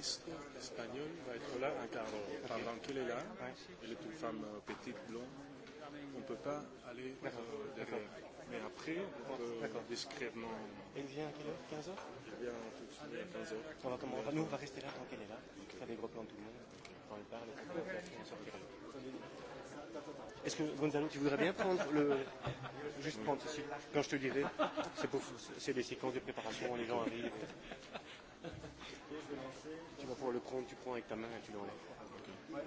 journaliste espagnole va être là à quart d'heure. Pendant qu'elle est là, ouais. elle est une femme euh, petite, blonde, on ne peut pas aller euh, derrière. Mais après, on peut discrètement... Elle vient à quelle heure 15 h Elle vient tout de suite à 15 h On va, comment, nous, on va rester là tant qu'elle est là, okay. faire des gros plans tout le monde. Quand elle parle, on peut sortir. Est-ce que Gonzalo, tu voudrais bien prendre le. Juste prendre ceci. Quand je te dirai, c'est des séquences de préparation, les gens arrivent. Et vas pouvoir le prendre, tu prends avec ta main et tu l'enlèves. Okay.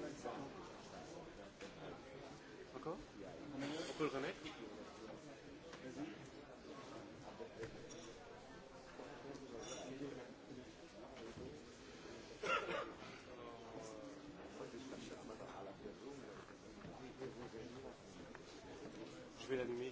Encore On peut le remettre Je vais l'allumer.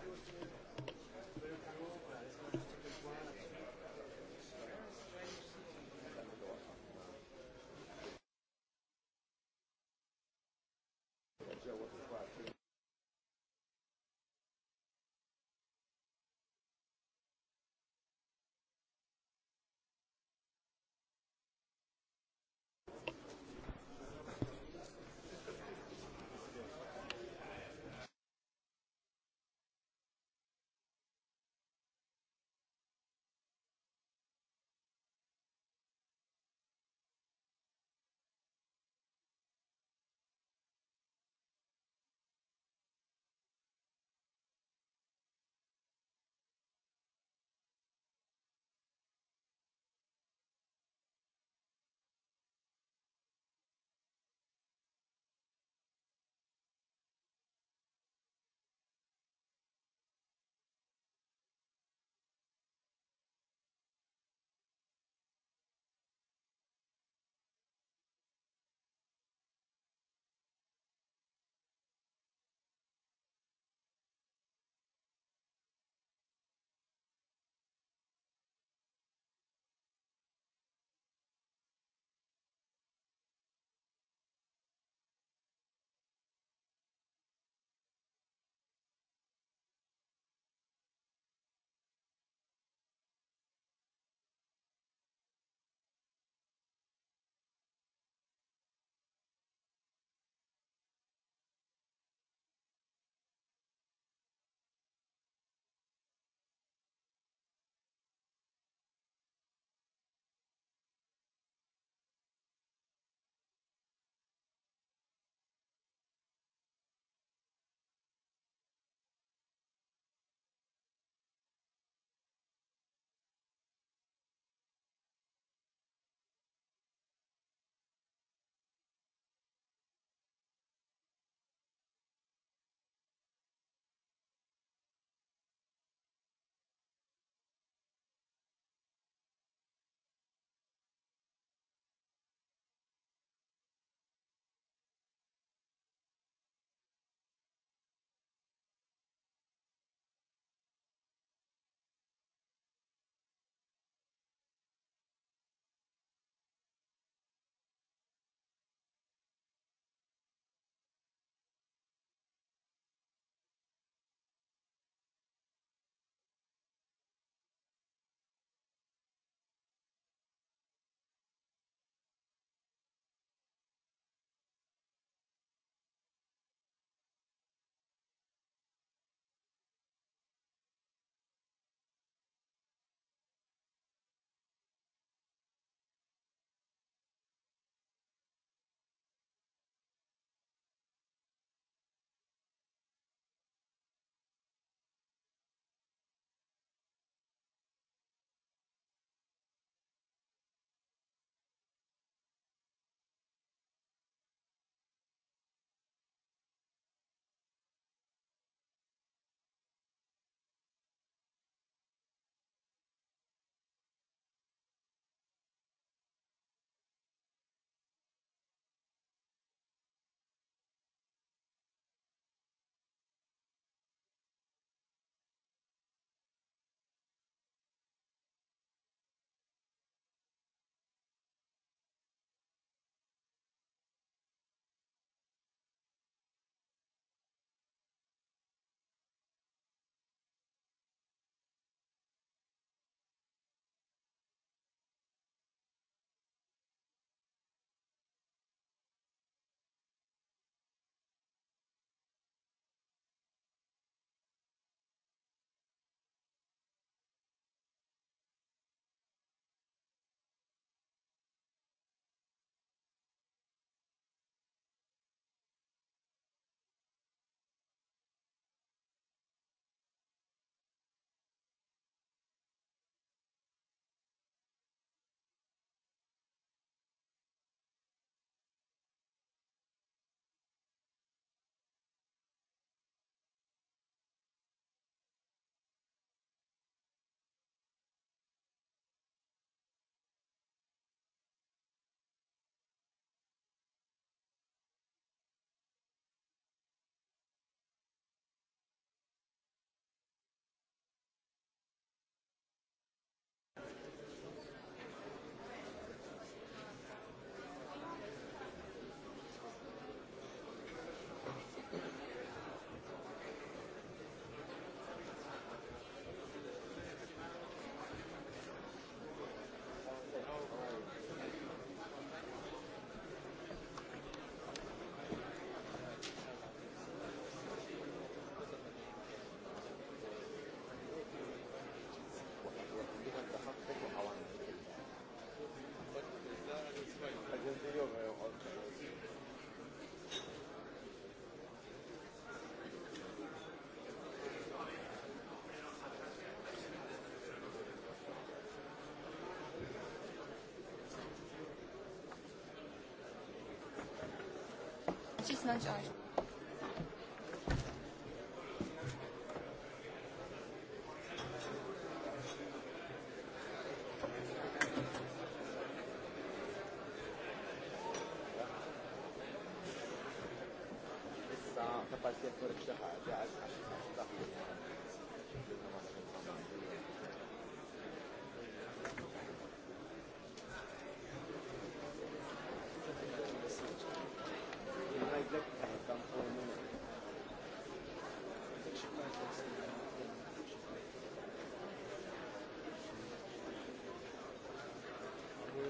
nacisnąć. O.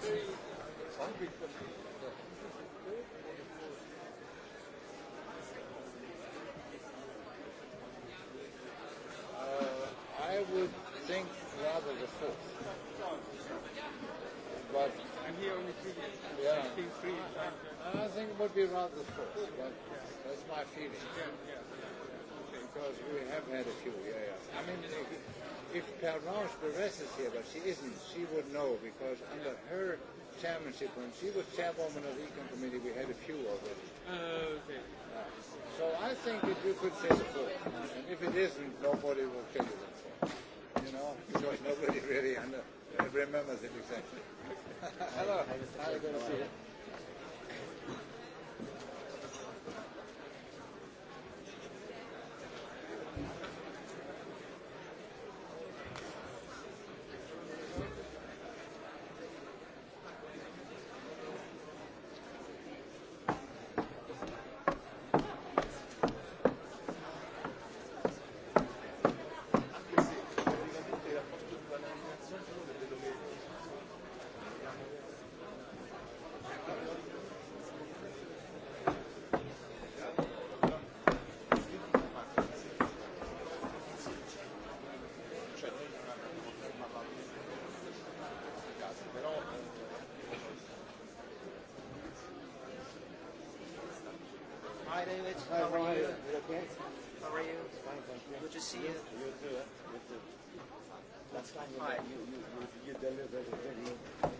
Uh, I would think rather the fourth. But Yeah. I think would be rather the fourth, but that's my feeling. Yeah, yeah, Because we have had a few, yeah, yeah. I mean, if Pervenche Beres is here, but she isn't, she would know because under her chairmanship, when she was chairwoman of the Econ Committee, we had a few already. Uh, okay. Uh, So I think that you could say the four. And if it isn't, nobody will tell you the four. You know, because nobody really under, remembers it exactly. Hello. Hi, good to see you. Hi, David. Hi, how, how are you? You Are you okay? How are you? Fine, thank you. Good to see you. You too. Eh? You too. Last time you, you, you, you delivered a video.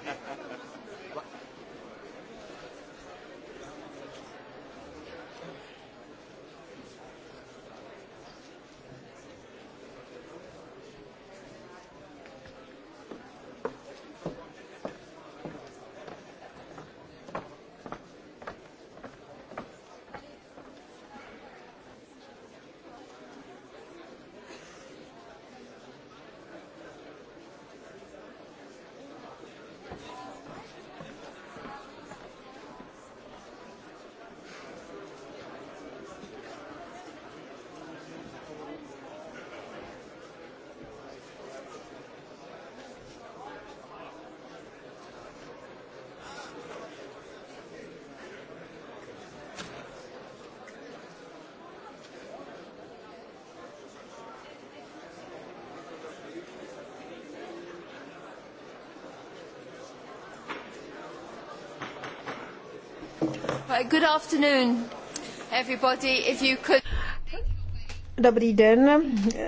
Dobrý den,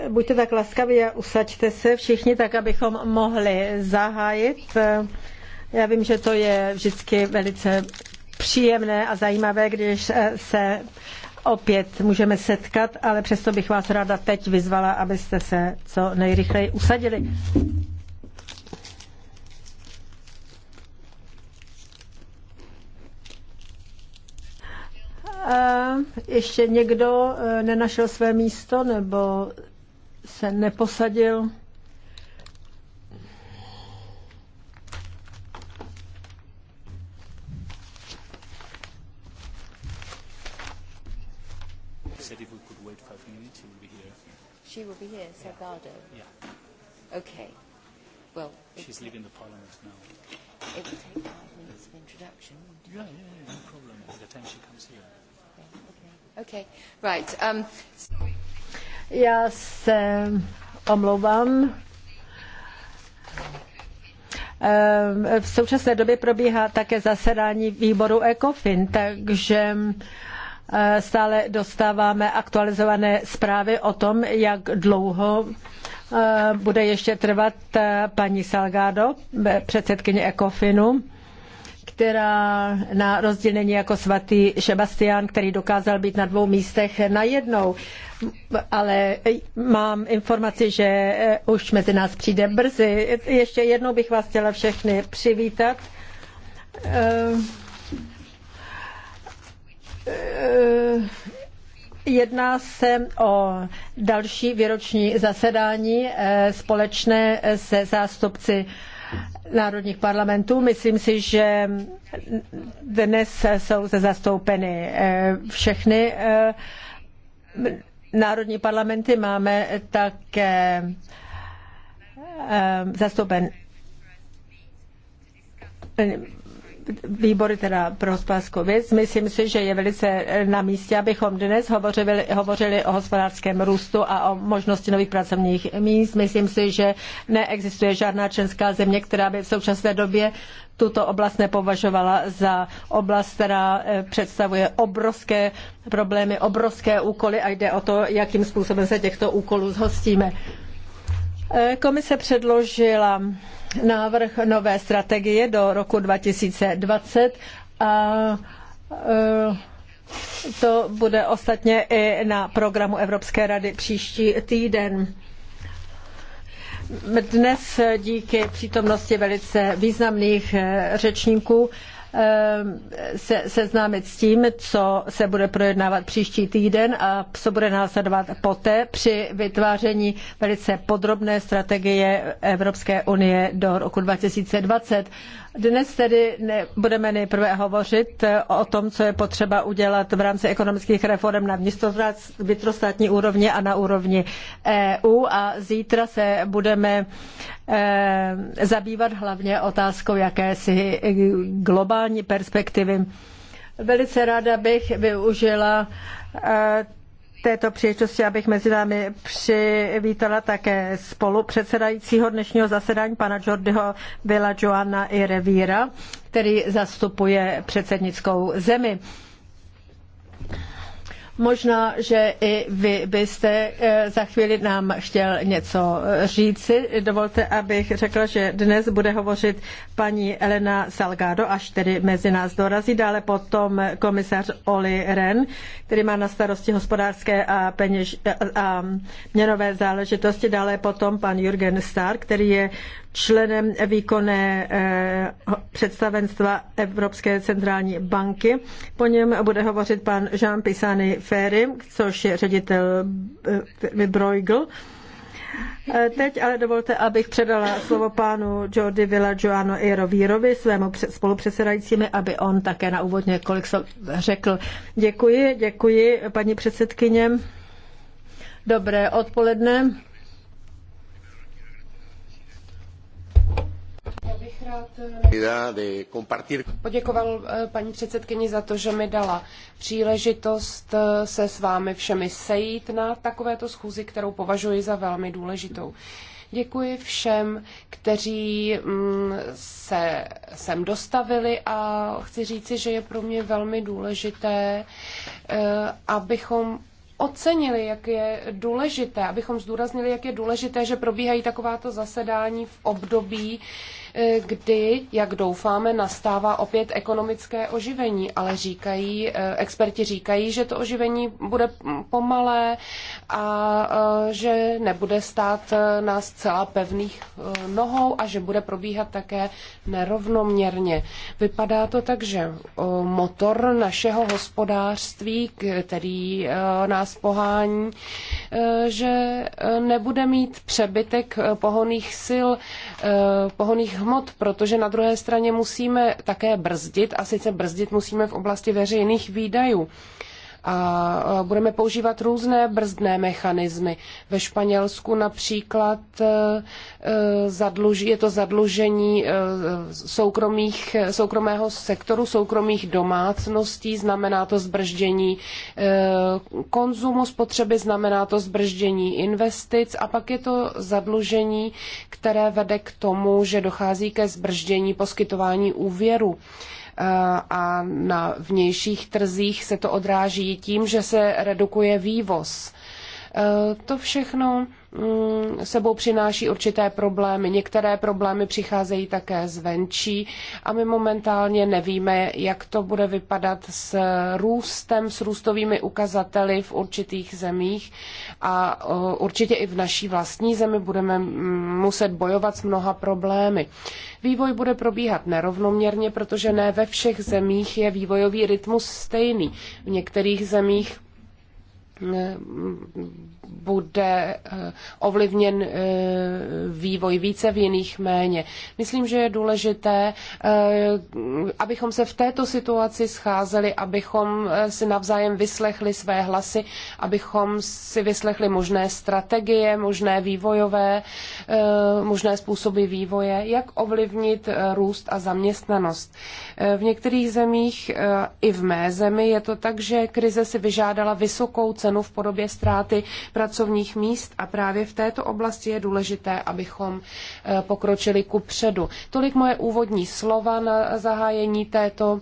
buďte tak laskaví a usaďte se všichni tak, abychom mohli zahájit. Já vím, že to je vždycky velice příjemné a zajímavé, když se opět můžeme setkat, ale přesto bych vás ráda teď vyzvala, abyste se co nejrychleji usadili. Ještě někdo eh, nenašel své místo nebo se neposadil? Right, um... Já se omlouvám. Ehm, v současné době probíhá také zasedání výboru ECOFIN, takže eh, stále dostáváme aktualizované zprávy o tom, jak dlouho eh, bude ještě trvat eh, paní Salgado, předsedkyně ECOFINu která na rozdíl není jako svatý Šebastián, který dokázal být na dvou místech najednou. Ale mám informaci, že eh, už mezi nás přijde brzy. Ještě jednou bych vás chtěla všechny přivítat. Eh, eh, jedná se o další výroční zasedání společné se zástupci národních parlamentů. Myslím si, že dnes jsou zde zastoupeny eh, všechny eh, národní parlamenty. Máme také eh, zastoupen výbory teda pro hospodářskou věc. Myslím si, že je velice na místě, abychom dnes hovořili, hovořili o hospodářském růstu a o možnosti nových pracovních míst. Myslím si, že neexistuje žádná členská země, která by v současné době tuto oblast nepovažovala za oblast, která eh, představuje obrovské problémy, obrovské úkoly a jde o to, jakým způsobem se těchto úkolů zhostíme. Eh, komise předložila návrh nové strategie do roku 2020 a eh, to bude ostatně i na programu Evropské rady příští týden. Dnes díky přítomnosti velice významných eh, řečníků Eh, se seznámit s tím, co se bude projednávat příští týden a co bude následovat poté při vytváření velice podrobné strategie Evropské unie do roku 2020. Dnes tedy budeme nejprve hovořit eh, o tom, co je potřeba udělat v rámci ekonomických reform na vnitrostátní úrovni a na úrovni EU a zítra se budeme eh, zabývat hlavně otázkou jakési globální perspektivy. Velice ráda bych využila eh, této příležitosti, abych mezi námi přivítala také spolupředsedajícího dnešního zasedání, pana Jordiho Vila Joana i Revíra, který zastupuje předsednickou zemi. Možná, že i vy byste eh, za chvíli nám chtěl něco říci. Dovolte, abych řekla, že dnes bude hovořit paní Elena Salgado, až tedy mezi nás dorazí. Dále potom komisař Oli Ren, který má na starosti hospodářské a, peněž, eh, a měnové záležitosti. Dále potom pan Jürgen Stark, který je členem výkonné eh, představenstva Evropské centrální banky. Po něm bude hovořit pan Jean Pisani Ferry, což je ředitel firmy eh, Bruegel. Eh, teď ale dovolte, abych předala slovo pánu Jordi Villa Joano Eirovírovi, svému spolupředsedajícími, aby on také na úvod několik slov řekl. Děkuji, děkuji, paní předsedkyně. Dobré odpoledne. Eh, poděkoval eh, paní předsedkyni za to, že mi dala příležitost eh, se s vámi všemi sejít na takovéto schůzi, kterou považuji za velmi důležitou. Děkuji všem, kteří mm, se sem dostavili a chci říci, že je pro mě velmi důležité, abychom ocenili, jak je důležité, abychom zdůraznili, jak je důležité, že probíhají takováto zasedání v období, Eh, kdy, jak doufáme, nastává opět ekonomické oživení, ale říkají, eh, experti říkají, že to oživení bude pomalé a eh, že nebude stát nás celá pevných nohou a že bude probíhat také nerovnoměrně. Vypadá to tak, že motor našeho hospodářství, který nás pohání, že nebude mít přebytek pohoných sil, pohoných hmot, protože na druhé straně musíme také brzdit a sice brzdit musíme v oblasti veřejných výdajů a budeme používat různé brzdné mechanismy. Ve Španělsku například e, e, je to zadlužení e, soukromých, soukromého sektoru, soukromých domácností, znamená to zbrždění konzumu spotřeby, znamená to zbrždění investic a pak je to zadlužení, které vede k tomu, že dochází ke zbrždění poskytování úvěru a na vnějších trzích se to odráží tím, že se redukuje vývoz. Eh, to všechno Mm, sebou přináší určité problémy. Některé problémy přicházejí také zvenčí a my momentálně nevíme, jak to bude vypadat s růstem, s růstovými ukazateli v určitých zemích a určitě i v naší vlastní zemi budeme muset bojovat s mnoha problémy. Vývoj bude probíhat nerovnoměrně, protože ne ve všech zemích je vývojový rytmus stejný. V některých zemích bude eh, ovlivněn eh, vývoj více, v jiných méně. Myslím, že je důležité, eh, abychom se v této situaci scházeli, abychom si navzájem vyslechli své hlasy, abychom si vyslechli možné strategie, možné vývojové, možné způsoby vývoje, jak ovlivnit růst a zaměstnanost. V některých zemích, i v mé zemi, je to tak, že krize si vyžádala vysokou cenu v podobě ztráty pracovních míst a právě v této oblasti je důležité, abychom eh, pokročili ku předu. Tolik moje úvodní slova na zahájení této,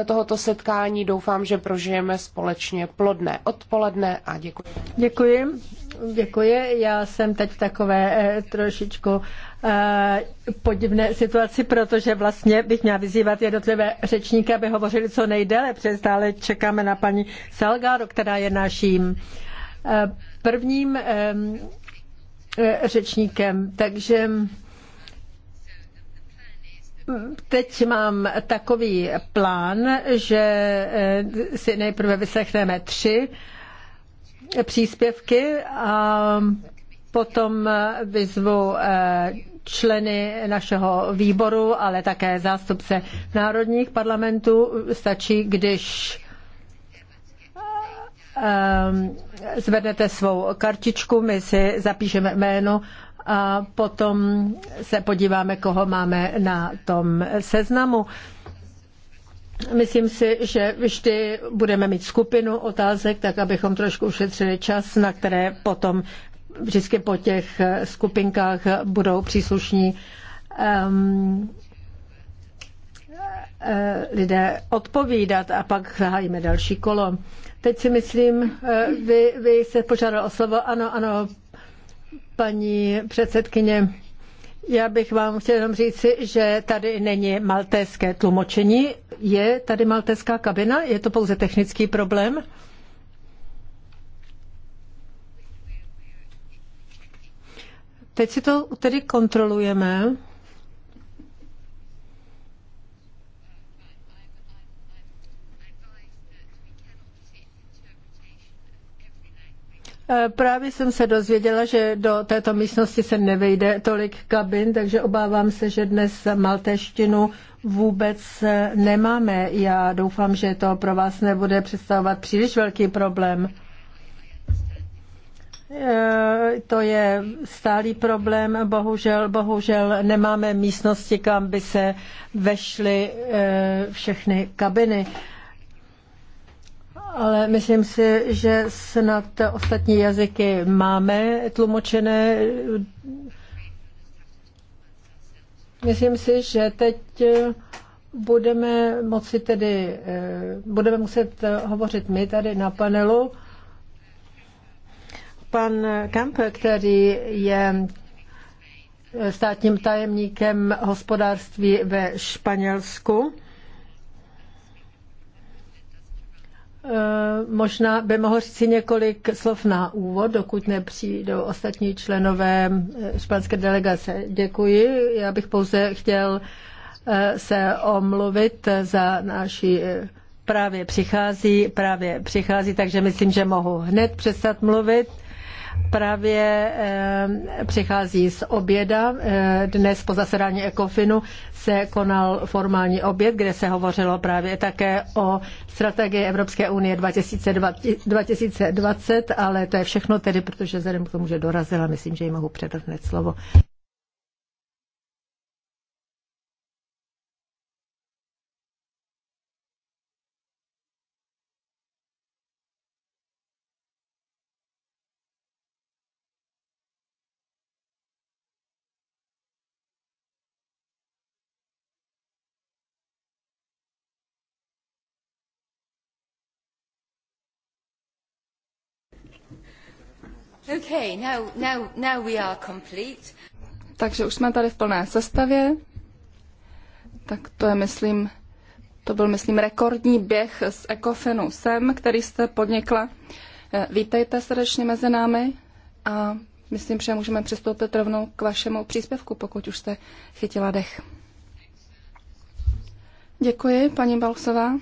eh, tohoto setkání. Doufám, že prožijeme společně plodné odpoledne a děkuji. Děkuji. Děkuji. Já jsem teď v takové eh, trošičku podivné situaci, protože vlastně bych měla vyzývat jednotlivé řečníky, aby hovořili co nejdéle, přestále čekáme na paní Salgado, která je naším prvním e, řečníkem, takže Teď mám takový plán, že e, si nejprve vyslechneme tři příspěvky a potom vyzvu e, členy našeho výboru, ale také zástupce národních parlamentů. Stačí, když Ehm, zvednete svou kartičku, my si zapíšeme jméno a potom se podíváme, koho máme na tom seznamu. Myslím si, že vždy budeme mít skupinu otázek, tak abychom trošku ušetřili čas, na které potom vždycky po těch skupinkách budou příslušní um, lidé odpovídat a pak zahájíme další kolo. Teď si myslím, eh, vy, vy jste požádal o slovo. Ano, ano, paní předsedkyně. Já bych vám chtěl jenom říci, že tady není maltéské tlumočení. Je tady maltéská kabina? Je to pouze technický problém? Teď si to tedy kontrolujeme. Eh, právě jsem se dozvěděla, že do této místnosti se nevejde tolik kabin, takže obávám se, že dnes malteštinu vůbec eh, nemáme. Já doufám, že to pro vás nebude představovat příliš velký problém. Eh, to je stálý problém, bohužel, bohužel nemáme místnosti, kam by se vešly všechny kabiny. Ale myslím si, že snad ostatní jazyky máme tlumočené. Myslím si, že teď eh, budeme moci tedy, eh, budeme muset eh, hovořit my tady na panelu. Pan Kampe, který je státním tajemníkem hospodářství ve Španělsku, Eh, možná by mohl říct několik slov na úvod, dokud nepřijdou ostatní členové eh, španělské delegace. Děkuji. Já bych pouze chtěl eh, se omluvit za naši právě přichází, právě přichází, takže myslím, že mohu hned přestat mluvit. Právě eh, přichází z oběda. Eh, dnes po zasedání Ekofinu se konal formální oběd, kde se hovořilo právě také o strategii Evropské unie 2020, ale to je všechno tedy, protože vzhledem k tomu, že dorazila, myslím, že jí mohu předat hned slovo. Okay, now, now, now we are complete. Takže už jsme tady v plné sestavě. Tak to je, myslím, to byl, myslím, rekordní běh z Ecofinu sem, který jste podnikla. Eh, vítejte srdečně mezi námi a myslím, že můžeme přistoupit rovnou k vašemu příspěvku, pokud už jste chytila dech. Děkuji, paní Balsová.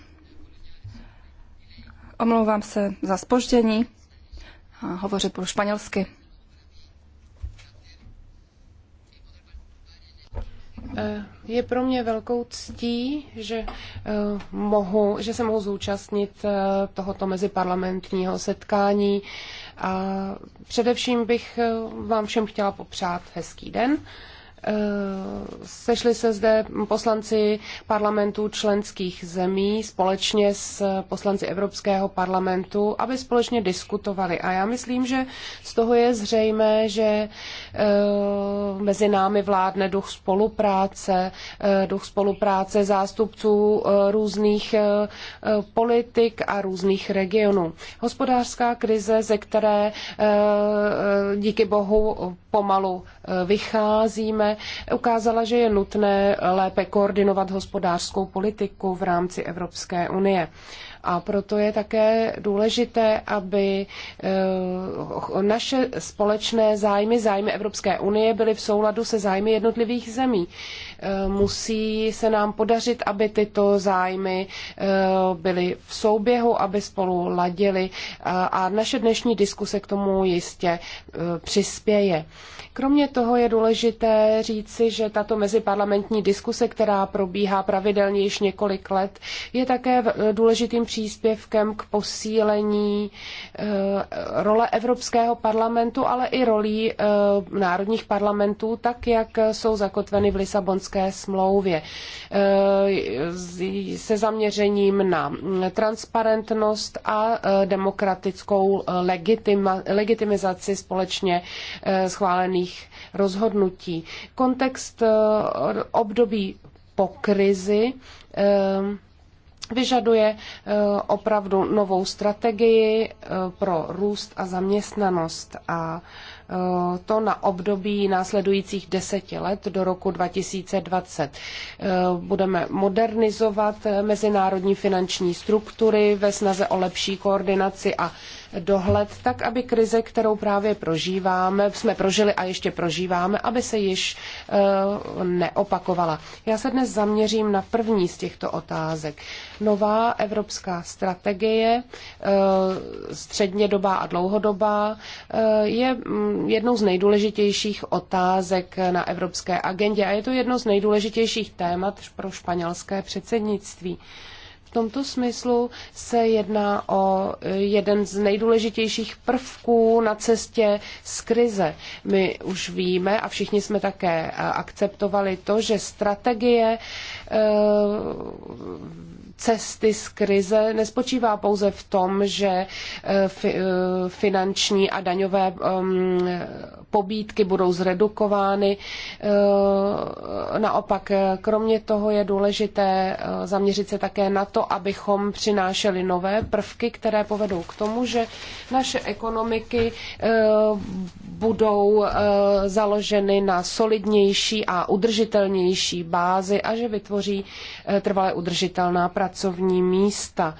Omlouvám se za spoždění hovořit budu španělsky. Eh, je pro mě velkou ctí, že, eh, mohu, že se mohu zúčastnit eh, tohoto meziparlamentního setkání. A především bych vám všem chtěla popřát hezký den. Eh, sešli se zde poslanci parlamentů členských zemí společně s poslanci Evropského parlamentu, aby společně diskutovali. A já myslím, že z toho je zřejmé, že eh, mezi námi vládne duch spolupráce, eh, duch spolupráce zástupců různých politik a různých regionů. Hospodářská krize, ze které díky bohu pomalu vycházíme, ukázala, že je nutné lépe koordinovat hospodářskou politiku v rámci Evropské unie. A proto je také důležité, aby eh, naše společné zájmy, zájmy Evropské unie byly v souladu se zájmy jednotlivých zemí. Eh, musí se nám podařit, aby tyto zájmy eh, byly v souběhu, aby spolu ladily eh, a naše dnešní diskuse k tomu jistě přispěje. Kromě toho je důležité říci, že tato meziparlamentní diskuse, která probíhá pravidelně již několik let, je také důležitým příspěvkem k posílení role Evropského parlamentu, ale i rolí národních parlamentů, tak jak jsou zakotveny v Lisabonské Lisabonské smlouvě eh, se zaměřením na transparentnost a eh, demokratickou eh, legitima, legitimizaci společně schválených rozhodnutí. Kontext období po krizi vyžaduje opravdu novou strategii pro růst a zaměstnanost a Eh, to na období následujících deseti let do roku 2020. Eh, budeme modernizovat mezinárodní finanční struktury ve snaze o lepší koordinaci a dohled, tak aby krize, kterou právě prožíváme, jsme prožili a ještě prožíváme, aby se již eh, neopakovala. Já se dnes zaměřím na první z těchto otázek. Nová evropská strategie, eh, střednědobá a dlouhodobá, eh, je mm, jednou z nejdůležitějších otázek na evropské agendě a je to jedno z nejdůležitějších témat pro španělské předsednictví. V tomto smyslu se jedná o eh, jeden z nejdůležitějších prvků na cestě z krize. My už víme a všichni jsme také eh, akceptovali to, že strategie eh, cesty z krize nespočívá pouze v tom, že eh, eh, finanční a daňové mm, pobídky budou zredukovány. Eh, naopak, kromě toho je důležité zaměřit se také na to, abychom přinášeli nové prvky, které povedou k tomu, že naše ekonomiky budou založeny na solidnější a udržitelnější bázi a že vytvoří trvale udržitelná pracovní pracovní místa.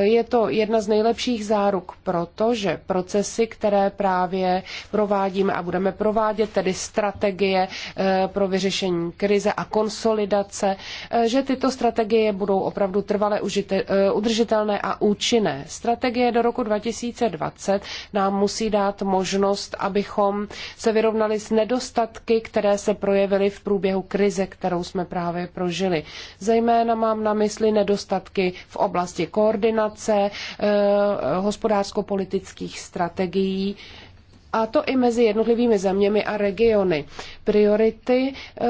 Je to jedna z nejlepších záruk, protože procesy, které právě provádíme a budeme provádět, tedy strategie eh, pro vyřešení krize a konsolidace, eh, že tyto strategie budou opravdu trvale eh, udržitelné a účinné. Strategie do roku 2020 nám musí dát možnost, abychom se vyrovnali s nedostatky, které se projevily v průběhu krize, kterou jsme právě prožili. Zejména mám na mysli nedostatky v oblasti koordinace, koordinace eh, hospodářsko-politických strategií a to i mezi jednotlivými zeměmi a regiony. Priority eh,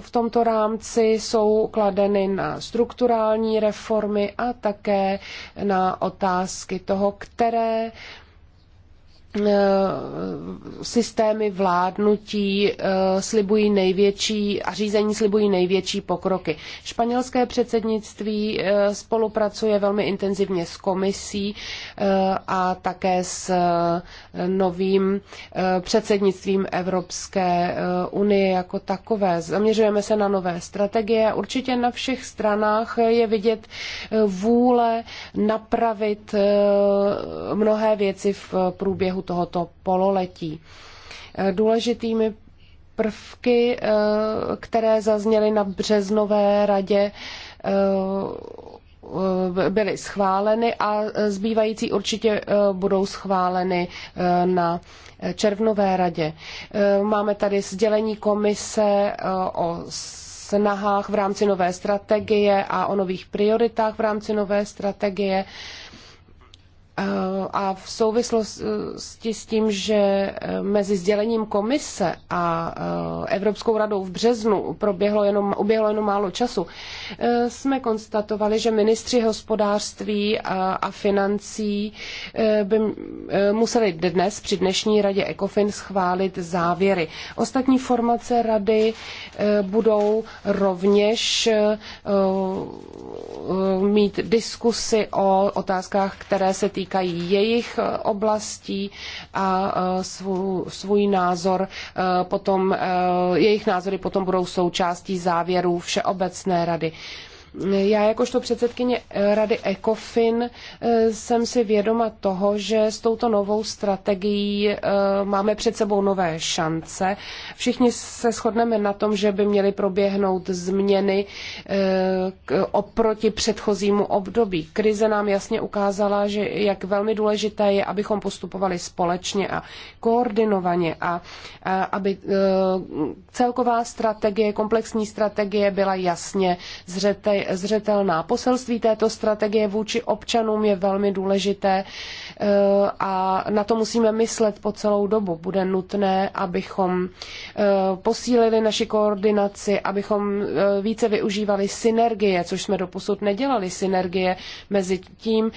v tomto rámci jsou kladeny na strukturální reformy a také na otázky toho, které Eh, systémy vládnutí eh, slibují největší a řízení slibují největší pokroky. Španělské předsednictví eh, spolupracuje velmi intenzivně s komisí a také s novým předsednictvím Evropské unie jako takové. Zaměřujeme se na nové strategie. Určitě na všech stranách je vidět vůle napravit mnohé věci v průběhu tohoto pololetí. Eh, důležitými prvky, eh, které zazněly na březnové radě, eh, byly schváleny a zbývající určitě budou schváleny na červnové radě. Máme tady sdělení komise o snahách v rámci nové strategie a o nových prioritách v rámci nové strategie. A v souvislosti s tím, že eh, mezi sdělením komise a eh, Evropskou radou v březnu proběhlo jenom, uběhlo jenom málo času, eh, jsme konstatovali, že ministři hospodářství a, a financí by museli dnes při dnešní radě ECOFIN schválit závěry. Ostatní formace rady budou rovněž mít diskusy o otázkách, které se týkají týkají jejich eh, oblastí a eh, svůj, svůj názor eh, potom, jejich názory potom budou součástí závěrů Všeobecné rady. Já jakožto předsedkyně eh, rady ECOFIN eh, jsem si vědoma toho, že s touto novou strategií eh, máme před sebou nové šance. Všichni se shodneme na tom, že by měly proběhnout změny oproti předchozímu období. Krize nám jasně ukázala, že jak velmi důležité je, abychom postupovali společně a koordinovaně a aby celková strategie, komplexní strategie byla jasně zřetej, zřetelná. Poselství této strategie vůči občanům je velmi důležité eh, a na to musíme myslet po celou dobu. Bude nutné, abychom eh, posílili naši koordinaci, abychom eh, více využívali synergie, což jsme doposud nedělali, synergie mezi tím,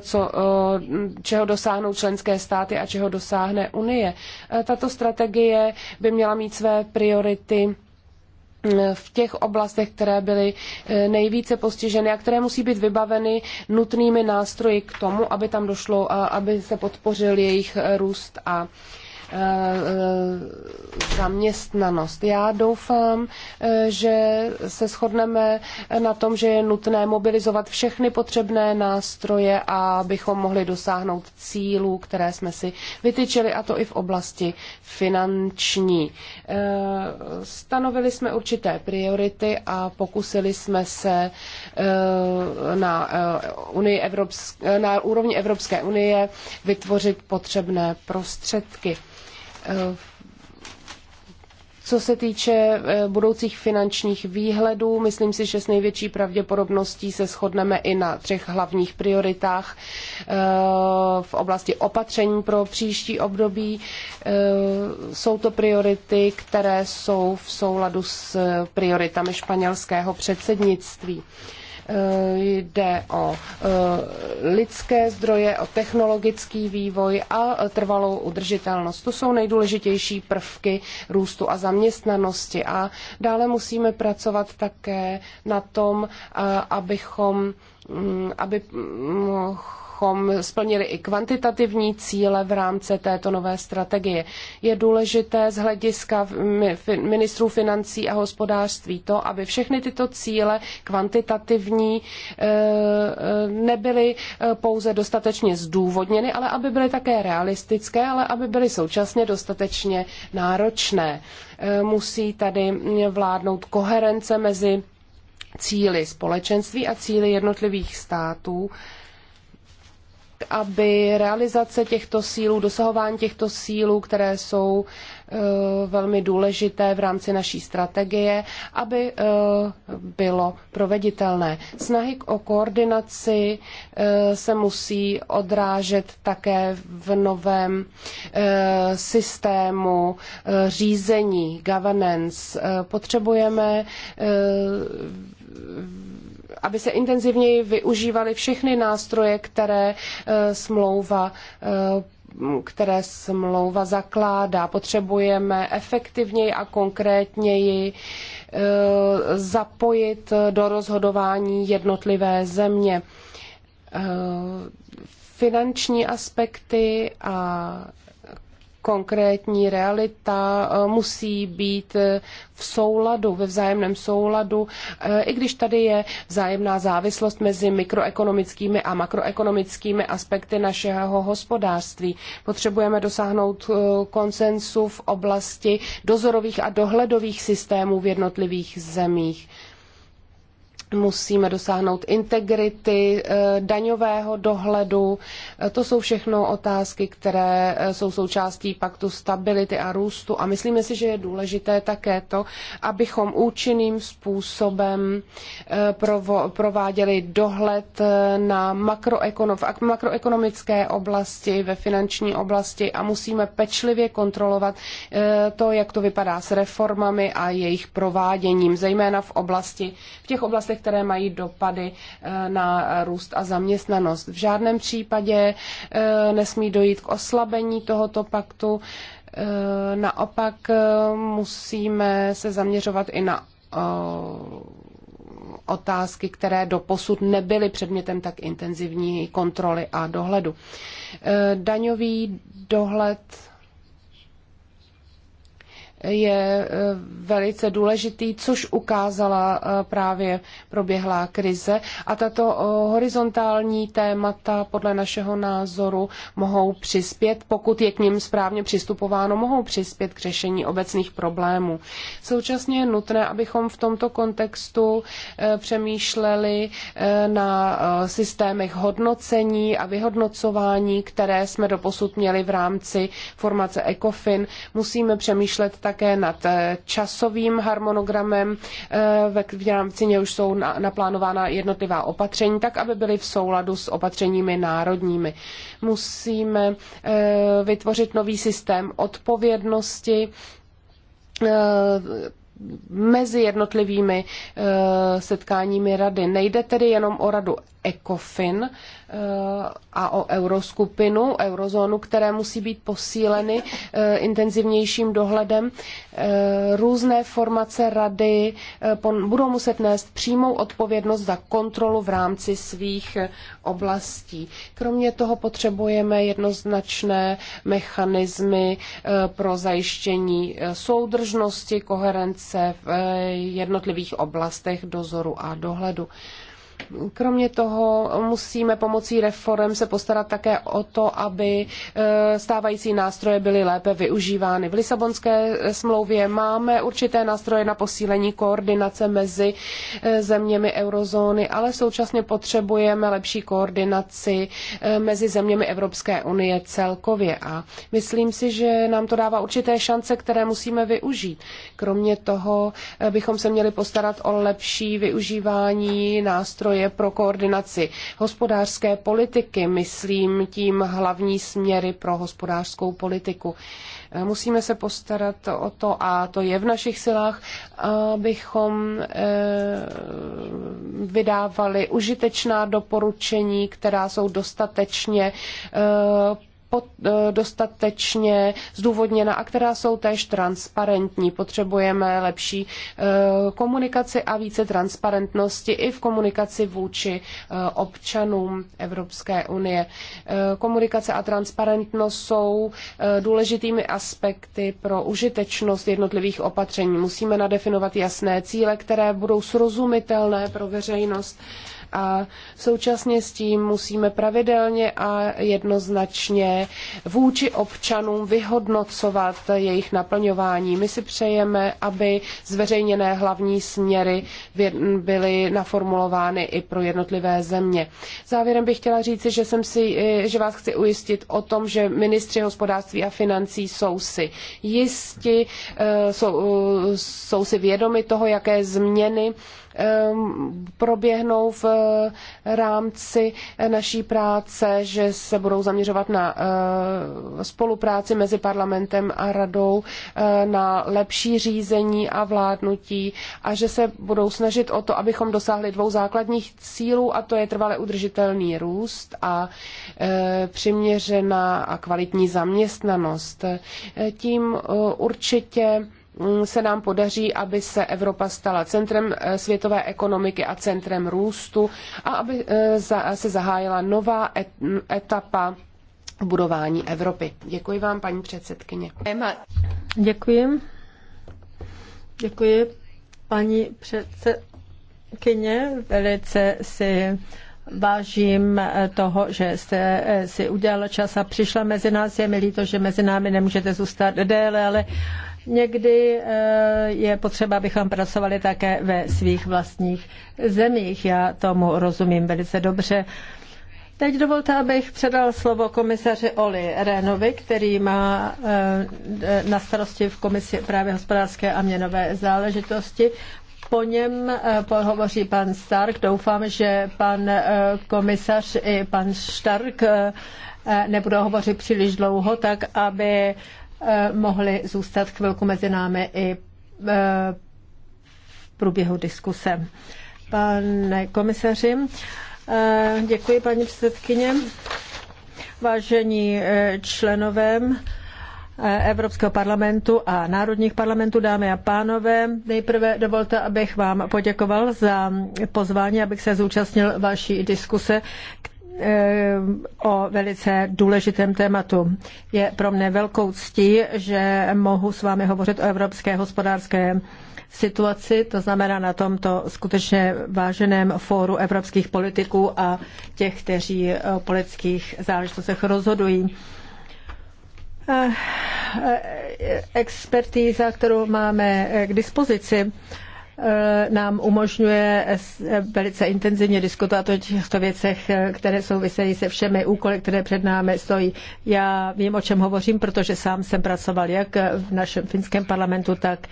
co, čeho dosáhnou členské státy a čeho dosáhne Unie. Tato strategie by měla mít své priority v těch oblastech, které byly eh, nejvíce postiženy a které musí být vybaveny nutnými nástroji k tomu, aby tam došlo, aby se podpořil jejich růst a Eh, zaměstnanost. Já doufám, eh, že se shodneme na tom, že je nutné mobilizovat všechny potřebné nástroje, abychom mohli dosáhnout cílů, které jsme si vytyčili, a to i v oblasti finanční. Eh, stanovili jsme určité priority a pokusili jsme se Eh, na, eh, unii Evropské, eh, na úrovni Evropské unie vytvořit potřebné prostředky. Co se týče budoucích finančních výhledů, myslím si, že s největší pravděpodobností se shodneme i na třech hlavních prioritách v oblasti opatření pro příští období. Jsou to priority, které jsou v souladu s prioritami španělského předsednictví. Eh, jde o eh, lidské zdroje, o technologický vývoj a trvalou udržitelnost. To jsou nejdůležitější prvky růstu a zaměstnanosti. A dále musíme pracovat také na tom, eh, abychom mm, aby mm, abychom splnili i kvantitativní cíle v rámci této nové strategie. Je důležité z hlediska ministrů financí a hospodářství to, aby všechny tyto cíle kvantitativní eh, eh, nebyly eh, pouze dostatečně zdůvodněny, ale aby byly také realistické, ale aby byly současně dostatečně náročné. Musí tady vládnout koherence mezi cíly společenství a cíly jednotlivých států aby realizace těchto sílů, dosahování těchto sílů, které jsou e, velmi důležité v rámci naší strategie, aby e, bylo proveditelné. Snahy o koordinaci e, se musí odrážet také v novém systému řízení, governance. Potřebujeme aby se intenzivněji využívaly všechny nástroje, které eh, smlouva eh, které smlouva zakládá. Potřebujeme efektivněji a konkrétněji eh, zapojit do rozhodování jednotlivé země. Finanční aspekty a konkrétní realita e, musí být e, v souladu, ve vzájemném souladu, e, i když tady je vzájemná závislost mezi mikroekonomickými a makroekonomickými aspekty našeho hospodářství. Potřebujeme dosáhnout konsensu v oblasti dozorových a dohledových systémů v jednotlivých zemích musíme dosáhnout integrity, eh, daňového dohledu. Eh, to jsou všechno otázky, které eh, jsou součástí paktu stability a růstu. A myslíme si, že je důležité také to, abychom účinným způsobem prováděli dohled na v makroekonomické oblasti, ve finanční oblasti a musíme pečlivě kontrolovat to, jak to vypadá s reformami a jejich prováděním, zejména v oblasti, v těch oblastech, které mají dopady eh, na růst a zaměstnanost. V žádném případě eh, nesmí dojít k oslabení tohoto paktu. Eh, naopak musíme se zaměřovat i na otázky, které do posud nebyly předmětem tak intenzivní kontroly a dohledu. Daňový dohled je eh, velice důležitý, což ukázala eh, právě proběhlá krize. A tato eh, horizontální témata podle našeho názoru mohou přispět, pokud je k ním správně přistupováno, mohou přispět k řešení obecných problémů. Současně je nutné, abychom v tomto kontextu přemýšleli na systémech hodnocení a vyhodnocování, které jsme doposud měli v rámci formace ECOFIN. Musíme přemýšlet tak, také nad eh, časovým harmonogramem, eh, v rámci něhož jsou naplánována jednotlivá opatření, tak aby byly v souladu s opatřeními národními. Musíme eh, vytvořit nový systém odpovědnosti, mezi jednotlivými setkáními rady. Nejde tedy jenom o radu ECOFIN, Eh, a o euroskupinu, eurozónu, které musí být posíleny eh, intenzivnějším dohledem. Eh, různé formace rady budou muset nést přímou odpovědnost za kontrolu v rámci svých oblastí. Kromě toho potřebujeme jednoznačné mechanismy pro zajištění soudržnosti, koherence v jednotlivých oblastech dozoru a dohledu. Kromě toho musíme pomocí reform se postarat také o to, aby e, stávající nástroje byly lépe využívány. V Lisabonské smlouvě máme určité nástroje na posílení koordinace mezi e, zeměmi eurozóny, ale současně potřebujeme lepší koordinaci e, mezi zeměmi Evropské unie celkově. A myslím si, že nám to dává určité šance, které musíme využít. Kromě toho bychom se měli postarat o lepší využívání nástrojů nástroje pro koordinaci hospodářské politiky, myslím tím hlavní směry pro hospodářskou politiku. Eh, musíme se postarat o to, a to je v našich silách, abychom eh, vydávali užitečná doporučení, která jsou dostatečně eh, Eh, dostatečně zdůvodněna a která jsou též transparentní. Potřebujeme lepší eh, komunikaci a více transparentnosti i v komunikaci vůči eh, občanům Evropské unie. Komunikace a transparentnost jsou důležitými aspekty pro užitečnost jednotlivých opatření. Musíme nadefinovat jasné cíle, které budou srozumitelné pro veřejnost a současně s tím musíme pravidelně a jednoznačně vůči občanům vyhodnocovat jejich naplňování. My si přejeme, aby zveřejněné hlavní směry byly naformulovány i pro jednotlivé země. Závěrem bych chtěla říci, že, jsem si, eh, že vás chci ujistit o tom, že ministři hospodářství a financí jsou si jisti, eh, jsou, eh, jsou si vědomi toho, jaké změny Ehm, proběhnou v eh, rámci naší práce, že se budou zaměřovat na eh, spolupráci mezi parlamentem a radou, eh, na lepší řízení a vládnutí a že se budou snažit o to, abychom dosáhli dvou základních cílů a to je trvale udržitelný růst a přiměřená a kvalitní zaměstnanost. Tím určitě Mm, se nám podaří, aby se Evropa stala centrem eh, světové ekonomiky a centrem růstu a aby eh, se zahájila nová etapa budování Evropy. Děkuji vám, paní předsedkyně. Děkuji. Děkuji, paní předsedkyně. Velice si vážím eh, toho, že jste si udělala čas a přišla mezi nás. Je mi líto, že mezi námi nemůžete zůstat déle, ale Někdy eh, je potřeba, abychom pracovali také ve svých vlastních zemích. Já tomu rozumím velice dobře. Teď dovolte, abych předal slovo komisaři Oli Renovi, který má eh, na starosti v komisi právě hospodářské a měnové záležitosti. Po něm eh, pohovoří pan Stark. Doufám, že pan komisař i pan Stark nebudou hovořit příliš dlouho, tak aby Eh, mohli zůstat chvilku mezi námi i eh, v průběhu diskuse. Pane komisaři, eh, děkuji paní předsedkyně. Vážení členové Evropského parlamentu a národních parlamentů, dámy a pánové, nejprve dovolte, abych vám poděkoval za pozvání, abych se zúčastnil vaší diskuse, Eh, o velice důležitém tématu. Je pro mne velkou ctí, že mohu s vámi hovořit o evropské hospodářské situaci, to znamená na tomto skutečně váženém fóru evropských politiků a těch, kteří o politických záležitostech rozhodují. Eh, eh, expertíza, kterou máme k dispozici, Eh, nám umožňuje eh, velice intenzivně diskutovat o těchto věcech, eh, které souvisejí se všemi úkoly, které před námi stojí. Já vím, o čem hovořím, protože sám jsem pracoval jak v našem finském parlamentu, tak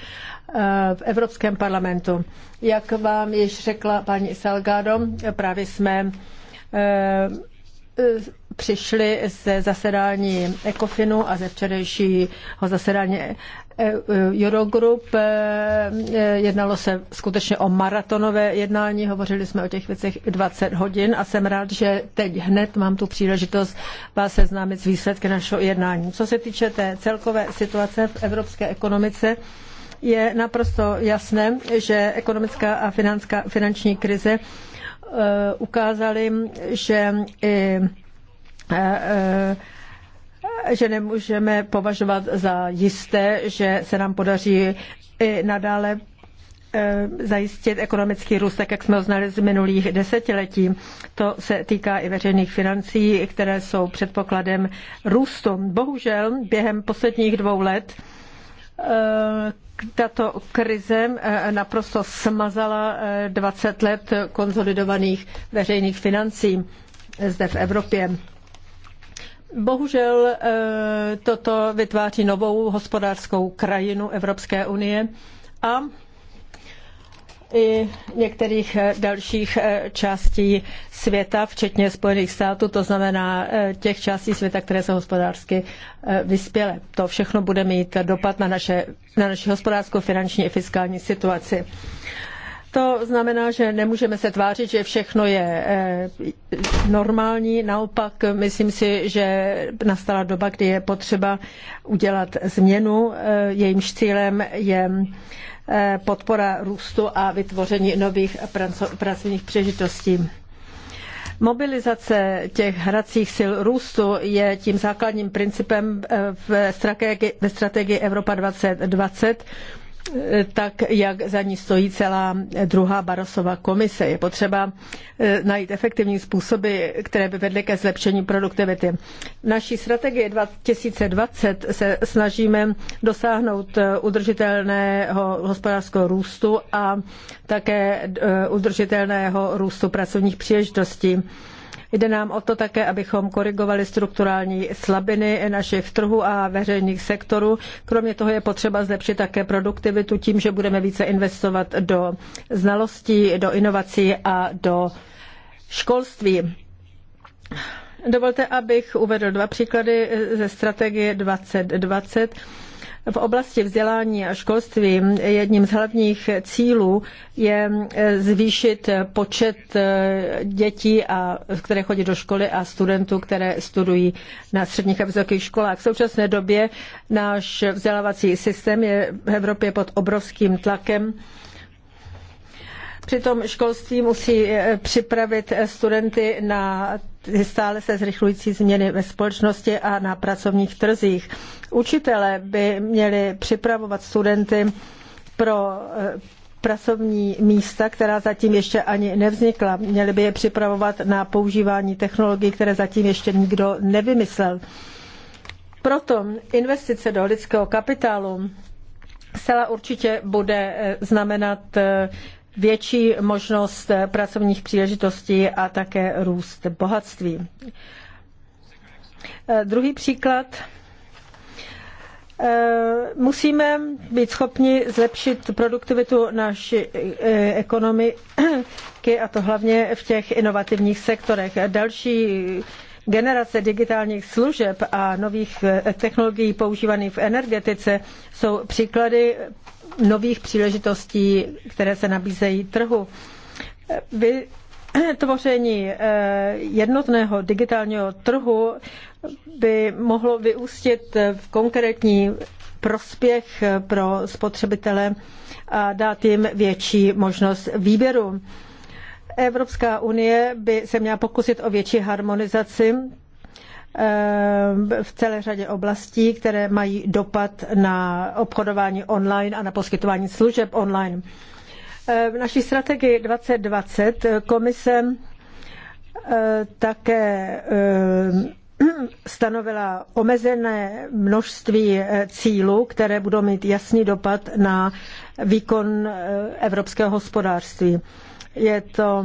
v Evropském parlamentu. Jak vám již řekla paní Salgado, právě jsme Eh, přišli ze zasedání Ekofinu a ze včerejšího zasedání eh, eh, Eurogroup. Jednalo se skutečně o maratonové jednání, hovořili jsme o těch věcech 20 hodin a jsem rád, že teď hned mám tu příležitost vás seznámit s výsledky našeho jednání. Co se týče té celkové situace v evropské ekonomice, je naprosto jasné, že ekonomická a finanční krize Eh, ukázali, že i eh, eh, že nemůžeme považovat za jisté, že se nám podaří i nadále zajistit ekonomický růst, tak jak jsme ho znali z minulých desetiletí. To se týká i veřejných financí, které jsou předpokladem růstu. Bohužel během posledních dvou let Eh, tato krize eh, naprosto smazala 20 eh, let konsolidovaných veřejných financí zde v Evropě. Bohužel toto vytváří novou hospodářskou krajinu Evropské unie a i některých eh, dalších eh, částí světa, včetně Spojených států, to znamená eh, těch částí světa, které jsou hospodářsky vyspělé. To všechno bude mít dopad na, naše, na naši hospodářskou, finanční i fiskální situaci. To znamená, že nemůžeme se tvářit, že všechno je normální. Naopak, myslím si, že nastala doba, kdy je potřeba udělat změnu. Jejímž cílem je Eh, podpora růstu a vytvoření nových pracovních příležitostí. Mobilizace těch hracích sil růstu je tím základním principem eh, ve strategii Evropa 2020 tak jak za ní stojí celá druhá Barosova komise. Je potřeba eh, najít efektivní způsoby, které by vedly ke zlepšení produktivity. Naší strategie 2020 se snažíme dosáhnout eh, udržitelného hospodářského růstu a také eh, udržitelného růstu pracovních příležitostí. Jde nám o to také, abychom korigovali strukturální slabiny našich trhů a veřejných sektorů. Kromě toho je potřeba zlepšit také produktivitu tím, že budeme více investovat do znalostí, do inovací a do školství. Dovolte, abych uvedl dva příklady ze strategie 2020 v oblasti vzdělání a školství jedním z hlavních cílů je eh, zvýšit počet eh, dětí, a, které chodí do školy a studentů, které studují na středních a vysokých školách. V současné době náš vzdělávací systém je v Evropě pod obrovským tlakem Přitom školství musí eh, připravit eh, studenty na stále se zrychlující změny ve společnosti a na pracovních trzích. Učitele by měli připravovat studenty pro eh, pracovní místa, která zatím ještě ani nevznikla. Měli by je připravovat na používání technologií, které zatím ještě nikdo nevymyslel. Proto investice do lidského kapitálu zcela určitě bude znamenat větší možnost pracovních příležitostí a také růst bohatství. Eh, druhý příklad. Eh, musíme být schopni zlepšit produktivitu naší eh, ekonomiky a to hlavně v těch inovativních sektorech. Další generace digitálních služeb a nových technologií používaných v energetice jsou příklady nových příležitostí, které se nabízejí trhu. Vy Tvoření eh, jednotného digitálního trhu by mohlo vyústit v konkrétní prospěch pro spotřebitele a dát jim větší možnost výběru. Evropská unie by se měla pokusit o větší harmonizaci Eh, v celé řadě oblastí, které mají dopad na obchodování online a na poskytování služeb online. Eh, v naší strategii 2020 komise eh, také stanovila omezené množství cílů, které budou mít jasný dopad na výkon evropského hospodářství. Je to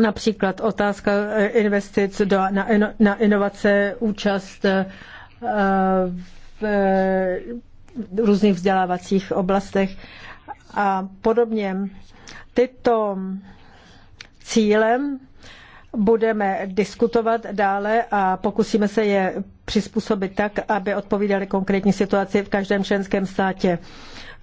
Například otázka eh, investic do, na, na inovace, účast eh, v eh, různých vzdělávacích oblastech a podobně. Tyto cíle budeme diskutovat dále a pokusíme se je přizpůsobit tak, aby odpovídaly konkrétní situaci v každém členském státě.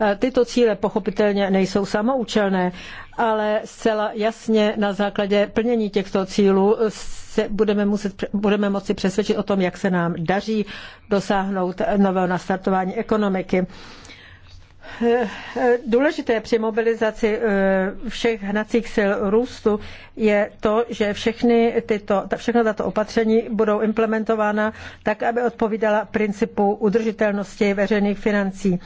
Eh, tyto cíle pochopitelně nejsou samoučelné, ale zcela jasně na základě plnění těchto cílů eh, se budeme, muset, budeme moci přesvědčit o tom, jak se nám daří dosáhnout nového nastartování ekonomiky. Eh, důležité při mobilizaci všech hnacích sil růstu je to, že všechny tyto, všechna tato opatření budou implementována tak, aby odpovídala principu udržitelnosti veřejných financí.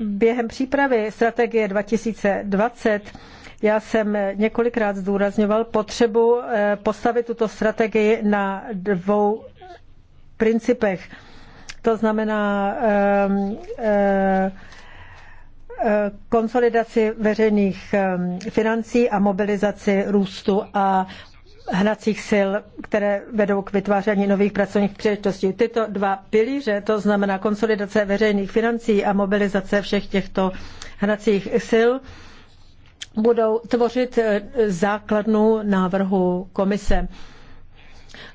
Během přípravy strategie 2020 já jsem několikrát zdůrazňoval potřebu eh, postavit tuto strategii na dvou principech. To znamená ehm, eh, eh, konsolidaci veřejných ehm, financí a mobilizaci růstu a hnacích sil, které vedou k vytváření nových pracovních příležitostí. Tyto dva pilíře, to znamená konsolidace veřejných financí a mobilizace všech těchto hnacích sil, budou tvořit eh, základnu návrhu komise.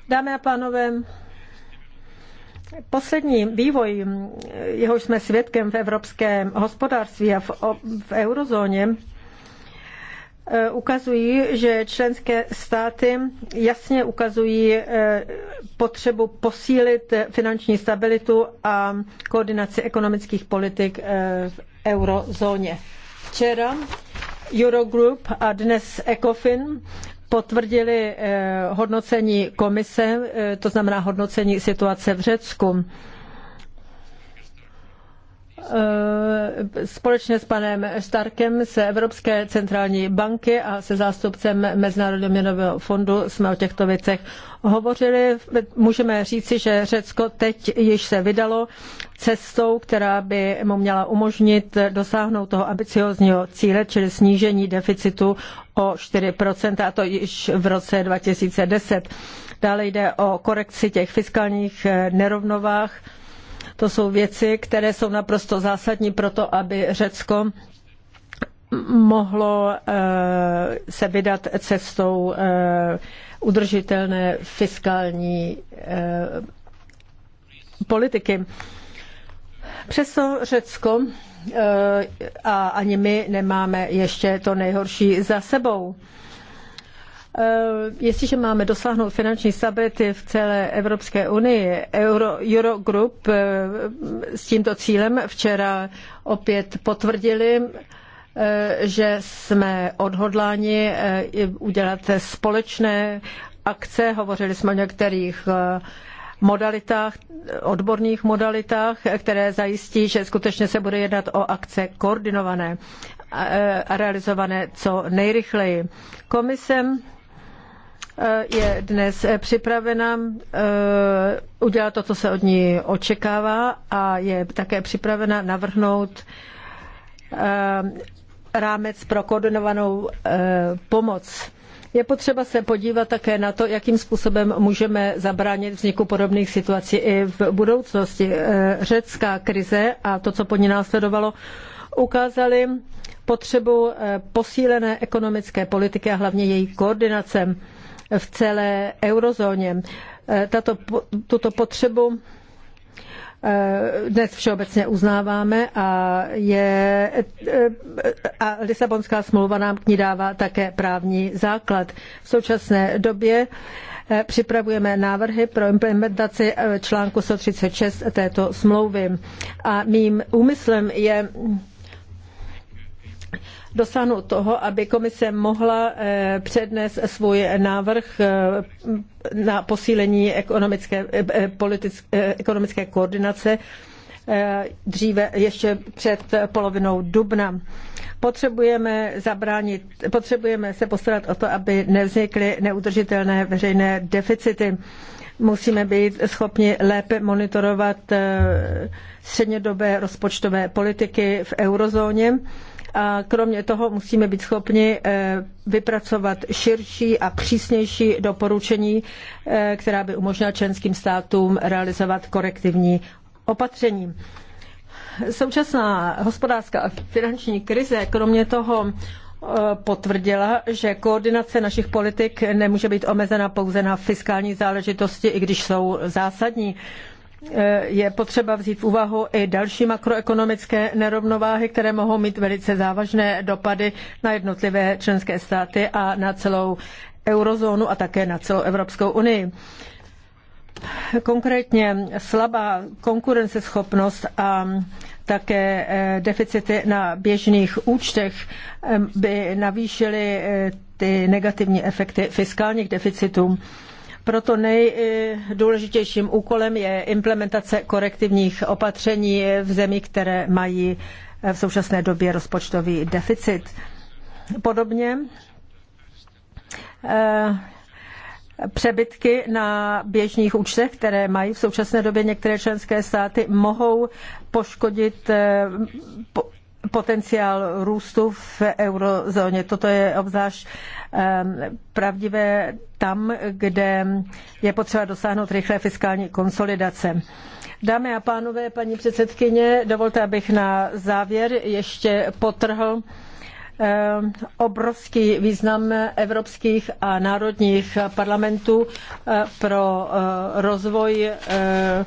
Dámy a pánové, Poslední vývoj, jehož jsme svědkem v evropském hospodářství a v, v eurozóně, E, ukazují, že členské státy jasně ukazují e, potřebu posílit finanční stabilitu a koordinaci ekonomických politik e, v eurozóně. Včera Eurogroup a dnes ECOFIN potvrdili hodnocení komise, to znamená hodnocení situace v Řecku. Eh, společně s panem Starkem se Evropské centrální banky a se zástupcem Mezinárodního měnového fondu jsme o těchto věcech hovořili. Můžeme říci, že Řecko teď již se vydalo cestou, která by mu měla umožnit dosáhnout toho ambiciozního cíle, čili snížení deficitu o 4%, a to již v roce 2010. Dále jde o korekci těch fiskálních nerovnovách to jsou věci, které jsou naprosto zásadní pro to, aby Řecko mohlo eh, se vydat cestou eh, udržitelné fiskální eh, politiky. Přesto Řecko a ani my nemáme ještě to nejhorší za sebou. Eh, jestliže máme dosáhnout finanční stability v celé Evropské unii, Euro, Eurogroup eh, s tímto cílem včera opět potvrdili, eh, že jsme odhodláni udělat společné akce. Hovořili jsme o některých modalitách, odborných modalitách, které zajistí, že skutečně se bude jednat o akce koordinované a realizované co nejrychleji. Komisem Eh, je dnes eh, připravena eh, udělat to, co se od ní očekává a je také připravena navrhnout rámec pro koordinovanou pomoc. Je potřeba se podívat také na to, jakým způsobem můžeme zabránit vzniku podobných situací i v budoucnosti. Řecká krize a to, co po ní následovalo, ukázali potřebu posílené ekonomické politiky a hlavně její koordinace v celé eurozóně. E, tato, tuto potřebu e, dnes všeobecně uznáváme a, je, e, a Lisabonská smlouva nám k ní dává také právní základ. V současné době připravujeme návrhy pro implementaci článku 136 této smlouvy. A mým úmyslem je dosáhnout toho, aby komise mohla eh, přednést svůj návrh eh, na posílení ekonomické, eh, politické, ekonomické koordinace dříve ještě před polovinou dubna. Potřebujeme zabránit, potřebujeme se postarat o to, aby nevznikly neudržitelné veřejné deficity. Musíme být schopni lépe monitorovat střednědobé rozpočtové politiky v eurozóně a kromě toho musíme být schopni eh, vypracovat širší a přísnější doporučení, eh, která by umožnila členským státům realizovat korektivní opatření. Současná hospodářská a finanční krize kromě toho eh, potvrdila, že koordinace našich politik nemůže být omezena pouze na fiskální záležitosti, i když jsou zásadní. Eh, je potřeba vzít v úvahu i další makroekonomické nerovnováhy, které mohou mít velice závažné dopady na jednotlivé členské státy a na celou eurozónu a také na celou Evropskou unii. Konkrétně slabá konkurenceschopnost a také eh, deficity na běžných účtech eh, by navýšily ty negativní efekty fiskálních deficitů. Proto nejdůležitějším úkolem je implementace korektivních opatření v zemích, které mají v současné době rozpočtový deficit. Podobně eh, přebytky na běžných účtech, které mají v současné době některé členské státy, mohou poškodit eh, potenciál růstu v eurozóně. Toto je obzvlášť Ehm, pravdivé tam, kde je potřeba dosáhnout rychlé fiskální konsolidace. Dámy a pánové, paní předsedkyně, dovolte, abych na závěr ještě potrhl ehm, obrovský význam evropských a národních parlamentů eh, pro eh, rozvoj eh,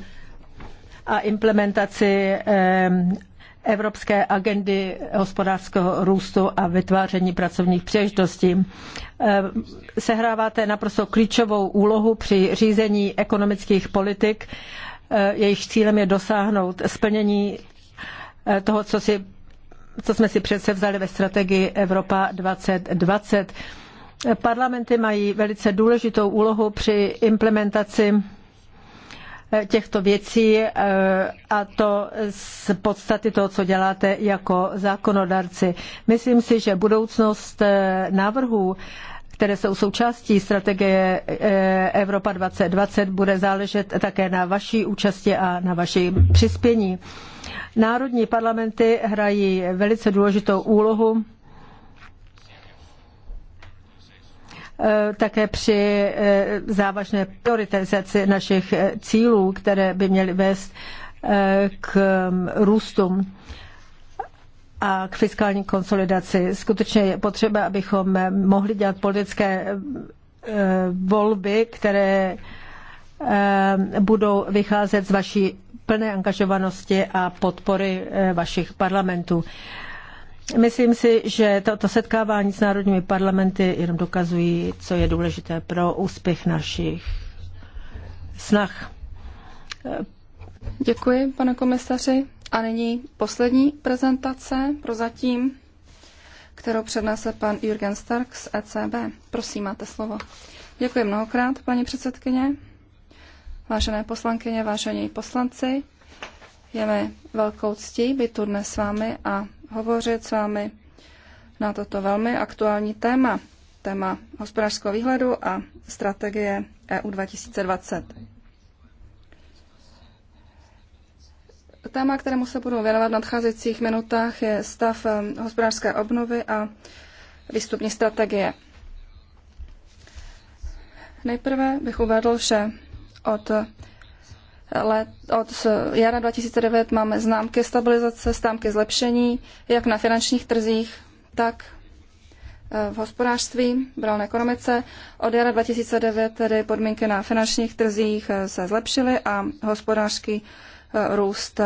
a implementaci ehm, evropské agendy hospodářského růstu a vytváření pracovních příležitostí. Eh, sehráváte naprosto klíčovou úlohu při řízení ekonomických politik, eh, Jejich cílem je dosáhnout splnění eh, toho, co, si, co jsme si přece vzali ve strategii Evropa 2020. Parlamenty mají velice důležitou úlohu při implementaci těchto věcí eh, a to z podstaty toho, co děláte jako zákonodárci. Myslím si, že budoucnost eh, návrhů které jsou součástí strategie eh, Evropa 2020, bude záležet také na vaší účasti a na vašem přispění. Národní parlamenty hrají velice důležitou úlohu Eh, také při eh, závažné prioritizaci našich eh, cílů, které by měly vést k mm, růstu a k fiskální konsolidaci. Skutečně je potřeba, abychom mohli dělat politické volby, které budou vycházet z vaší plné angažovanosti a podpory vašich parlamentů. Myslím si, že toto setkávání s národními parlamenty jenom dokazují, co je důležité pro úspěch našich snah. Děkuji, pane komisaři. A nyní poslední prezentace pro zatím, kterou přednese pan Jürgen Stark z ECB. Prosím, máte slovo. Děkuji mnohokrát, paní předsedkyně. Vážené poslankyně, vážení poslanci, je mi velkou ctí být tu dnes s vámi a hovořit s vámi na toto velmi aktuální téma, téma hospodářského výhledu a strategie EU 2020. Téma, kterému se budu věnovat v nadcházejících minutách, je stav eh, hospodářské obnovy a výstupní strategie. Nejprve bych uvedl, že od let, od jara 2009 máme známky stabilizace, známky zlepšení, jak na finančních trzích, tak e, v hospodářství, v reálné ekonomice. Od jara 2009 tedy podmínky na finančních trzích e, se zlepšily a hospodářský e, růst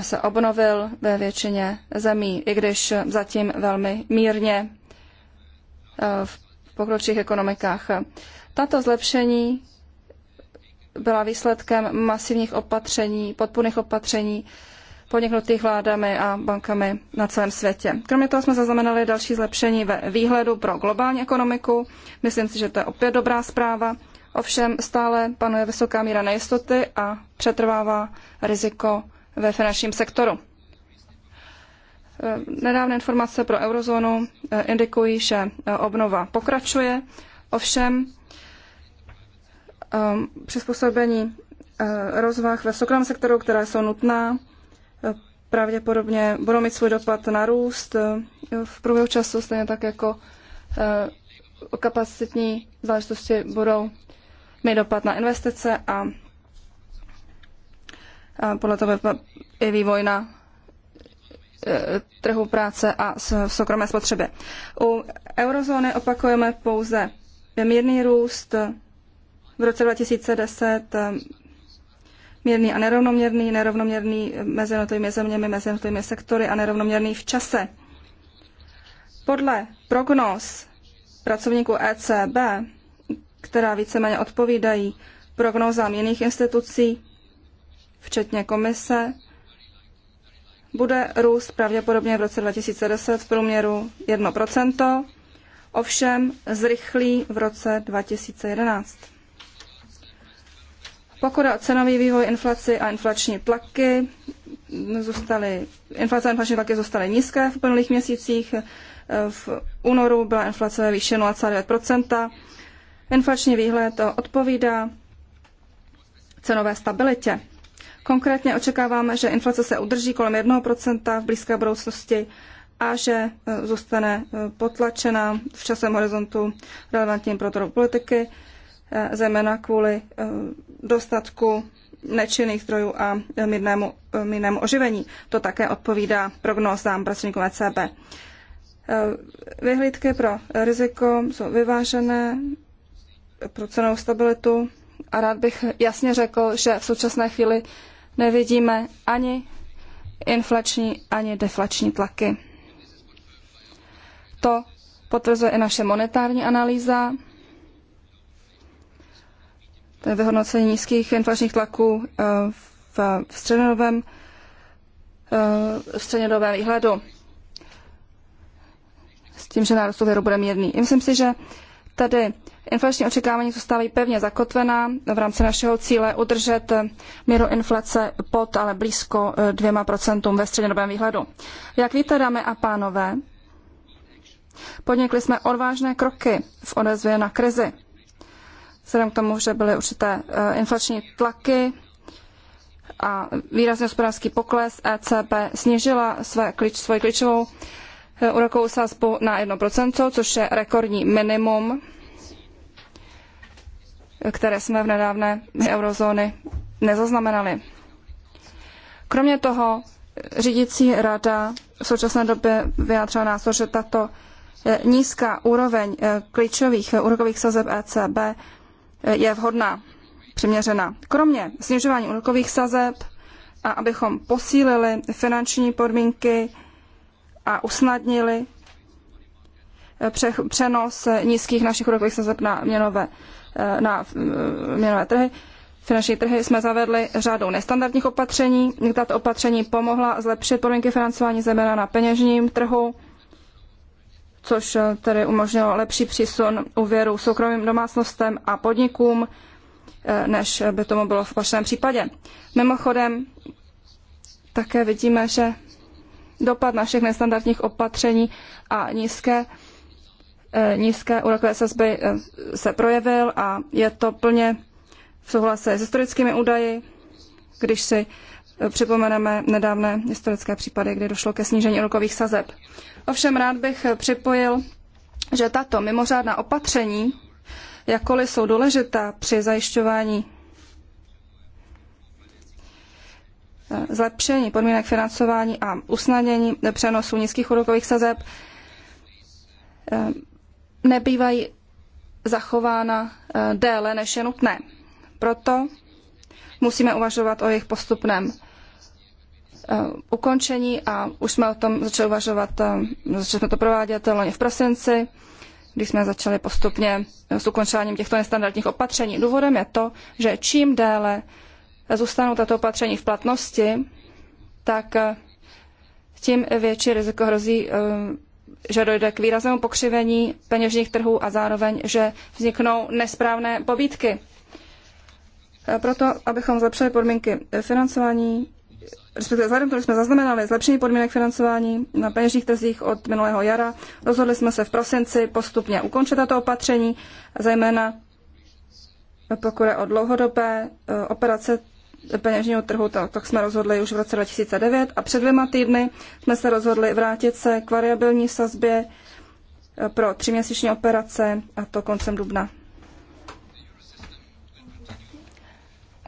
se obnovil ve většině zemí, i když zatím velmi mírně v pokročilých ekonomikách. Tato zlepšení byla výsledkem masivních opatření, podpůrných opatření podniknutých vládami a bankami na celém světě. Kromě toho jsme zaznamenali další zlepšení ve výhledu pro globální ekonomiku. Myslím si, že to je opět dobrá zpráva. Ovšem stále panuje vysoká míra nejistoty a přetrvává riziko ve finančním sektoru. Nedávné informace pro eurozónu eh, indikují, že eh, obnova pokračuje, ovšem Um, přizpůsobení uh, rozvah ve soukromém sektoru, která jsou nutná, uh, pravděpodobně budou mít svůj dopad na růst uh, v průběhu času, stejně tak jako kapacitní záležitosti budou mít dopad na investice a, a podle toho i vývoj na eh, trhu práce a soukromé spotřeby. U eurozóny opakujeme pouze mírný růst, v roce 2010 eh, mírný a nerovnoměrný, nerovnoměrný mezi jednotlivými zeměmi, mezi jednotlivými sektory a nerovnoměrný v čase. Podle prognóz pracovníků ECB, která víceméně odpovídají prognózám jiných institucí, včetně komise, bude růst pravděpodobně v roce 2010 v průměru 1%, ovšem zrychlí v roce 2011. Pokud o cenový vývoj inflaci a inflační tlaky, zůstaly, inflace a inflační tlaky zůstaly nízké v uplynulých měsících. E, v únoru byla inflace ve výši 0,9 Inflační výhled odpovídá cenové stabilitě. Konkrétně očekáváme, že inflace se udrží kolem 1 v blízké budoucnosti a že e, zůstane e, potlačena v časovém horizontu relevantním pro politiky. Eh, zejména kvůli eh, dostatku nečinných zdrojů a mírnému, eh, mírnému oživení. To také odpovídá prognózám pracovníků ECB. Vyhlídky pro riziko jsou vyvážené pro cenou stabilitu a rád bych jasně řekl, že v současné chvíli nevidíme ani inflační, ani deflační tlaky. To potvrzuje i naše monetární analýza, vyhodnocení nízkých inflačních tlaků eh, v střednědobém, eh, střednědobém výhledu s tím, že nárůst úvěru bude mírný. Myslím si, že tady inflační očekávání zůstávají pevně zakotvená v rámci našeho cíle udržet eh, míru inflace pod, ale blízko dvěma procentům ve střednědobém výhledu. Jak víte, dámy a pánové, podnikli jsme odvážné kroky v odezvě na krizi vzhledem k tomu, že byly určité eh, inflační tlaky a výrazný hospodářský pokles, ECB snížila své, klíč, svoji klíčovou eh, úrokovou sazbu na 1%, což je rekordní minimum, které jsme v nedávné eurozóny nezaznamenali. Kromě toho eh, řídící rada v současné době vyjádřila názor, že tato nízká úroveň klíčových úrokových sazeb ECB Eh, je vhodná, přiměřená. Kromě snižování úrokových sazeb a abychom posílili finanční podmínky a usnadnili eh, přenos eh, nízkých našich úrokových sazeb na měnové, na měnové trhy, finanční trhy jsme zavedli řadu nestandardních opatření. Tato opatření pomohla zlepšit podmínky financování zejména na peněžním trhu což eh, tedy umožnilo lepší přísun úvěru soukromým domácnostem a podnikům, eh, než by tomu bylo v opačném případě. Mimochodem, také vidíme, že dopad našich nestandardních opatření a nízké, eh, nízké úrokové sazby se projevil a je to plně v souhlase s historickými údaji, když si připomeneme nedávné historické případy, kdy došlo ke snížení rokových sazeb. Ovšem rád bych připojil, že tato mimořádná opatření, jakkoliv jsou důležitá při zajišťování eh, zlepšení podmínek financování a usnadnění přenosu nízkých úrokových sazeb, eh, nebývají zachována eh, déle, než je nutné. Proto musíme uvažovat o jejich postupném Eh, ukončení a už jsme o tom začali uvažovat, eh, začali jsme to provádět loni v prosinci, když jsme začali postupně s ukončováním těchto nestandardních opatření. Důvodem je to, že čím déle zůstanou tato opatření v platnosti, tak eh, tím větší riziko hrozí, že dojde k výraznému pokřivení peněžních trhů a zároveň, že vzniknou nesprávné pobídky. Proto, abychom zlepšili podmínky financování, respektive vzhledem k tomu, jsme zaznamenali zlepšení podmínek financování na peněžních trzích od minulého jara, rozhodli jsme se v prosinci postupně ukončit tato opatření, zejména pokud je o dlouhodobé eh, operace peněžního trhu, to, to jsme rozhodli už v roce 2009 a před dvěma týdny jsme se rozhodli vrátit se k variabilní sazbě eh, pro tříměsíční operace a to koncem dubna.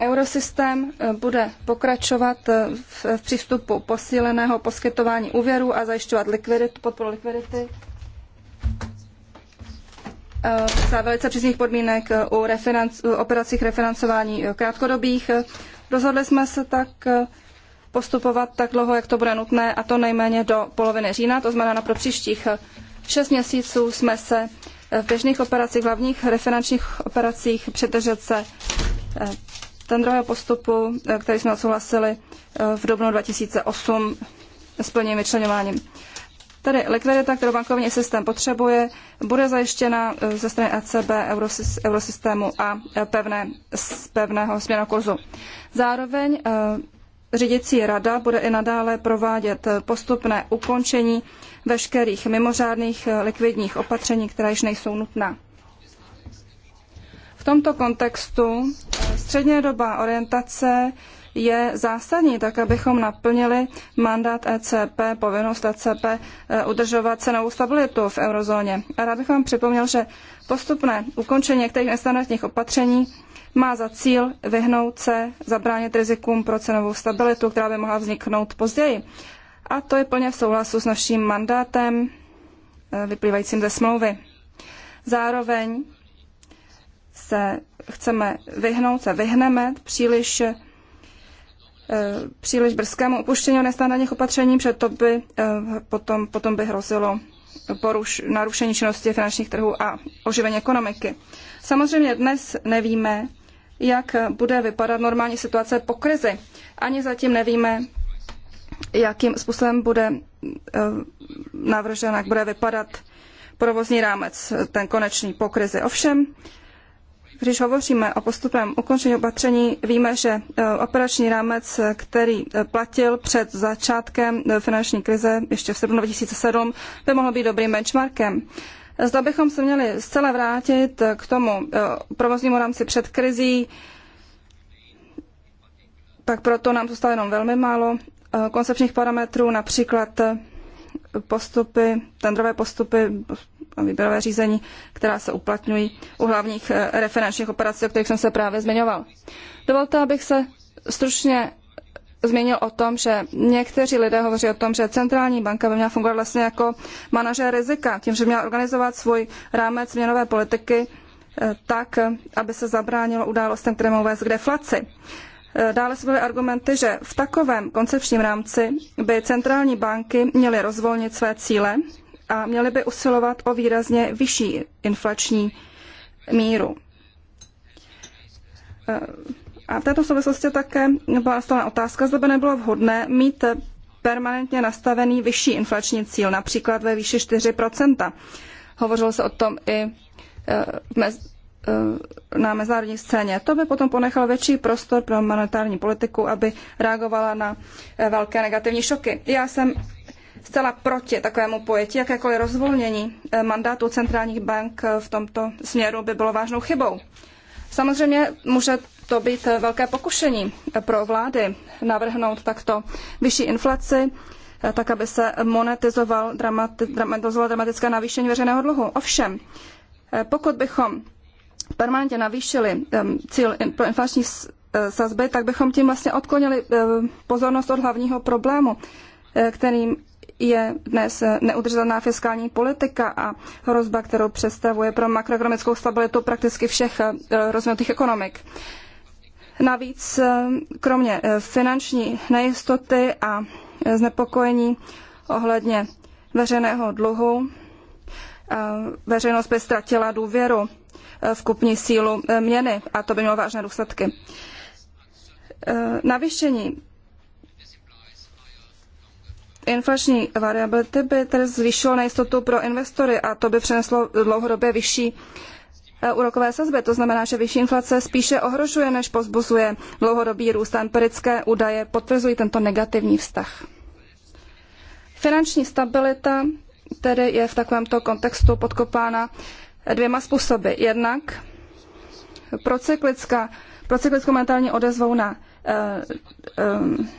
Eurosystém eh, bude pokračovat eh, v, v přístupu posíleného poskytování úvěru a zajišťovat likvidit, podporu likvidity eh, za velice přísných podmínek u refinanc, operacích refinancování krátkodobých. Rozhodli jsme se tak postupovat tak dlouho, jak to bude nutné, a to nejméně do poloviny října, to znamená na pro příštích šest měsíců jsme se v běžných operacích, hlavních refinančních operacích přidržet se tendrového postupu, eh, který jsme odsouhlasili eh, v dubnu 2008 s plným vyčlenováním. Tedy likvidita, kterou bankovní systém potřebuje, bude zajištěna eh, ze strany ECB, eurosystému a pevné, pevného směna kurzu. Zároveň řídicí rada bude i nadále provádět postupné ukončení veškerých mimořádných likvidních opatření, která již nejsou nutná. V tomto kontextu eh, střednědobá orientace je zásadní, tak abychom naplnili mandát ECP, povinnost ECP eh, udržovat cenovou stabilitu v eurozóně. A rád bych vám připomněl, že postupné ukončení některých nestandardních opatření má za cíl vyhnout se, zabránit rizikům pro cenovou stabilitu, která by mohla vzniknout později. A to je plně v souhlasu s naším mandátem eh, vyplývajícím ze smlouvy. Zároveň se chceme vyhnout, se vyhneme příliš eh, příliš brzkému opuštění nestandardních opatření, protože to by eh, potom, potom by hrozilo poruš, narušení činnosti finančních trhů a oživení ekonomiky. Samozřejmě dnes nevíme, jak bude vypadat normální situace po krizi. Ani zatím nevíme, jakým způsobem bude eh, navržen, jak bude vypadat provozní rámec, ten konečný po krizi. Ovšem, když hovoříme o postupném ukončení opatření, víme, že e, operační rámec, e, který e, platil před začátkem finanční krize ještě v srpnu 2007, by mohl být dobrým benchmarkem. Zda bychom se měli zcela vrátit k tomu provoznímu rámci před krizí, tak proto nám zůstalo jenom velmi málo koncepčních parametrů, například postupy, tendrové postupy, výběrové řízení, která se uplatňují u hlavních eh, referenčních operací, o kterých jsem se právě zmiňoval. Dovolte, abych se stručně zmínil o tom, že někteří lidé hovoří o tom, že centrální banka by měla fungovat vlastně jako manažer rizika, tím, že měla organizovat svůj rámec měnové politiky eh, tak, aby se zabránilo událostem, které mohou vést k deflaci. Eh, dále se byly argumenty, že v takovém koncepčním rámci by centrální banky měly rozvolnit své cíle, a měly by usilovat o výrazně vyšší inflační míru. Eh, a v této souvislosti také byla nastavena otázka, zda by nebylo vhodné mít permanentně nastavený vyšší inflační cíl, například ve výši 4 Hovořilo se o tom i eh, eh, na mezinárodní scéně. To by potom ponechalo větší prostor pro monetární politiku, aby reagovala na velké negativní šoky. Já jsem zcela proti takovému pojetí. Jakékoliv rozvolnění eh, mandátu centrálních bank eh, v tomto směru by bylo vážnou chybou. Samozřejmě může to být eh, velké pokušení pro vlády navrhnout takto vyšší inflaci, tak aby se monetizoval dramati, dramatizovalo dramatické navýšení veřejného dluhu. Ovšem, pokud bychom permanentně navýšili cíl pro inflační sazby, tak bychom tím vlastně odklonili pozornost od hlavního problému, kterým je dnes neudržitelná fiskální politika a hrozba, kterou představuje pro makroekonomickou stabilitu prakticky všech eh, rozvinutých ekonomik. Navíc eh, kromě eh, finanční nejistoty a znepokojení ohledně veřejného dluhu, veřejnost by ztratila důvěru v kupní sílu měny a to by mělo vážné důsledky. Navýšení Inflační variability by tedy zvýšilo nejistotu pro investory a to by přineslo dlouhodobě vyšší eh, úrokové sazby. To znamená, že vyšší inflace spíše ohrožuje, než pozbuzuje dlouhodobý růst. Empirické údaje potvrzují tento negativní vztah. Finanční stabilita tedy je v takovémto kontextu podkopána eh, dvěma způsoby. Jednak procyklická, procyklickou mentální odezvou na eh, eh,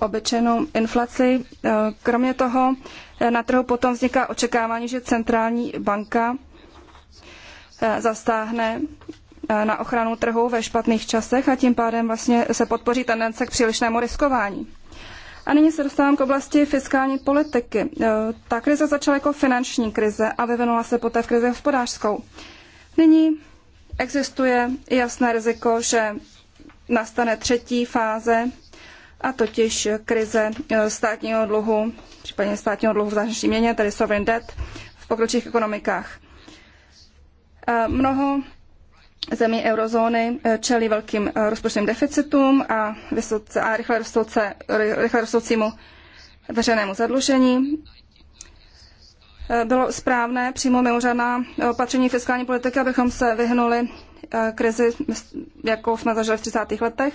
obyčejnou inflaci. E, kromě toho e, na trhu potom vzniká očekávání, že centrální banka e, zastáhne na ochranu trhu ve špatných časech a tím pádem vlastně se podpoří tendence k přílišnému riskování. A nyní se dostávám k oblasti fiskální politiky. Ta krize začala jako finanční krize a vyvinula se poté v krizi hospodářskou. Nyní existuje jasné riziko, že nastane třetí fáze a totiž krize eh, státního dluhu, případně státního dluhu v zahraniční měně, tedy sovereign debt v pokročilých ekonomikách. Eh, mnoho zemí eurozóny eh, čelí velkým rozpočtovým deficitům a, vysoce, a rychle, rostouce, rychle rostoucímu veřejnému zadlužení. Bylo správné přímo mimořádná opatření fiskální politiky, abychom se vyhnuli Eh, krizi, jako jsme zažili v 30. letech,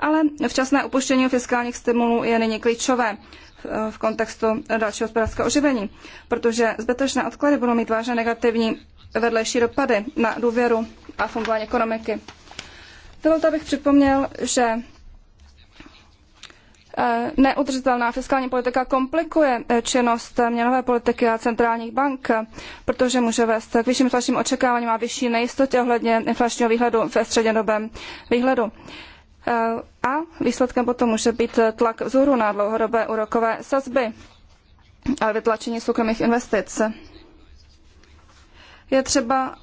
ale včasné upuštění fiskálních stimulů je nyní klíčové eh, v kontextu dalšího hospodářského oživení, protože zbytečné odklady budou mít vážně negativní vedlejší dopady na důvěru a fungování ekonomiky. Dovolte, abych připomněl, že Eh, neudržitelná fiskální politika komplikuje eh, činnost eh, měnové politiky a centrálních bank, protože může vést k vyšším inflačním očekáváním a vyšší nejistotě ohledně inflačního výhledu ve střednědobém výhledu. A výsledkem potom může být tlak vzhůru na dlouhodobé úrokové sazby a vytlačení soukromých investic. Je třeba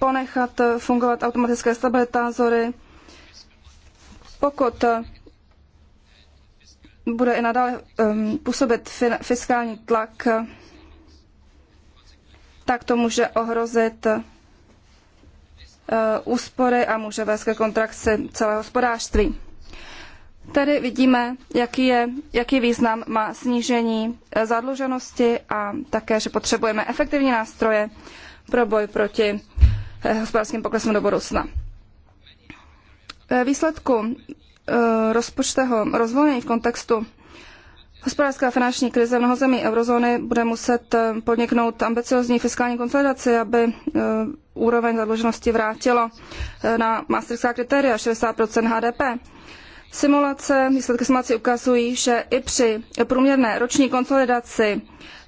ponechat fungovat automatické stabilitázory, pokud eh, bude i nadále ehm, působit fiskální tlak, eh, tak to může ohrozit eh, úspory a může vést ke kontrakci celého hospodářství. Tady vidíme, jaký, je, jaký význam má snížení zadluženosti a také, že potřebujeme efektivní nástroje pro boj proti hospodářským poklesům do budoucna výsledku eh, rozpočtového rozvolnění v kontextu hospodářské a finanční krize mnoho zemí eurozóny bude muset eh, podniknout ambiciozní fiskální konsolidaci, aby eh, úroveň zadluženosti vrátilo na maastrichtská kritéria 60 HDP. Simulace, výsledky simulací ukazují, že i při průměrné roční konsolidaci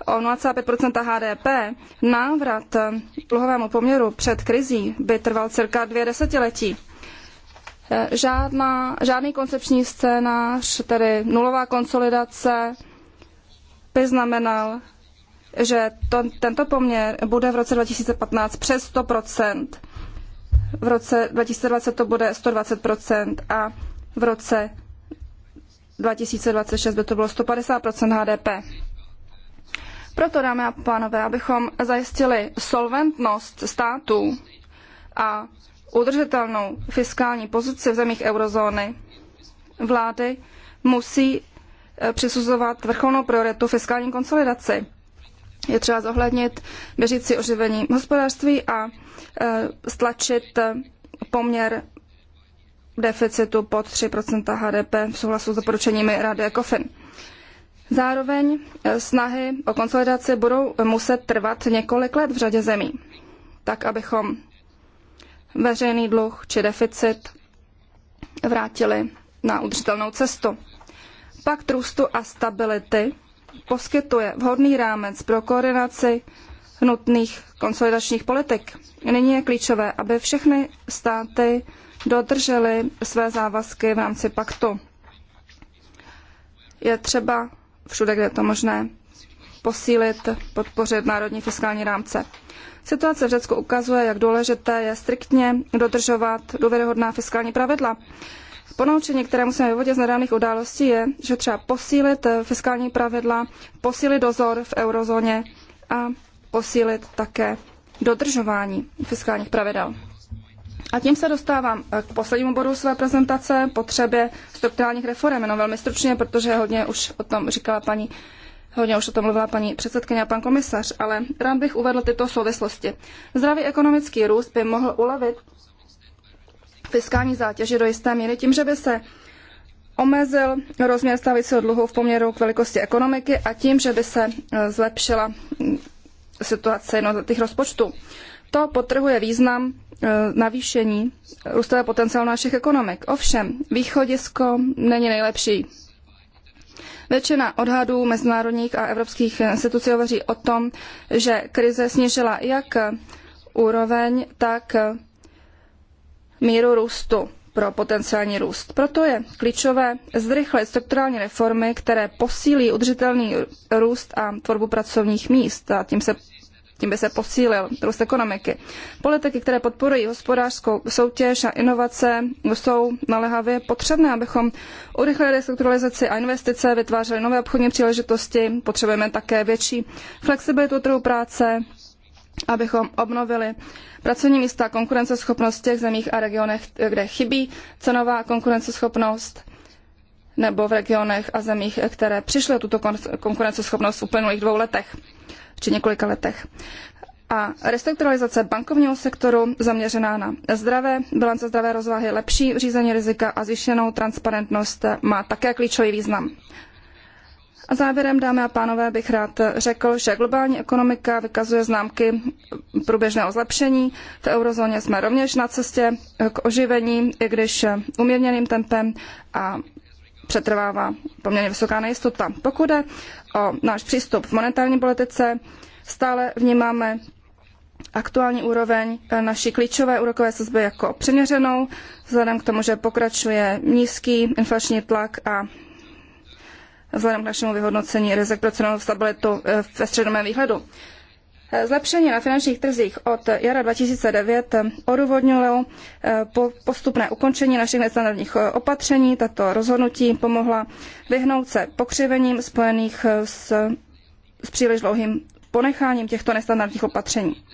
o 0,5 HDP návrat dluhovému poměru před krizí by trval cirka dvě desetiletí. Eh, žádná, žádný koncepční scénář, tedy nulová konsolidace, by znamenal, že to, tento poměr bude v roce 2015 přes 100%, v roce 2020 to bude 120% a v roce 2026 by to bylo 150% HDP. Proto, dámy a pánové, abychom zajistili solventnost států a udržitelnou fiskální pozici v zemích eurozóny, vlády musí e, přisuzovat vrcholnou prioritu fiskální konsolidaci. Je třeba zohlednit běžící oživení hospodářství a e, stlačit poměr deficitu pod 3 HDP v souhlasu s doporučeními Rady ECOFIN. Zároveň e, snahy o konsolidaci budou muset trvat několik let v řadě zemí, tak abychom veřejný dluh či deficit vrátili na udržitelnou cestu. Pakt růstu a stability poskytuje vhodný rámec pro koordinaci nutných konsolidačních politik. Nyní je klíčové, aby všechny státy dodržely své závazky v rámci paktu. Je třeba všude, kde je to možné, posílit, podpořit národní fiskální rámce. Situace v Řecku ukazuje, jak důležité je striktně dodržovat důvěryhodná fiskální pravidla. Ponaučení, které musíme vyvodit z nedávných událostí, je, že třeba posílit fiskální pravidla, posílit dozor v eurozóně a posílit také dodržování fiskálních pravidel. A tím se dostávám k poslednímu bodu své prezentace, potřebě strukturálních reform, jenom velmi stručně, protože hodně už o tom říkala paní Hodně už o tom mluvila paní předsedkyně a pan komisař, ale rád bych uvedl tyto souvislosti. Zdravý ekonomický růst by mohl ulevit fiskální zátěži do jisté míry tím, že by se omezil rozměr stavícího dluhu v poměru k velikosti ekonomiky a tím, že by se eh, zlepšila mm, situace jednotlivých rozpočtů. To potrhuje význam eh, navýšení růstové potenciálu našich ekonomik. Ovšem, východisko není nejlepší Většina odhadů mezinárodních a evropských institucí hovoří o tom, že krize snížila jak úroveň, tak míru růstu pro potenciální růst. Proto je klíčové zrychlit strukturální reformy, které posílí udržitelný růst a tvorbu pracovních míst. A tím se tím by se posílil růst ekonomiky. Politiky, které podporují hospodářskou soutěž a inovace, jsou naléhavě potřebné, abychom urychlili restrukturalizaci a investice, vytvářeli nové obchodní příležitosti, potřebujeme také větší flexibilitu trhu práce, abychom obnovili pracovní místa konkurenceschopnost v těch zemích a regionech, kde chybí cenová konkurenceschopnost nebo v regionech a zemích, které přišly tuto konkurenceschopnost v uplynulých dvou letech či několika letech. A restrukturalizace bankovního sektoru zaměřená na zdravé, bilance zdravé rozvahy, lepší řízení rizika a zvýšenou transparentnost má také klíčový význam. A závěrem, dámy a pánové, bych rád řekl, že globální ekonomika vykazuje známky průběžného zlepšení. V eurozóně jsme rovněž na cestě k oživení, i když umírněným tempem a přetrvává poměrně vysoká nejistota. Pokud jde o náš přístup v monetární politice. Stále vnímáme aktuální úroveň eh, naší klíčové úrokové sazby jako přiměřenou, vzhledem k tomu, že pokračuje nízký inflační tlak a vzhledem k našemu vyhodnocení rizik pro cenovou stabilitu eh, ve středovém výhledu. Zlepšení na finančních trzích od jara 2009 odůvodnilo eh, postupné ukončení našich nestandardních eh, opatření. Tato rozhodnutí pomohla vyhnout se pokřivením spojených eh, s, s příliš dlouhým ponecháním těchto nestandardních opatření.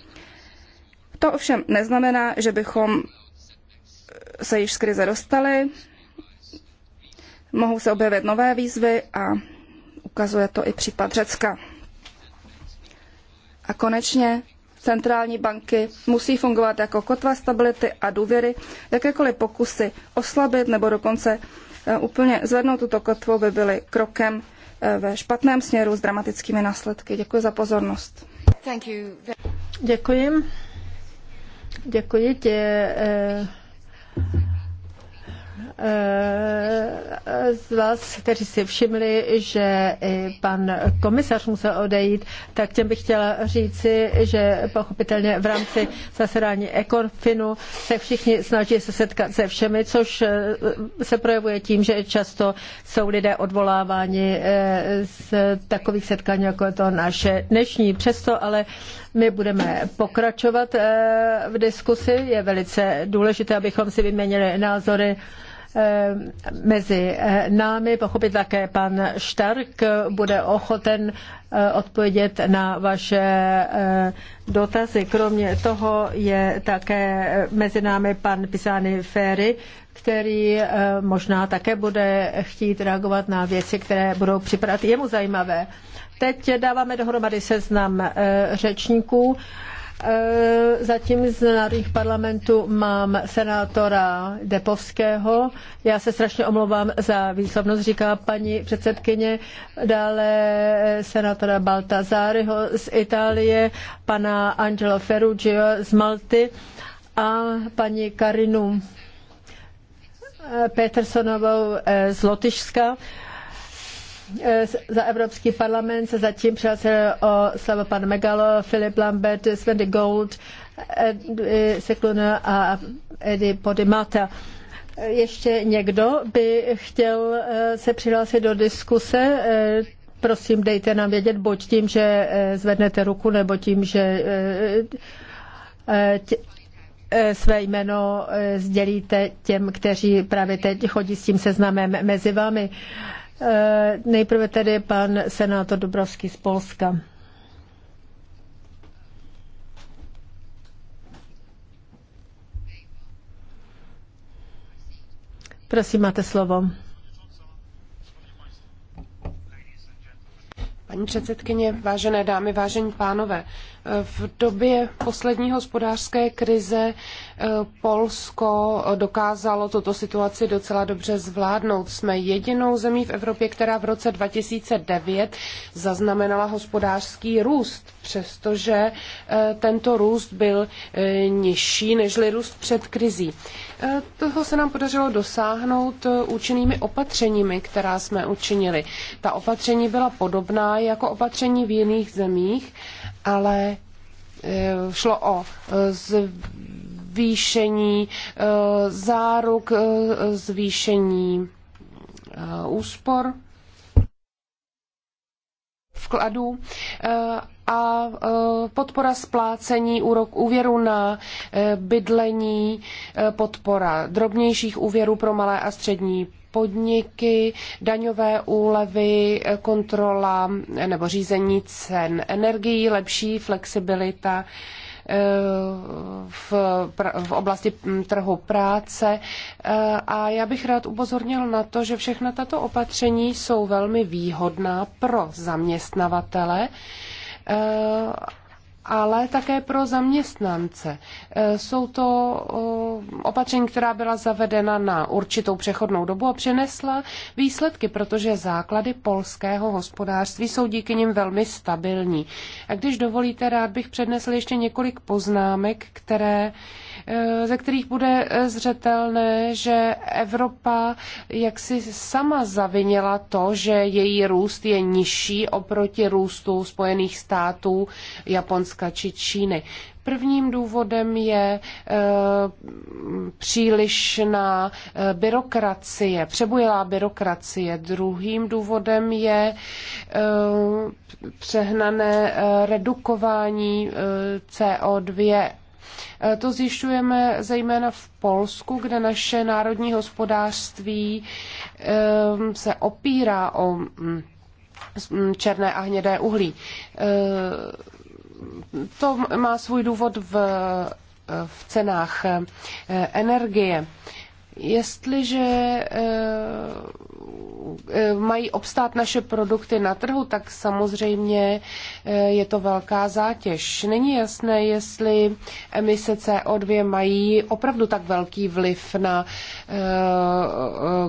To ovšem neznamená, že bychom se již z krize dostali. Mohou se objevit nové výzvy a ukazuje to i případ Řecka. A konečně centrální banky musí fungovat jako kotva stability a důvěry. Jakékoliv pokusy oslabit nebo dokonce eh, úplně zvednout tuto kotvu by byly krokem eh, ve špatném směru s dramatickými následky. Děkuji za pozornost. Děkuji. Děkuji tě. Eh, Eh, z vás, kteří si všimli, že i pan komisař musel odejít, tak těm bych chtěla říci, že pochopitelně v rámci zasedání Ekonfinu se všichni snaží se setkat se všemi, což eh, se projevuje tím, že často jsou lidé odvoláváni eh, z takových setkání, jako je to naše dnešní. Přesto ale my budeme pokračovat v diskusi. Je velice důležité, abychom si vyměnili názory Eh, mezi eh, námi. Pochopit také pan Štark bude ochoten eh, odpovědět na vaše dotazy. Kromě toho je také mezi námi pan Pisány Ferry, který možná také bude chtít reagovat na věci, které budou Je jemu zajímavé. Teď dáváme dohromady seznam řečníků. E, zatím z národních parlamentů mám senátora Depovského. Já se strašně omlouvám za výslovnost, říká paní předsedkyně. Dále senátora Baltazáryho z Itálie, pana Angelo Ferrugio z Malty a paní Karinu e, Petersonovou e, z Lotyšska. Eh, za Evropský parlament se zatím přihlásil eh, o slovo pan Megalo, Filip Lambert, Svendy Gold, Ed, eh, a Edy Podimata. Ještě někdo by chtěl se přihlásit do diskuse? Prosím, dejte nám vědět, buď tím, že zvednete ruku, nebo tím, že své jméno sdělíte těm, kteří právě teď chodí s tím seznamem mezi vámi. Eh, nejprve tedy pan senátor Dubrovský z Polska. Prosím, máte slovo. paní předsedkyně, vážené dámy, vážení pánové. V době poslední hospodářské krize eh, Polsko dokázalo tuto situaci docela dobře zvládnout. Jsme jedinou zemí v Evropě, která v roce 2009 zaznamenala hospodářský růst, přestože eh, tento růst byl eh, nižší než růst před krizí. Eh, toho se nám podařilo dosáhnout eh, účinnými opatřeními, která jsme učinili. Ta opatření byla podobná jako opatření v jiných zemích, ale eh, šlo o zvýšení záruk, zvýšení úspor vkladů a e, podpora splácení úrok úvěru na e, bydlení, e, podpora drobnějších úvěrů pro malé a střední podniky, daňové úlevy, kontrola nebo řízení cen energií, lepší flexibilita v, v oblasti trhu práce. A já bych rád upozornil na to, že všechna tato opatření jsou velmi výhodná pro zaměstnavatele, Eh, ale také pro zaměstnance. Eh, jsou to eh, opatření, která byla zavedena na určitou přechodnou dobu a přinesla výsledky, protože základy polského hospodářství jsou díky nim velmi stabilní. A když dovolíte, rád bych přednesl ještě několik poznámek, které Eh, ze kterých bude eh, zřetelné, že Evropa jaksi sama zavinila to, že její růst je nižší oproti růstu Spojených států, Japonska či Číny. Prvním důvodem je e, eh, přílišná byrokracie, přebujelá byrokracie. Druhým důvodem je e, přehnané redukování CO2 Eh, to zjišťujeme zejména v Polsku, kde naše národní hospodářství ehm, se opírá o mm, mm, černé a hnědé uhlí. Eh, to má svůj důvod v, eh, v cenách energie. Jestliže Eh, mají obstát naše produkty na trhu, tak samozřejmě eh, je to velká zátěž. Není jasné, jestli emise CO2 mají opravdu tak velký vliv na eh,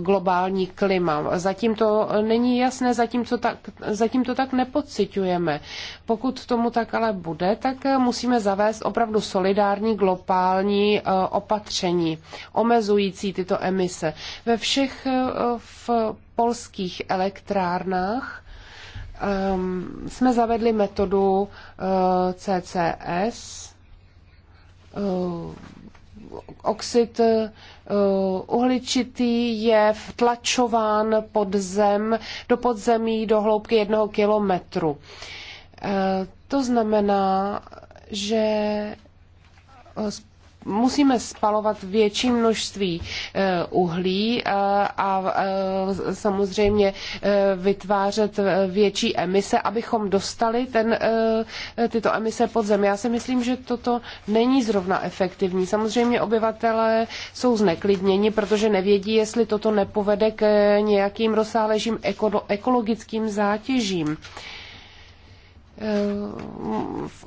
globální klima. Zatím to není jasné, zatím, to tak, zatím to tak nepociťujeme. Pokud tomu tak ale bude, tak musíme zavést opravdu solidární globální opatření omezující tyto emise ve všech v polských elektrárnách ehm, jsme zavedli metodu eh, CCS, eh, oxid eh, uhličitý je vtlačován pod zem, do podzemí do hloubky jednoho kilometru. To znamená, že musíme spalovat větší množství eh, uhlí eh, a eh, samozřejmě vytvářet větší emise, abychom dostali ten, tyto emise pod zem. Já si myslím, že toto není zrovna efektivní. Samozřejmě obyvatelé jsou zneklidněni, protože nevědí, jestli toto nepovede k nějakým rozsáhlejším ekologickým zátěžím v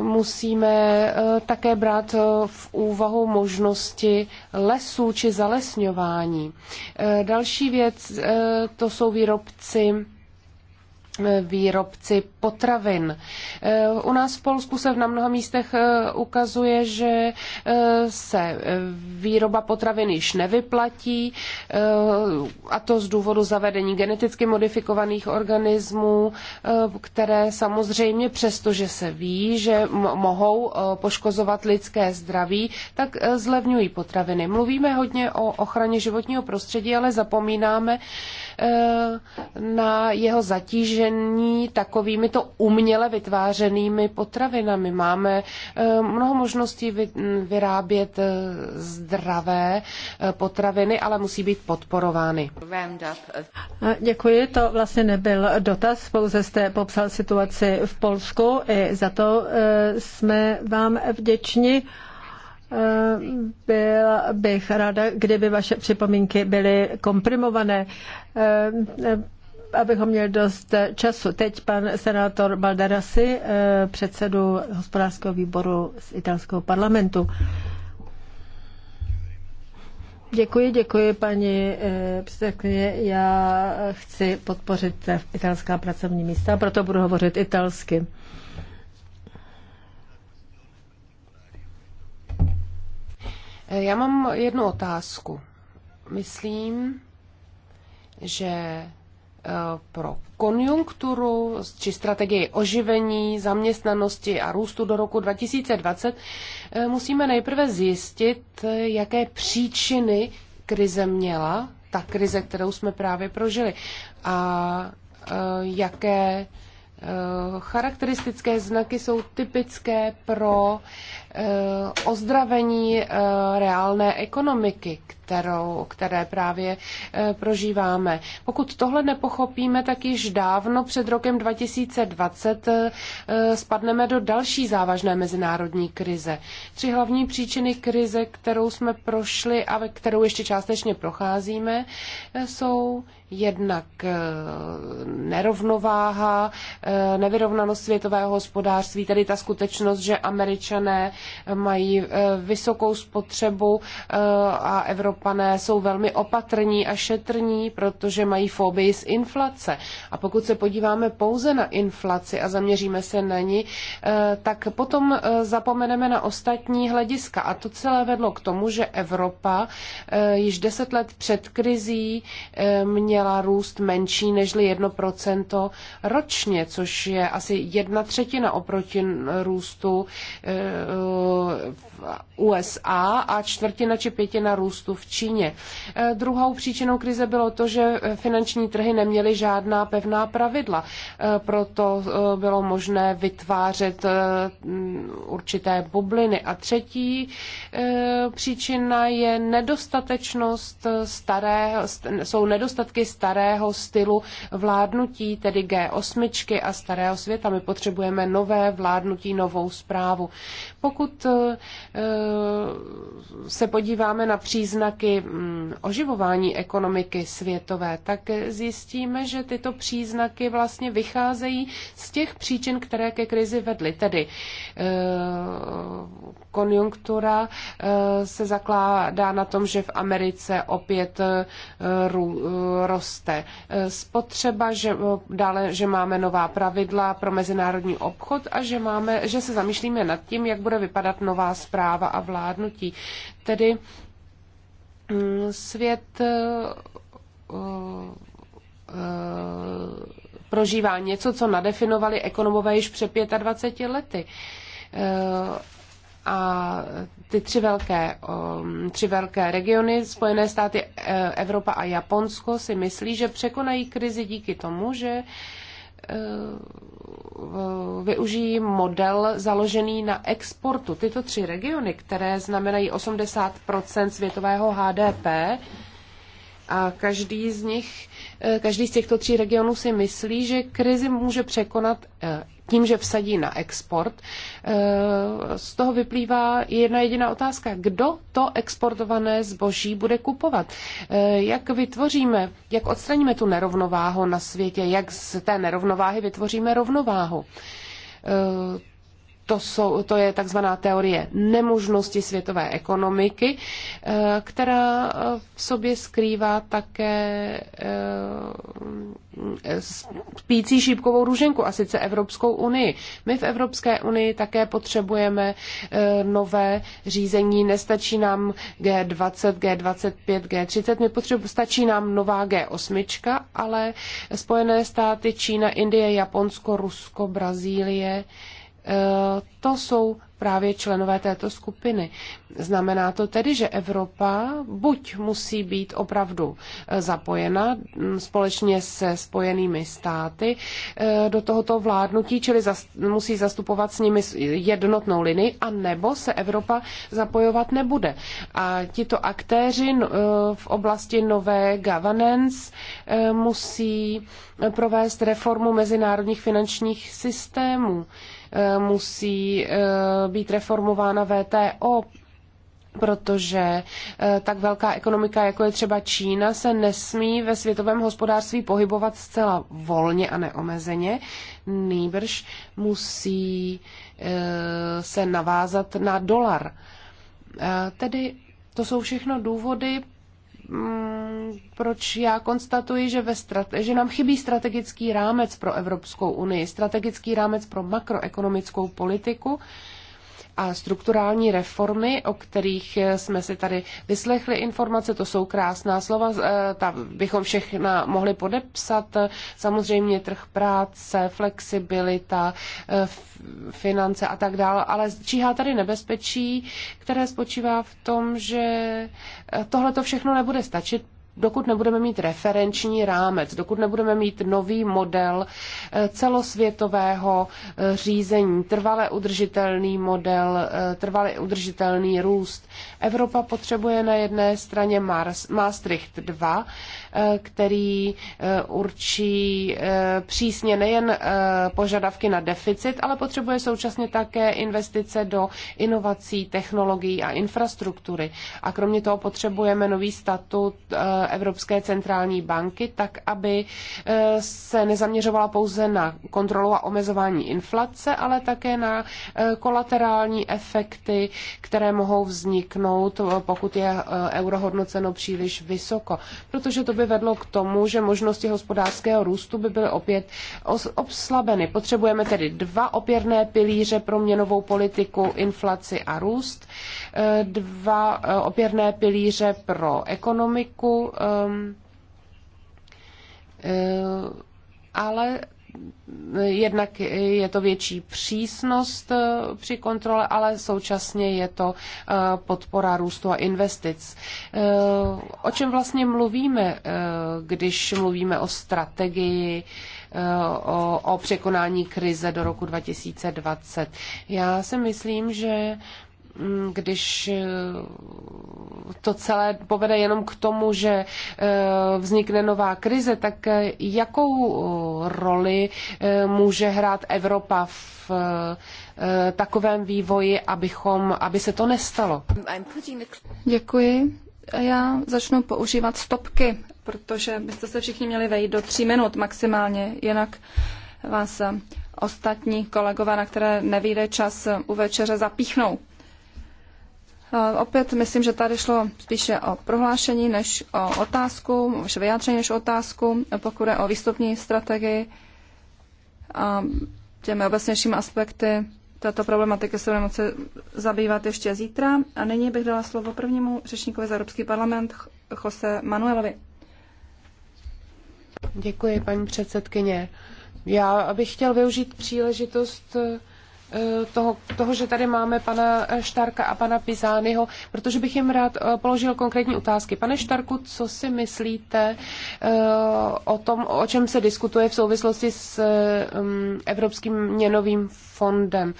musíme eh, také brát eh, v úvahu možnosti lesů či zalesňování. Eh, další věc to jsou výrobci výrobci potravin. U nás v Polsku se na mnoha místech eh, ukazuje, že eh, se eh, výroba potravin již nevyplatí, a to z důvodu zavedení geneticky modifikovaných organismů, které samozřejmě přesto, že se ví, že mohou poškozovat lidské zdraví, tak zlevňují potraviny. Mluvíme hodně o ochraně životního prostředí, ale zapomínáme, Eh, na jeho zatížení takovými to uměle vytvářenými potravinami. Máme eh, mnoho možností vyrábět eh, zdravé potraviny, ale musí být podporovány. Děkuji, to vlastně nebyl dotaz, pouze jste popsal situaci v Polsku i za to jsme vám vděční. Eh, byl, bych ráda, kdyby vaše připomínky byly komprimované, eh, eh, abychom měli dost času. Teď pan senátor Baldarasi, předsedu hospodářského výboru z italského parlamentu. Děkuji, děkuji paní předsedkyně. Já chci podpořit italská pracovní místa, proto budu hovořit italsky. Já mám jednu otázku. Myslím, že eh, pro konjunkturu či strategii oživení, zaměstnanosti a růstu do roku 2020 eh, musíme nejprve zjistit, eh, jaké příčiny krize měla, ta krize, kterou jsme právě prožili, a jaké charakteristické znaky jsou typické pro eh, ozdravení eh, reálné ekonomiky, kterou, které právě eh, prožíváme. Pokud tohle nepochopíme, tak již dávno před rokem 2020 spadneme do další závažné mezinárodní krize. Tři hlavní příčiny krize, kterou jsme prošli a ve kterou ještě částečně procházíme, jsou jednak nerovnováha, nevyrovnováha, vyrovnanost světového hospodářství, tedy ta skutečnost, že američané eh, mají eh, vysokou spotřebu eh, a Evropané jsou velmi opatrní a šetrní, protože mají fobii z inflace. A pokud se podíváme pouze na inflaci a zaměříme se na ní, tak potom zapomeneme na ostatní hlediska. A to celé vedlo k tomu, že Evropa již deset let před krizí měla růst menší nežli 1% ročně, což je asi jedna třetina oproti růstu v eh, USA a čtvrtina či pětina růstu v Číně. E, druhou příčinou krize bylo to, že e, finanční trhy neměly žádná pevná pravidla, e, proto bylo možné vytvářet určité bubliny. A třetí příčina je nedostatečnost staré, jsou nedostatky starého stylu vládnutí, tedy G8 a starého světa. My potřebujeme nové vládnutí, novou zprávu. Pokud Eh, se podíváme na příznaky mm, oživování ekonomiky světové, tak zjistíme, že tyto příznaky vlastně vycházejí z těch příčin, které ke krizi vedly. Tedy eh, konjunktura eh, se zakládá na tom, že v Americe opět roste spotřeba, že dále, že máme nová pravidla pro mezinárodní obchod a že, máme, že se zamýšlíme nad tím, jak bude vypadat nová zpráva práva a vládnutí. Tedy mm, svět eh, eh, prožívá něco, co nadefinovali ekonomové již před 25 lety. Eh, a ty tři velké, tři velké regiony, Spojené státy, Evropa a Japonsko, si myslí, že překonají krizi díky tomu, že Eh, využijí model založený na exportu. Tyto tři regiony, které znamenají 80 světového HDP, a každý z nich Eh, každý z těchto tří regionů si myslí, že krizi může překonat eh, tím, že vsadí na export. Eh, z toho vyplývá jedna jediná otázka. Kdo to exportované zboží bude kupovat? Jak vytvoříme, jak odstraníme tu nerovnováhu na světě, jak z té nerovnováhy vytvoříme rovnováhu? to, jsou, to je takzvaná teorie nemožnosti světové ekonomiky, eh, která v sobě skrývá také eh, spící šípkovou růženku, a sice Evropskou unii. My v Evropské unii také potřebujeme eh, nové řízení. Nestačí nám G20, G25, G30, my potřebujeme, stačí nám nová G8, ale Spojené státy, Čína, Indie, Japonsko, Rusko, Brazílie, Eh, to jsou právě členové této skupiny. Znamená to tedy, že Evropa buď musí být opravdu eh, zapojena mm, společně se spojenými státy eh, do tohoto vládnutí, čili musí zastupovat s nimi jednotnou linii, a nebo se Evropa zapojovat nebude. A tito aktéři no, v oblasti nové governance musí provést reformu mezinárodních finančních systémů Eh, musí eh, být reformována VTO, protože eh, tak velká ekonomika, jako je třeba Čína, se nesmí ve světovém hospodářství pohybovat zcela volně a neomezeně. Nýbrž musí se navázat na dolar. Tedy to jsou všechno důvody, Mm, proč já konstatuji, že, ve strate- že nám chybí strategický rámec pro Evropskou unii, strategický rámec pro makroekonomickou politiku a strukturální reformy, o kterých jsme si tady vyslechli informace, to jsou krásná slova, eh, ta bychom všechna mohli podepsat, samozřejmě trh práce, flexibilita, eh, finance a tak dále, ale číhá tady nebezpečí, které spočívá v tom, že eh, tohle to všechno nebude stačit, dokud nebudeme mít referenční rámec, dokud nebudeme mít nový model eh, celosvětového eh, řízení, trvale udržitelný model, eh, trvale udržitelný růst. Evropa potřebuje na jedné straně Maastricht 2, Eh, který eh, určí eh, přísně nejen požadavky na deficit, ale potřebuje současně také investice do inovací, technologií a infrastruktury. A kromě toho potřebujeme nový statut Evropské centrální banky, tak aby se nezaměřovala pouze na kontrolu a omezování inflace, ale také na kolaterální efekty, které mohou vzniknout, pokud je euro hodnoceno příliš vysoko. Protože to by vedlo k tomu, že možnosti hospodářského růstu by byly opět obslabeny. Potřebujeme tedy dva opěrné pilíře pro měnovou politiku, inflaci a růst, eh, dva eh, opěrné pilíře pro ekonomiku, ehm, eh, ale jednak je to větší přísnost eh, při kontrole, ale současně je to eh, podpora růstu a investic. Eh, o čem vlastně mluvíme, když mluvíme o strategii, o, o překonání krize do roku 2020? Já si myslím, že Mm, když eh, to celé povede jenom k tomu, že eh, vznikne nová krize, tak eh, jakou roli může hrát Evropa v takovém vývoji, abychom, aby se to nestalo? Děkuji. Já začnu používat stopky, protože byste se všichni měli vejít do tří minut maximálně, jinak vás ostatní kolegové, na které nevíde čas, u večeře zapíchnou. Eh, opět myslím, že tady šlo spíše o prohlášení než o otázku, už vyjádření než o otázku, pokud je o výstupní strategii a těmi obecnějšími aspekty této problematiky se budeme moci zabývat ještě zítra. A nyní bych dala slovo prvnímu řečníkovi za Evropský parlament, Jose Manuelovi. Děkuji, paní předsedkyně. Já bych chtěl využít příležitost eh, Eh, toho, toho, že tady máme pana eh, Štarka a pana Pizányho, protože bych jim rád eh, položil konkrétní otázky. Pane Štarku, co si myslíte o tom, o čem se diskutuje v souvislosti s mm, Evropským měnovým fondem?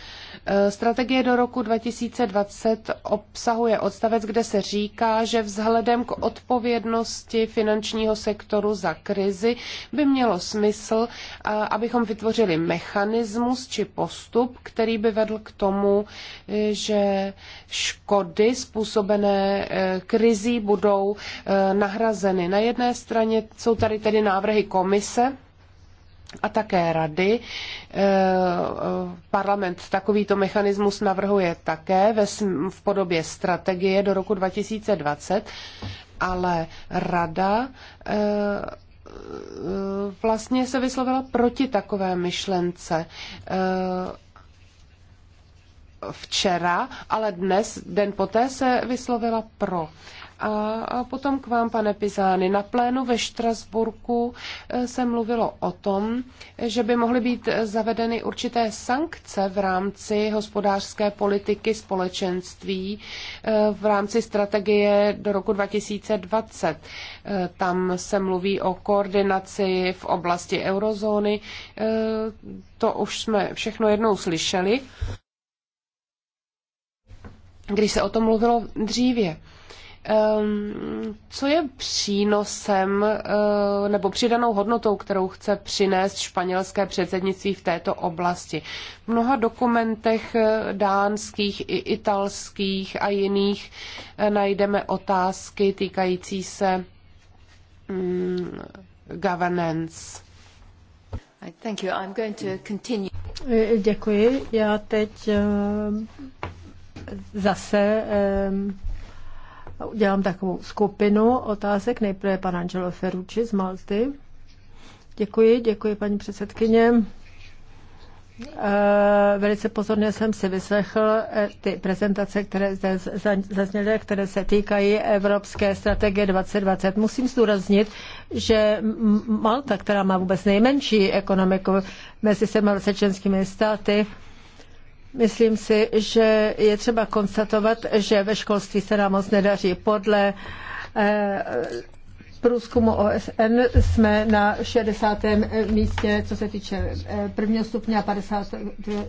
Eh, strategie do roku 2020 obsahuje odstavec, kde se říká, že vzhledem k odpovědnosti finančního sektoru za krizi by mělo smysl, eh, abychom vytvořili mechanismus či postup, který by vedl k tomu, eh, že škody způsobené krizí budou nahrazeny. Na jedné straně jsou tady tedy návrhy komise, a také rady. E, e, parlament takovýto mechanismus navrhuje také v podobě strategie do roku 2020, ale rada e, vlastně se vyslovila proti takové myšlence včera, ale dnes, den poté, se vyslovila pro. A potom k vám, pane Pizány. Na plénu ve Štrasburku eh, se mluvilo o tom, že by mohly být eh, zavedeny určité sankce v rámci hospodářské politiky společenství eh, v rámci strategie do roku 2020. Tam se mluví o koordinaci v oblasti eurozóny. To už jsme všechno jednou slyšeli, když se o tom mluvilo dříve. Ehm, co je přínosem eh, nebo přidanou hodnotou, kterou chce přinést španělské předsednictví v této oblasti? V mnoha dokumentech eh, dánských i italských a jiných eh, najdeme otázky týkající se mm, governance. Thank you. I'm going to continue. Děkuji. Já teď zase Udělám takovou skupinu otázek. Nejprve pan Angelo Ferrucci z Malty. Děkuji, děkuji paní předsedkyně. Eh, velice pozorně jsem si vyslechl eh, ty prezentace, které zde zazněly, které se týkají Evropské strategie 2020. Musím zdůraznit, že Malta, která má vůbec nejmenší ekonomiku mezi 27 členskými státy, Myslím si, že je třeba konstatovat, že ve školství se nám moc nedaří. Podle eh, průzkumu OSN jsme na 60. místě, co se týče eh, prvního stupně a 50,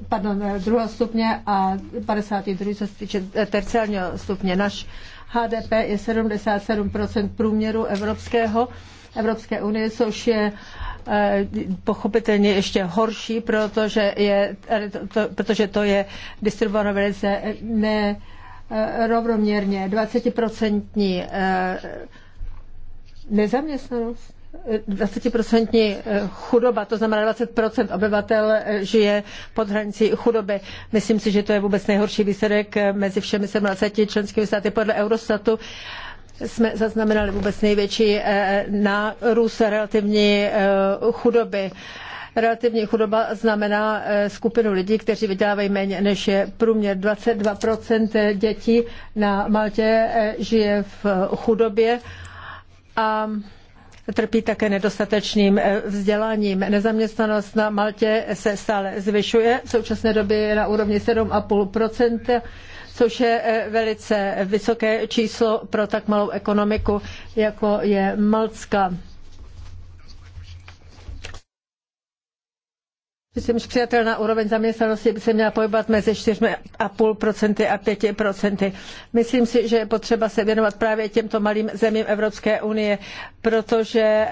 pardon, eh, druhého stupně a 52. co se týče terciálního stupně. Naš HDP je 77% průměru evropského. Evropské unie, což je Eh, pochopitelně ještě horší, protože, je, eh, to, protože to je distribuováno velice eh, ne rovnoměrně. 20% nezaměstnanost. 20% chudoba, to znamená 20% obyvatel žije pod hranicí chudoby. Myslím si, že to je vůbec nejhorší výsledek mezi všemi 17 členskými státy podle Eurostatu. Uh, jsme zaznamenali vůbec největší eh, nárůst relativní eh, chudoby. Relativní chudoba znamená eh, skupinu lidí, kteří vydělávají méně než je průměr. 22% dětí na Maltě žije v chudobě a trpí také nedostatečným vzděláním. Nezaměstnanost na Maltě se stále zvyšuje. V současné době je na úrovni 7,5 což je eh, velice vysoké číslo pro tak malou ekonomiku, jako je Malcka. Myslím, že přijatelná úroveň zaměstnanosti by se měla pohybovat mezi 4,5% a 5%. Myslím si, že je potřeba se věnovat právě těmto malým zemím Evropské unie, protože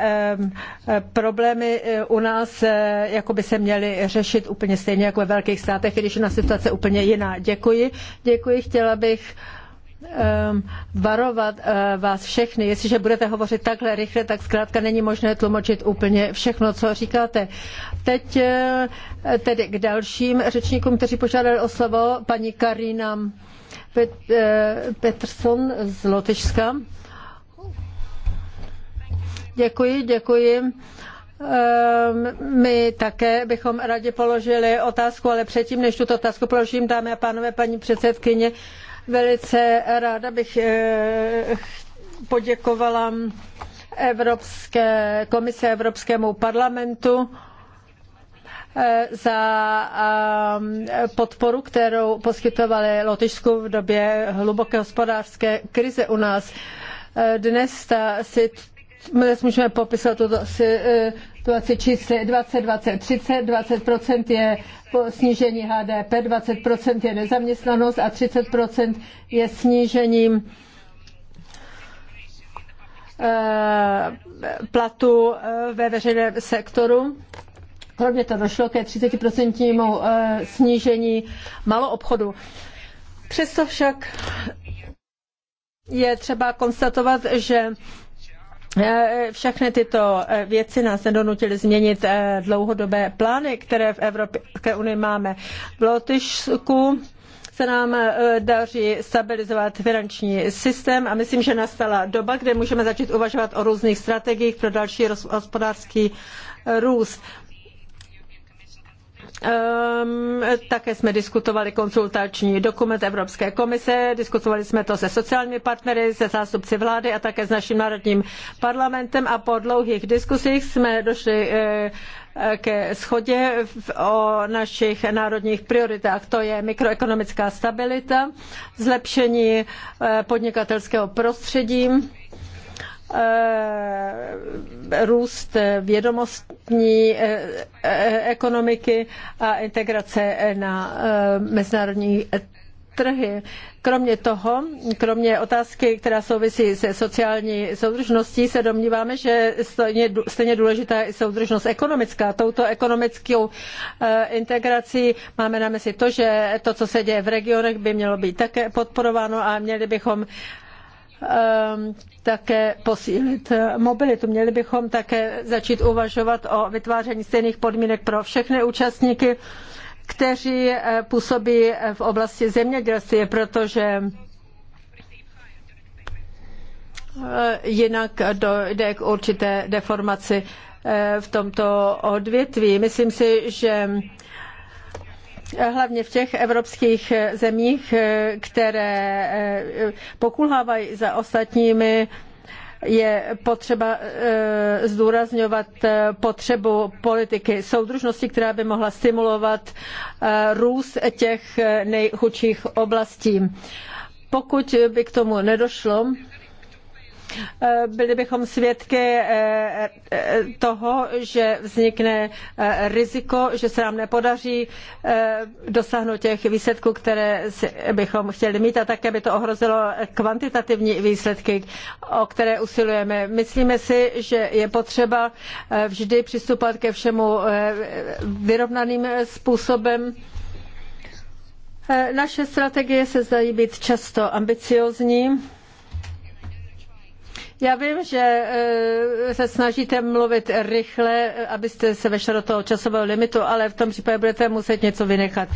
problémy e, u nás e, jako by se měly řešit úplně stejně jako ve velkých státech, když je na situace úplně jiná. Děkuji. Děkuji. Chtěla bych Ehm, varovat eh, vás všechny. Jestliže budete hovořit takhle rychle, tak zkrátka není možné tlumočit úplně všechno, co říkáte. Teď eh, tedy k dalším řečníkům, kteří požádali o slovo. Paní Karina eh, Peterson z Lotyšska. Děkuji, děkuji. Ehm, my také bychom rádi položili otázku, ale předtím, než tuto otázku položím, dámy a pánové, paní předsedkyně, Velice ráda bych eh, poděkovala Evropské komise Evropskému parlamentu eh, za eh, podporu, kterou poskytovali Lotyšsku v době hluboké hospodářské krize u nás. Dnes ta dnes můžeme popisovat tuto situaci čísly 20, 20, 30, 20% je snížení HDP, 20% je nezaměstnanost a 30% je snížením eh, platu eh, ve veřejném sektoru. Kromě to došlo ke 30% eh, snížení maloobchodu. Přesto však je třeba konstatovat, že Eh, všechny tyto eh, věci nás nedonutily změnit eh, dlouhodobé plány, které v Evropské unii máme. V Lotyšsku se nám daří stabilizovat finanční systém a myslím, že nastala doba, kdy můžeme začít uvažovat o různých strategiích pro další hospodářský růst. Ehm, také jsme diskutovali konzultační dokument Evropské komise, diskutovali jsme to se sociálními partnery, se zástupci vlády a také s naším národním parlamentem a po dlouhých diskusích jsme došli eh, ke schodě o našich národních prioritách. To je mikroekonomická stabilita, zlepšení eh, podnikatelského prostředí, Eh, růst vědomostní eh, eh, ekonomiky a integrace na mezinárodní trhy. Kromě toho, kromě otázky, která souvisí se sociální soudržností, se domníváme, že stejně, stejně důležitá je i soudržnost ekonomická. Touto ekonomickou integrací máme na mysli to, že to, co se děje v regionech, by mělo být také podporováno a měli bychom také posílit mobilitu. Měli bychom také začít uvažovat o vytváření stejných podmínek pro všechny účastníky, kteří eh, působí v oblasti zemědělství, protože eh, jinak dojde k určité deformaci eh, v tomto odvětví. Myslím si, že hlavně v těch evropských zemích, eh, které eh, pokulhávají za ostatními, je potřeba eh, zdůrazňovat potřebu politiky soudržnosti, která by mohla stimulovat růst těch nejchudších oblastí. Pokud by k tomu nedošlo, Eh, byli bychom svědky eh, eh, toho, že vznikne riziko, že se nám nepodaří dosáhnout těch výsledků, které bychom chtěli mít a také by to ohrozilo kvantitativní výsledky, o které usilujeme. Myslíme si, že je potřeba vždy přistupovat ke všemu vyrovnaným způsobem. Naše strategie se zdají být často ambiciózní já vím, že eh, se snažíte mluvit rychle, abyste se vešli do toho časového limitu, ale v tom případě budete muset něco vynechat.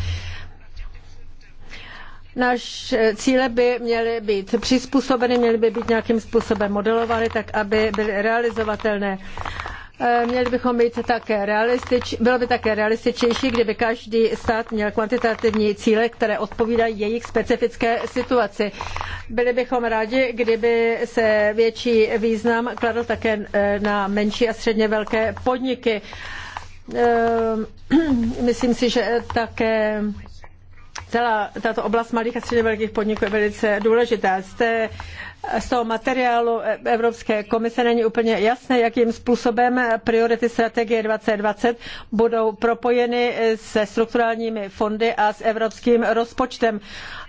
Naš eh, cíle by měly být přizpůsobeny, měly by být nějakým způsobem modelovány, tak aby byly realizovatelné. Eh, měli bychom být také realistič, bylo by také realističnější, kdyby každý stát měl kvantitativní cíle, které odpovídají jejich specifické situaci. Byli bychom rádi, kdyby se větší význam kladl také eh, na menší a středně velké podniky. Eh, myslím si, že také celá tato oblast malých a středně velkých podniků je velice důležitá. Jste z toho materiálu Evropské komise není úplně jasné, jakým způsobem priority strategie 2020 budou propojeny se strukturálními fondy a s evropským rozpočtem.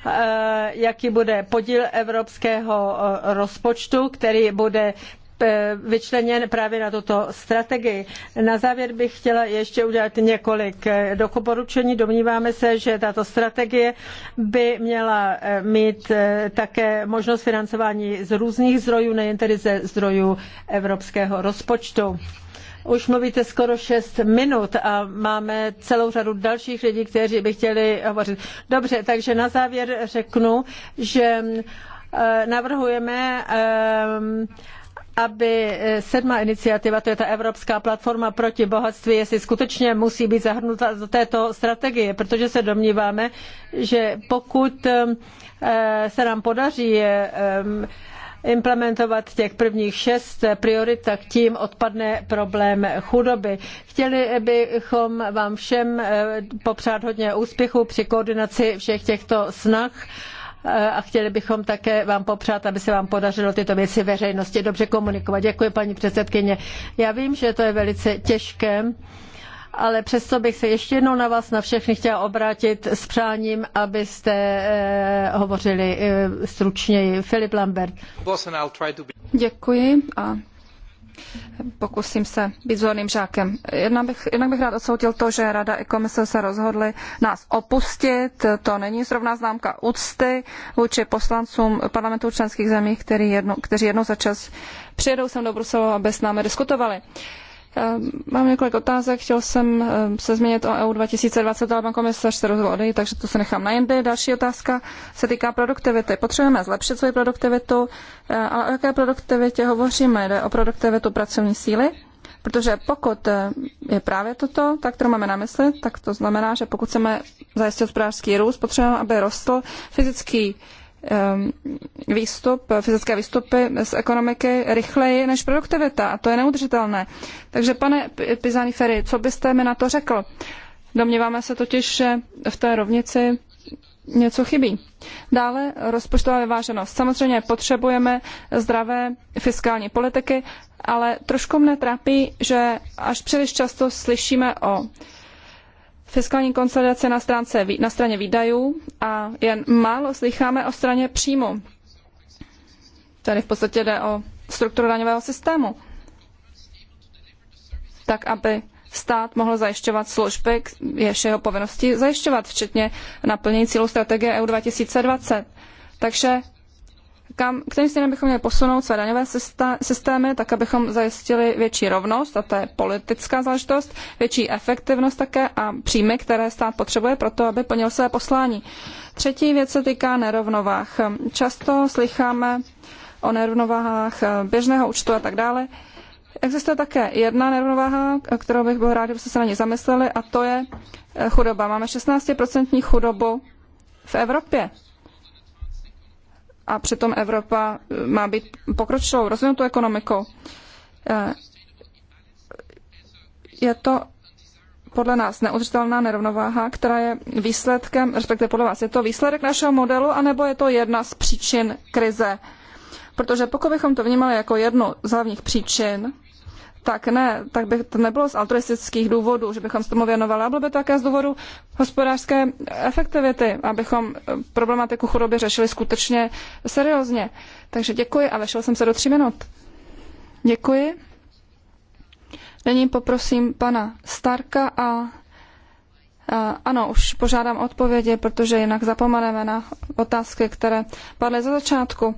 Eh, jaký bude podíl evropského eh, rozpočtu, který bude Eh, vyčleněn právě na tuto strategii. Na závěr bych chtěla ještě udělat několik eh, doporučení. Domníváme se, že tato strategie by měla eh, mít také možnost financování z různých zdrojů, nejen tedy ze zdrojů evropského rozpočtu. Už mluvíte skoro šest minut a máme celou řadu dalších lidí, kteří by chtěli hovořit. Dobře, takže na závěr řeknu, že navrhujeme aby e, sedmá iniciativa, to je ta Evropská platforma proti bohatství, jestli skutečně musí být zahrnuta do této strategie, protože se domníváme, že pokud e, se nám podaří e, implementovat těch prvních šest priorit, tak tím odpadne problém chudoby. Chtěli bychom vám všem popřát hodně úspěchu při koordinaci všech těchto snah Eh, a chtěli bychom také vám popřát, aby se vám podařilo tyto věci veřejnosti dobře komunikovat. Děkuji, paní předsedkyně. Já vím, že to je velice těžké, ale přesto bych se ještě jednou na vás, na všechny chtěla obrátit s přáním, abyste eh, hovořili eh, stručněji. Filip Lambert. Děkuji a Pokusím se být vzorným žákem. Jednak bych, jednak bych rád odsoutil to, že Rada i komise se rozhodly nás opustit. To není zrovna známka úcty vůči poslancům parlamentů členských zemí, který jedno, kteří jednou za čas přijedou sem do Bruselu, aby s námi diskutovali. Ehm, mám několik otázek. Chtěl jsem ehm, se změnit o EU 2020, ale pan komisař se rozhodl odejít, takže to se nechám na jindy. Další otázka se týká produktivity. Potřebujeme zlepšit svoji produktivitu, eh, ale o jaké produktivitě hovoříme? Jde o produktivitu pracovní síly? Protože pokud eh, je právě toto, tak to máme na mysli, tak to znamená, že pokud chceme zajistit hospodářský růst, potřebujeme, aby rostl fyzický Ehm, výstup, fyzické výstupy z ekonomiky rychleji než produktivita a to je neudržitelné. Takže pane Pizani Ferry, co byste mi na to řekl? Domníváme se totiž, že v té rovnici něco chybí. Dále rozpočtová vyváženost. Samozřejmě potřebujeme zdravé fiskální politiky, ale trošku mne trápí, že až příliš často slyšíme o fiskální konsolidace na, stránce, na straně výdajů a jen málo slycháme o straně příjmu. Tady v podstatě jde o strukturu daňového systému. Tak, aby stát mohl zajišťovat služby, jež jeho povinnosti zajišťovat, včetně naplnění cílů strategie EU 2020. Takže kam, kterým směrem bychom měli posunout své daňové systémy, tak abychom zajistili větší rovnost, a to je politická záležitost, větší efektivnost také a příjmy, které stát potřebuje pro to, aby plnil své poslání. Třetí věc se týká nerovnovách. Často slycháme o nerovnovách eh, běžného účtu a tak dále. Existuje také jedna nerovnováha, kterou bych byl rád, kdybyste se na ní zamysleli, a to je eh, chudoba. Máme 16% chudobu v Evropě a přitom Evropa eh, má být pokročilou, rozvinutou ekonomikou. Eh, je to podle nás neudržitelná nerovnováha, která je výsledkem, respektive podle vás, je to výsledek našeho modelu, anebo je to jedna z příčin krize? Protože pokud bychom to vnímali jako jednu z hlavních příčin, tak ne, tak by to nebylo z altruistických důvodů, že bychom se tomu věnovali, ale bylo by to také z důvodu hospodářské efektivity, abychom eh, problematiku chudoby řešili skutečně seriózně. Takže děkuji a vešel jsem se do tří minut. Děkuji. Nyní poprosím pana Starka a, a ano, už požádám odpovědi, protože jinak zapomeneme na otázky, které padly za začátku.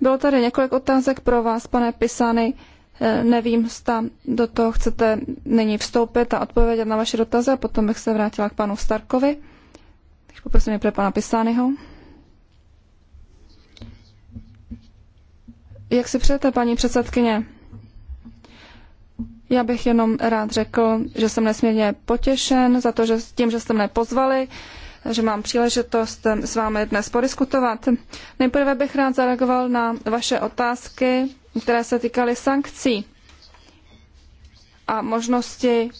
Bylo tady několik otázek pro vás, pane Pisany. Eh, nevím, zda do toho chcete nyní vstoupit a odpovědět na vaše dotazy a potom bych se vrátila k panu Starkovi. Takže poprosím nejprve pana Pisányho. Jak si přejete, paní předsedkyně? Já bych jenom rád řekl, že jsem nesmírně potěšen za to, že tím, že jste mne pozvali, že mám příležitost eh, s vámi dnes podiskutovat. Nejprve bych rád zareagoval na vaše otázky které se týkaly sankcí a možnosti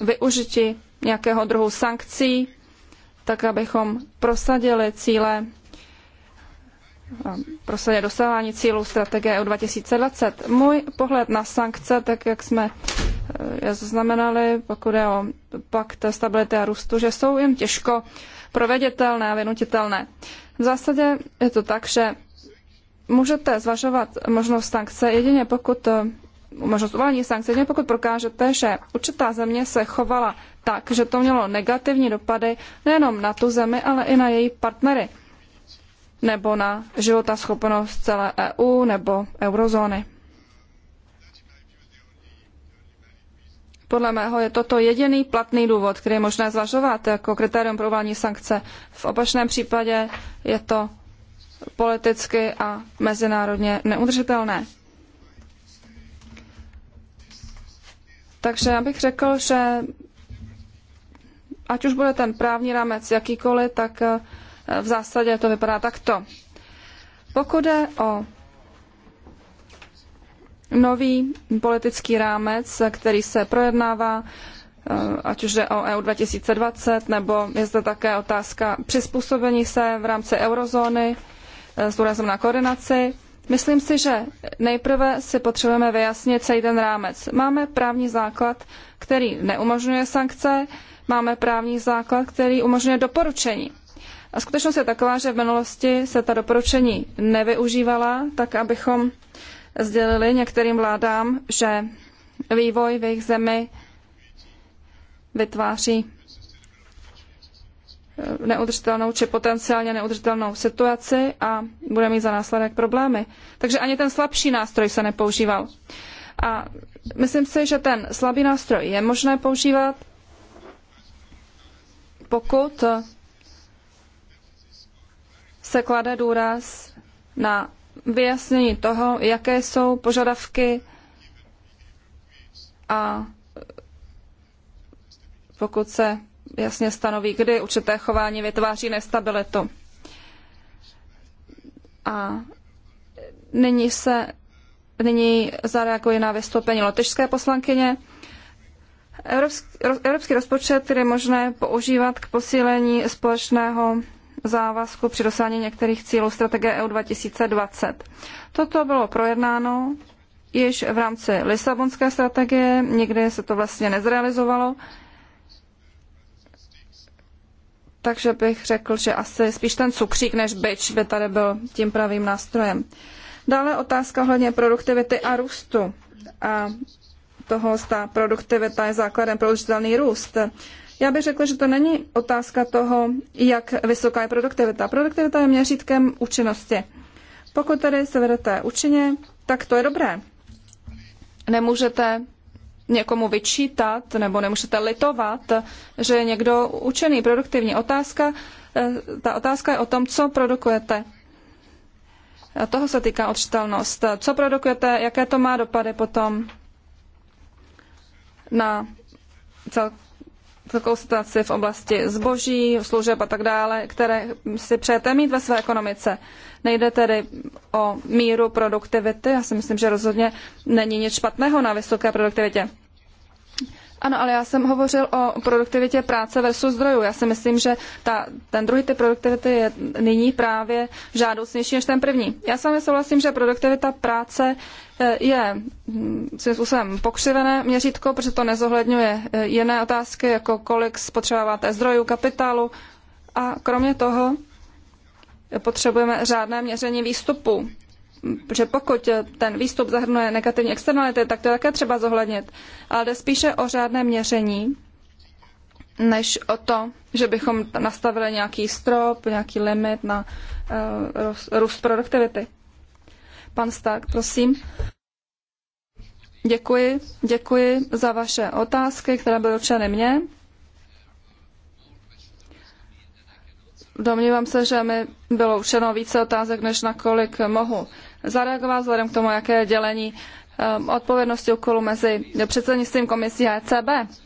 využití nějakého druhu sankcí, tak abychom prosadili cíle, eh, prosadili dosávání cílů strategie EU 2020. Můj pohled na sankce, tak jak jsme eh, je zaznamenali, pokud je o pakt stability a růstu, že jsou jen těžko proveditelné a vynutitelné. V zásadě je to tak, že můžete zvažovat možnost sankce jedině pokud eh, možnost uvalení sankce, jedině pokud prokážete, že určitá země se chovala tak, že to mělo negativní dopady nejenom na tu zemi, ale i na její partnery nebo na života schopnost celé EU nebo eurozóny. Podle mého je toto jediný platný důvod, který je možné zvažovat jako kritérium pro uvalení sankce. V opačném případě je to politicky a mezinárodně neudržitelné. Takže já bych řekl, že ať už bude ten právní rámec jakýkoliv, tak eh, v zásadě to vypadá takto. Pokud jde o nový politický rámec, který se projednává, eh, ať už je o EU 2020, nebo je zde také otázka přizpůsobení se v rámci eurozóny, s důrazem na koordinaci. Myslím si, že nejprve si potřebujeme vyjasnit celý ten rámec. Máme právní základ, který neumožňuje sankce, máme právní základ, který umožňuje doporučení. A skutečnost je taková, že v minulosti se ta doporučení nevyužívala, tak abychom sdělili některým vládám, že vývoj v jejich zemi vytváří neudržitelnou či potenciálně neudržitelnou situaci a bude mít za následek problémy. Takže ani ten slabší nástroj se nepoužíval. A myslím si, že ten slabý nástroj je možné používat, pokud se klade důraz na vyjasnění toho, jaké jsou požadavky a pokud se jasně stanoví, kdy určité chování vytváří nestabilitu. A nyní se nyní zareaguje na vystoupení lotyšské poslankyně. Evropský, evropský rozpočet, který je možné používat k posílení společného závazku při dosáhnění některých cílů strategie EU 2020. Toto bylo projednáno již v rámci Lisabonské strategie, nikdy se to vlastně nezrealizovalo takže bych řekl, že asi spíš ten cukřík než byč by tady byl tím pravým nástrojem. Dále otázka ohledně produktivity a růstu a toho, zda produktivita je základem pro udržitelný růst. Já bych řekl, že to není otázka toho, jak vysoká je produktivita. Produktivita je měřítkem účinnosti. Pokud tedy se vedete účinně, tak to je dobré. Nemůžete někomu vyčítat nebo nemůžete litovat, že je někdo učený, produktivní. Otázka, eh, ta otázka je o tom, co produkujete. A toho se týká odčitelnost. Co produkujete, jaké to má dopady potom na cel, takovou situaci v oblasti zboží, služeb a tak dále, které si přejete mít ve své ekonomice. Nejde tedy o míru produktivity, já si myslím, že rozhodně není nic špatného na vysoké produktivitě. Ano, ale já jsem hovořil o produktivitě práce versus zdrojů. Já si myslím, že ta, ten druhý typ produktivity je nyní právě žádoucnější než ten první. Já s vámi souhlasím, že produktivita práce eh, je mm, svým způsobem pokřivené měřítko, protože to nezohledňuje eh, jiné otázky, jako kolik spotřebováte zdrojů, kapitálu. A kromě toho potřebujeme řádné měření výstupu že pokud ten výstup zahrnuje negativní externality, tak to je také třeba zohlednit. Ale jde spíše o řádné měření, než o to, že bychom nastavili nějaký strop, nějaký limit na uh, růst produktivity. Pan Stark, prosím. Děkuji, děkuji za vaše otázky, které byly určeny mně. Domnívám se, že mi bylo určeno více otázek, než nakolik mohu zareagovat vzhledem k tomu, jaké je dělení um, odpovědnosti úkolu mezi předsednictvím komisí a ECB.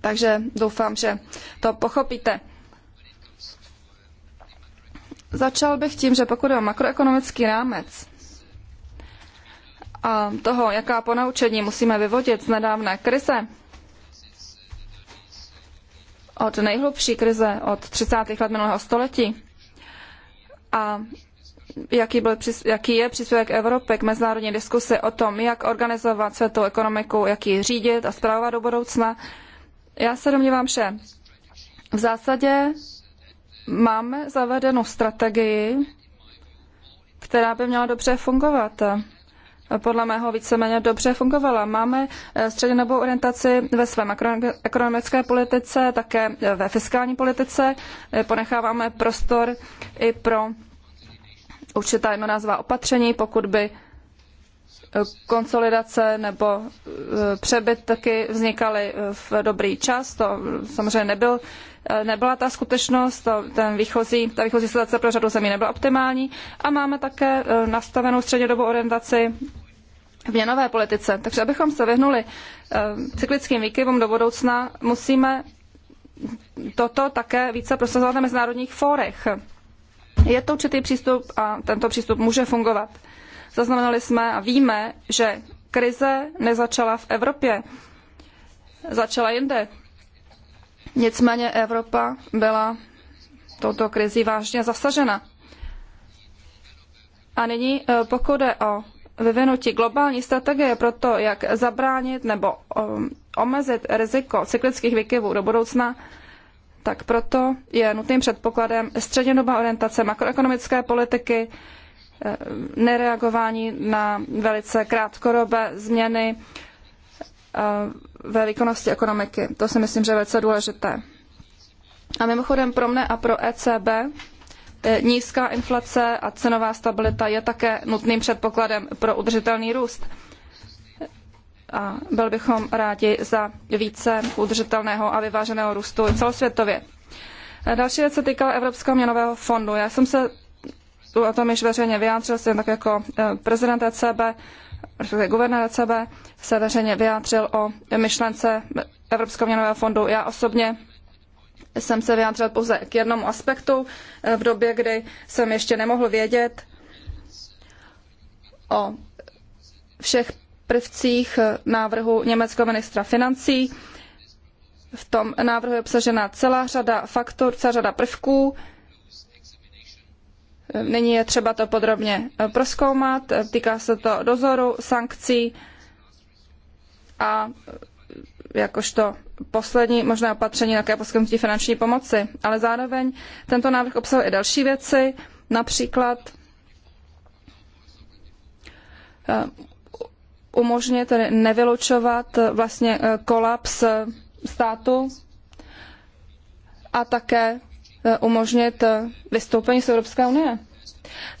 Takže doufám, že to pochopíte. Začal bych tím, že pokud je o makroekonomický rámec a toho, jaká ponaučení musíme vyvodit z nedávné krize, od nejhlubší krize od 30. let minulého století a jaký, byl, jaký je příspěvek Evropy k mezinárodní diskusi o tom, jak organizovat světovou ekonomiku, jak ji řídit a zprávovat do budoucna. Já se domnívám, že v zásadě máme zavedenou strategii, která by měla dobře fungovat. Podle mého víceméně dobře fungovala. Máme eh, střednědobou orientaci ve své ekonomické politice, také ve fiskální politice. Eh, ponecháváme prostor i pro určitá jednorázová opatření, pokud by eh, konsolidace nebo eh, přebytky vznikaly eh, v dobrý čas. To samozřejmě nebyl, nebyla ta skutečnost, to, ten výchozí, ta výchozí situace pro řadu zemí nebyla optimální. A máme také nastavenou střednědobou orientaci v měnové politice. Takže abychom se vyhnuli cyklickým výkyvům do budoucna, musíme toto také více prosazovat na mezinárodních fórech. Je to určitý přístup a tento přístup může fungovat. Zaznamenali jsme a víme, že krize nezačala v Evropě, začala jinde. Nicméně Evropa byla touto krizi vážně zasažena. A nyní, eh, pokud jde o vyvinutí globální strategie pro to, jak zabránit nebo eh, omezit riziko cyklických vykyvů do budoucna, tak proto je nutným předpokladem střednědobá orientace makroekonomické politiky, eh, nereagování na velice krátkodobé změny eh, ve výkonnosti ekonomiky. To si myslím, že je velice důležité. A mimochodem pro mne a pro ECB eh, nízká inflace a cenová stabilita je také nutným předpokladem pro udržitelný růst a byl bychom rádi za více udržitelného a vyváženého růstu celosvětově. Další věc se týkala Evropského měnového fondu. Já jsem se o tom již veřejně vyjádřil, jsem tak jako e, prezident ECB, respektive guvernér ECB, se veřejně vyjádřil o myšlence Evropského měnového fondu. Já osobně jsem se vyjádřil pouze k jednomu aspektu e, v době, kdy jsem ještě nemohl vědět o všech prvcích návrhu německého ministra financí. V tom návrhu je obsažena celá řada faktor, celá řada prvků. Nyní je třeba to podrobně eh, proskoumat. Týká se to dozoru, sankcí a eh, jakožto poslední možné opatření také poskytnutí finanční pomoci. Ale zároveň tento návrh obsahuje i další věci, například eh, umožnit, tedy nevylučovat eh, vlastně eh, kolaps eh, státu a také umožnit vystoupení z Evropské unie.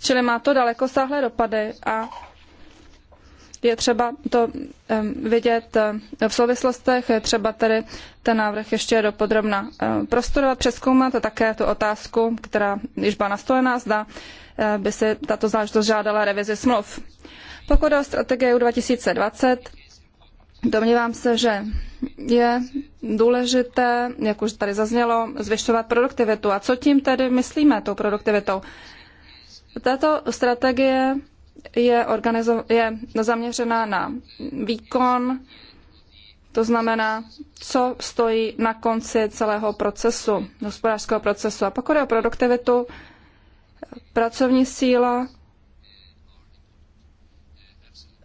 Čili má to daleko sáhlé dopady a je třeba to vidět v souvislostech, je třeba tedy ten návrh ještě dopodrobna prostudovat, přeskoumat a také tu otázku, která již byla nastolená, zda by si tato záležitost žádala revizi smluv. Pokud o strategii 2020, domnívám se, že je důležité, jak už tady zaznělo, zvyšovat produktivitu. A co tím tedy myslíme, tou produktivitou? Tato strategie je, organizo- je zaměřena na výkon, to znamená, co stojí na konci celého procesu, hospodářského procesu. A pokud je o produktivitu, pracovní síla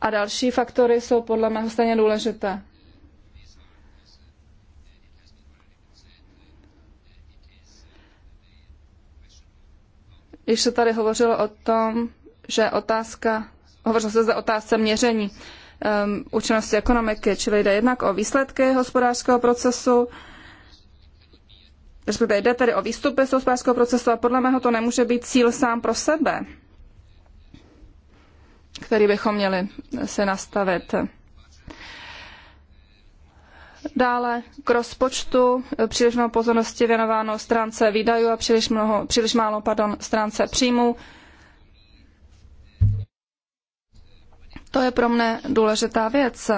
a další faktory jsou podle mého stejně důležité. Již se tady hovořilo o tom, že otázka, hovořilo se zde otázce měření um, účinnosti ekonomiky, čili jde jednak o výsledky hospodářského procesu, respektive jde tedy o výstupy z hospodářského procesu a podle mého to nemůže být cíl sám pro sebe který bychom měli se nastavit. Dále k rozpočtu příliš mnoho pozornosti věnováno stránce výdajů a příliš, mnoho, příliš málo pardon, stránce příjmů. To je pro mne důležitá věc.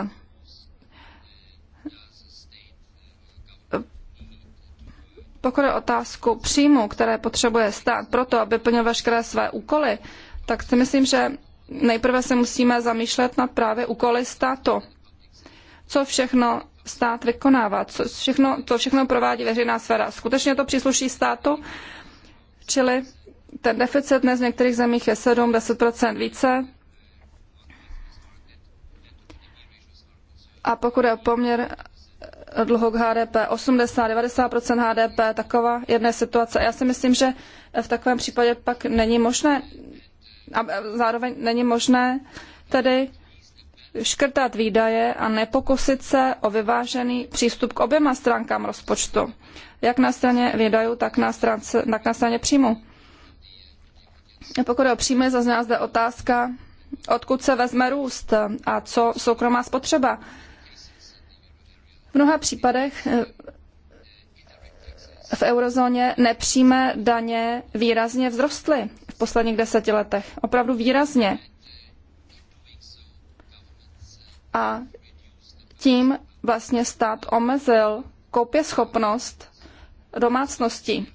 Pokud je otázku příjmu, které potřebuje stát proto, aby plnil veškeré své úkoly, tak si myslím, že nejprve se musíme zamýšlet nad právě úkoly státu. Co všechno stát vykonává, co všechno, co všechno provádí veřejná sféra. Skutečně to přísluší státu, čili ten deficit dnes v některých zemích je 7-10 více. A pokud je poměr dluhu k HDP 80-90 HDP, taková jedna situace. Já si myslím, že v takovém případě pak není možné a zároveň není možné tedy škrtat výdaje a nepokusit se o vyvážený přístup k oběma stránkám rozpočtu, jak na straně výdajů, tak na, stránce, tak na straně příjmu. A pokud o příjmy, zazněla zde otázka, odkud se vezme růst a co soukromá spotřeba. V mnoha případech v eurozóně nepřímé daně výrazně vzrostly v posledních deseti letech. Opravdu výrazně. A tím vlastně stát omezil koupěschopnost domácností.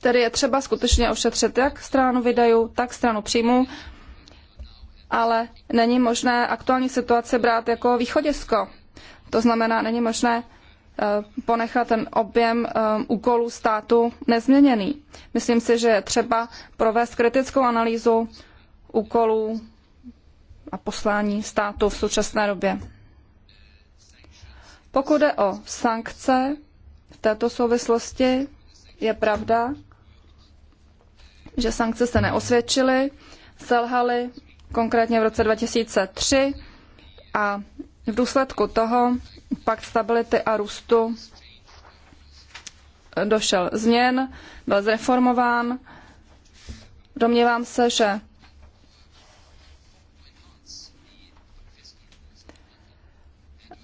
Tedy je třeba skutečně ošetřit jak stranu výdajů, tak stranu příjmů, ale není možné aktuální situaci brát jako východisko. To znamená, není možné Eh, ponechat ten objem eh, úkolů státu nezměněný. Myslím si, že je třeba provést kritickou analýzu úkolů a poslání státu v současné době. Pokud jde o sankce, v této souvislosti je pravda, že sankce se neosvědčily, selhaly konkrétně v roce 2003 a v důsledku toho pakt stability a růstu došel změn, byl zreformován. Domnívám se, že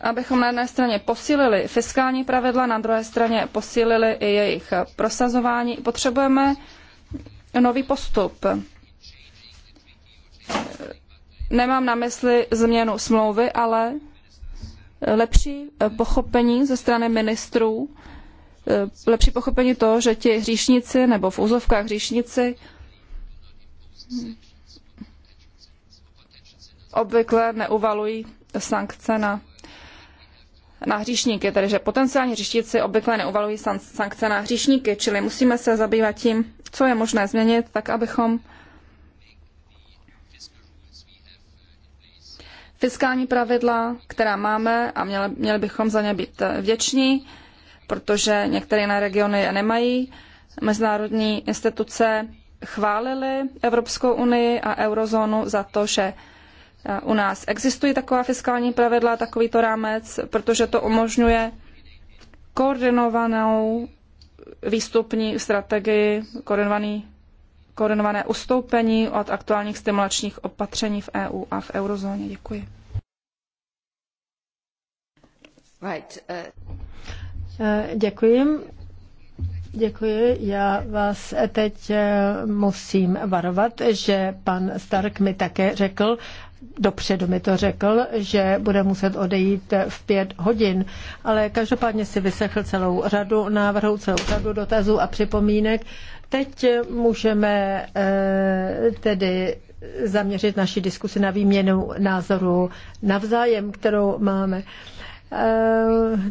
abychom na jedné straně posílili fiskální pravidla, na druhé straně posílili i jejich prosazování, potřebujeme nový postup. Nemám na mysli změnu smlouvy, ale lepší eh, pochopení ze strany ministrů, eh, lepší pochopení toho, že ti hříšníci, nebo v úzovkách hříšníci, obvykle neuvalují sankce na, na hříšníky, tedy že potenciální hříšníci obvykle neuvalují sankce na hříšníky, čili musíme se zabývat tím, co je možné změnit, tak abychom fiskální pravidla, která máme a měli, měli bychom za ně být eh, vděční, protože některé jiné regiony je nemají. Mezinárodní instituce chválily Evropskou unii a eurozónu za to, že eh, u nás existují taková fiskální pravidla, takovýto rámec, protože to umožňuje koordinovanou výstupní strategii, koordinovaný koordinované ustoupení od aktuálních stimulačních opatření v EU a v eurozóně. Děkuji. Right, uh... Eh, děkuji. Děkuji. Já vás teď eh, musím varovat, že pan Stark mi také řekl, dopředu mi to řekl, že bude muset odejít v pět hodin. Ale každopádně si vyslechl celou řadu návrhů, celou řadu dotazů a připomínek. Teď můžeme eh, tedy zaměřit naši diskusi na výměnu názorů navzájem, kterou máme. Eh,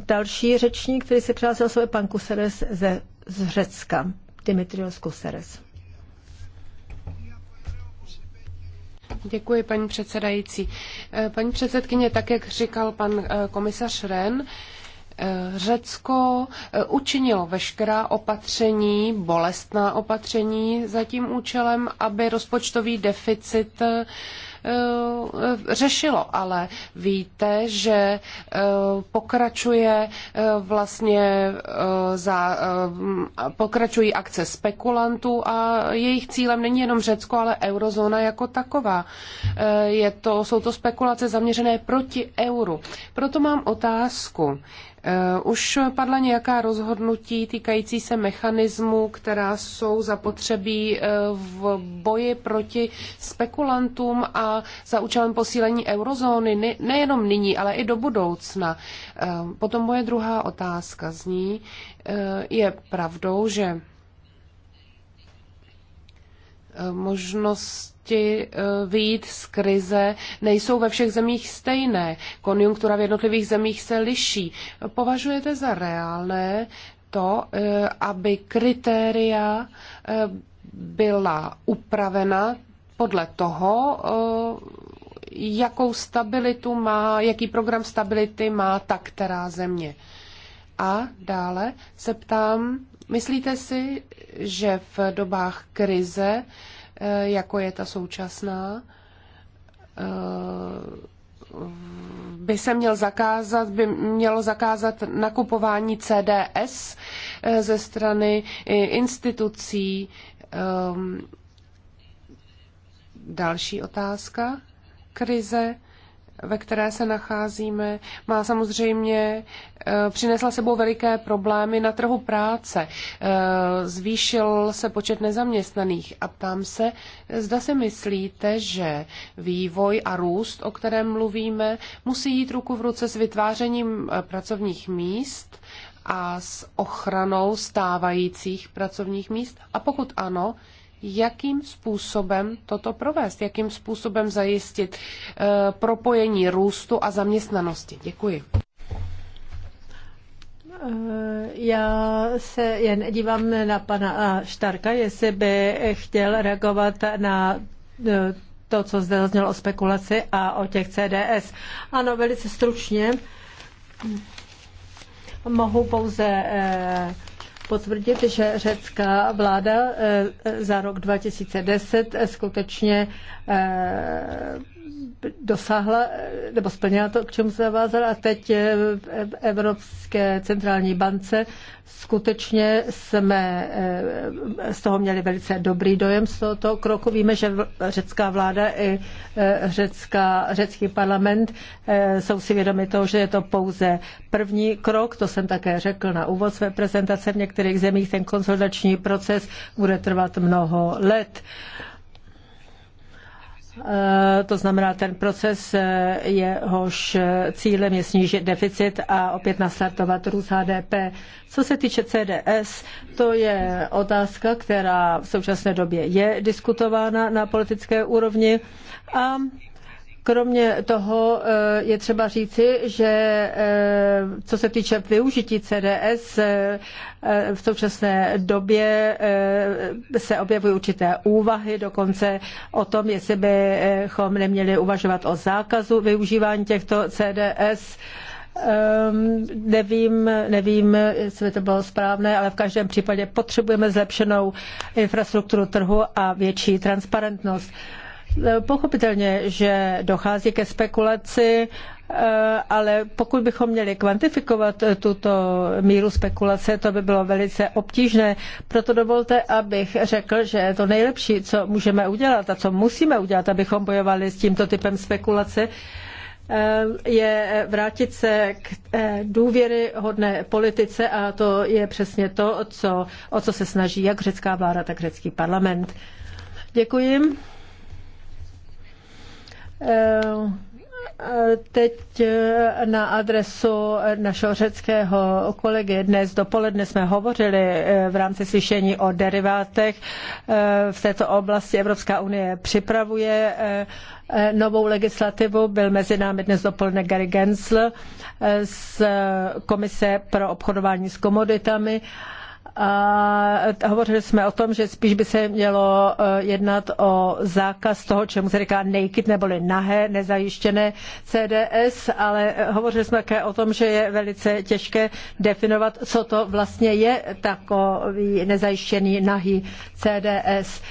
další řečník, který se přihlásil, je pan Kuseres ze, z Řecka, Dimitrios Kuseres. Děkuji, paní předsedající. Eh, paní předsedkyně, tak jak říkal pan komisař Ren, Řecko eh, učinilo veškerá opatření, bolestná opatření za tím účelem, aby rozpočtový deficit eh, eh, řešilo, ale víte, že pokračuje vlastně za, pokračují akce spekulantů a jejich cílem není jenom Řecko, ale eurozóna jako taková. Je to, jsou to spekulace zaměřené proti euru. Proto mám otázku. Eh, už padla nějaká rozhodnutí týkající se mechanismů, která jsou zapotřebí eh, v boji proti spekulantům a za účelem posílení eurozóny, nejenom nyní, ale i do budoucna. Eh, potom moje druhá otázka zní, je pravdou, že možnost možnosti eh, vyjít z krize nejsou ve všech zemích stejné. Konjunktura v jednotlivých zemích se liší. Považujete za reálné to, eh, aby kritéria eh, byla upravena podle toho, jakou stabilitu má, jaký program stability má ta která země. A dále se ptám, myslíte si, že v dobách krize Eh, jako je ta současná, eh, by se měl zakázat, by mělo zakázat nakupování CDS eh, ze strany institucí. Ehm, další otázka. Krize ve které se nacházíme, má samozřejmě eh, přinesla sebou veliké problémy na trhu práce. Eh, zvýšil se počet nezaměstnaných a tam se, zda si myslíte, že vývoj a růst, o kterém mluvíme, musí jít ruku v ruce s vytvářením eh, pracovních míst a s ochranou stávajících pracovních míst? A pokud ano, jakým způsobem toto provést, jakým způsobem zajistit eh, propojení růstu a zaměstnanosti. Děkuji. Eh, já se jen dívám na pana eh, Štarka, jestli by chtěl reagovat na to, co zde zaznělo o spekulaci a o těch CDS. Ano, velice stručně mohu pouze potvrdit, že řecká vláda eh, za rok 2010 eh, skutečně eh, dosáhla nebo splnila to, k čemu se zavázala a teď v Evropské centrální bance skutečně jsme eh, z toho měli velice dobrý dojem z tohoto kroku. Víme, že řecká vláda i eh, řecká, řecký parlament eh, jsou si vědomi toho, že je to pouze první krok, to jsem také řekl na úvod své prezentace. V některých zemích ten konsolidační proces bude trvat mnoho let. Eh, to znamená, ten proces, eh, jehož cílem je snížit deficit a opět nastartovat růst HDP. Co se týče CDS, to je otázka, která v současné době je diskutována na politické úrovni a Kromě toho eh, je třeba říci, že eh, co se týče využití CDS, eh, v současné době se objevují určité úvahy, dokonce o tom, jestli bychom neměli uvažovat o zákazu využívání těchto CDS. Um, ehm, nevím, nevím, jestli to bylo správné, ale v každém případě potřebujeme zlepšenou infrastrukturu trhu a větší transparentnost. Uh, Pochopitelně, že dochází ke spekulaci, eh, ale pokud bychom měli kvantifikovat eh, tuto míru spekulace, to by bylo velice obtížné. Proto dovolte, abych řekl, že to nejlepší, co můžeme udělat a co musíme udělat, abychom bojovali s tímto typem spekulace, eh, je vrátit se k důvěryhodné politice a to je přesně to, co, o co se snaží jak řecká vláda, tak řecký parlament. Děkuji. Eh, eh, teď eh, na adresu našeho řeckého kolegy. Dnes dopoledne jsme hovořili v rámci slyšení o derivátech. V této oblasti Evropská unie připravuje novou legislativu. Byl mezi námi dnes dopoledne Gary Gensler z Komise pro obchodování s komoditami. A hovořili jsme o tom, že spíš by se mělo eh, jednat o zákaz toho, čemu se říká naked neboli nahé, nezajištěné CDS, ale eh, hovořili jsme také o tom, že je velice těžké definovat, co to vlastně je takový nezajištěný nahý CDS.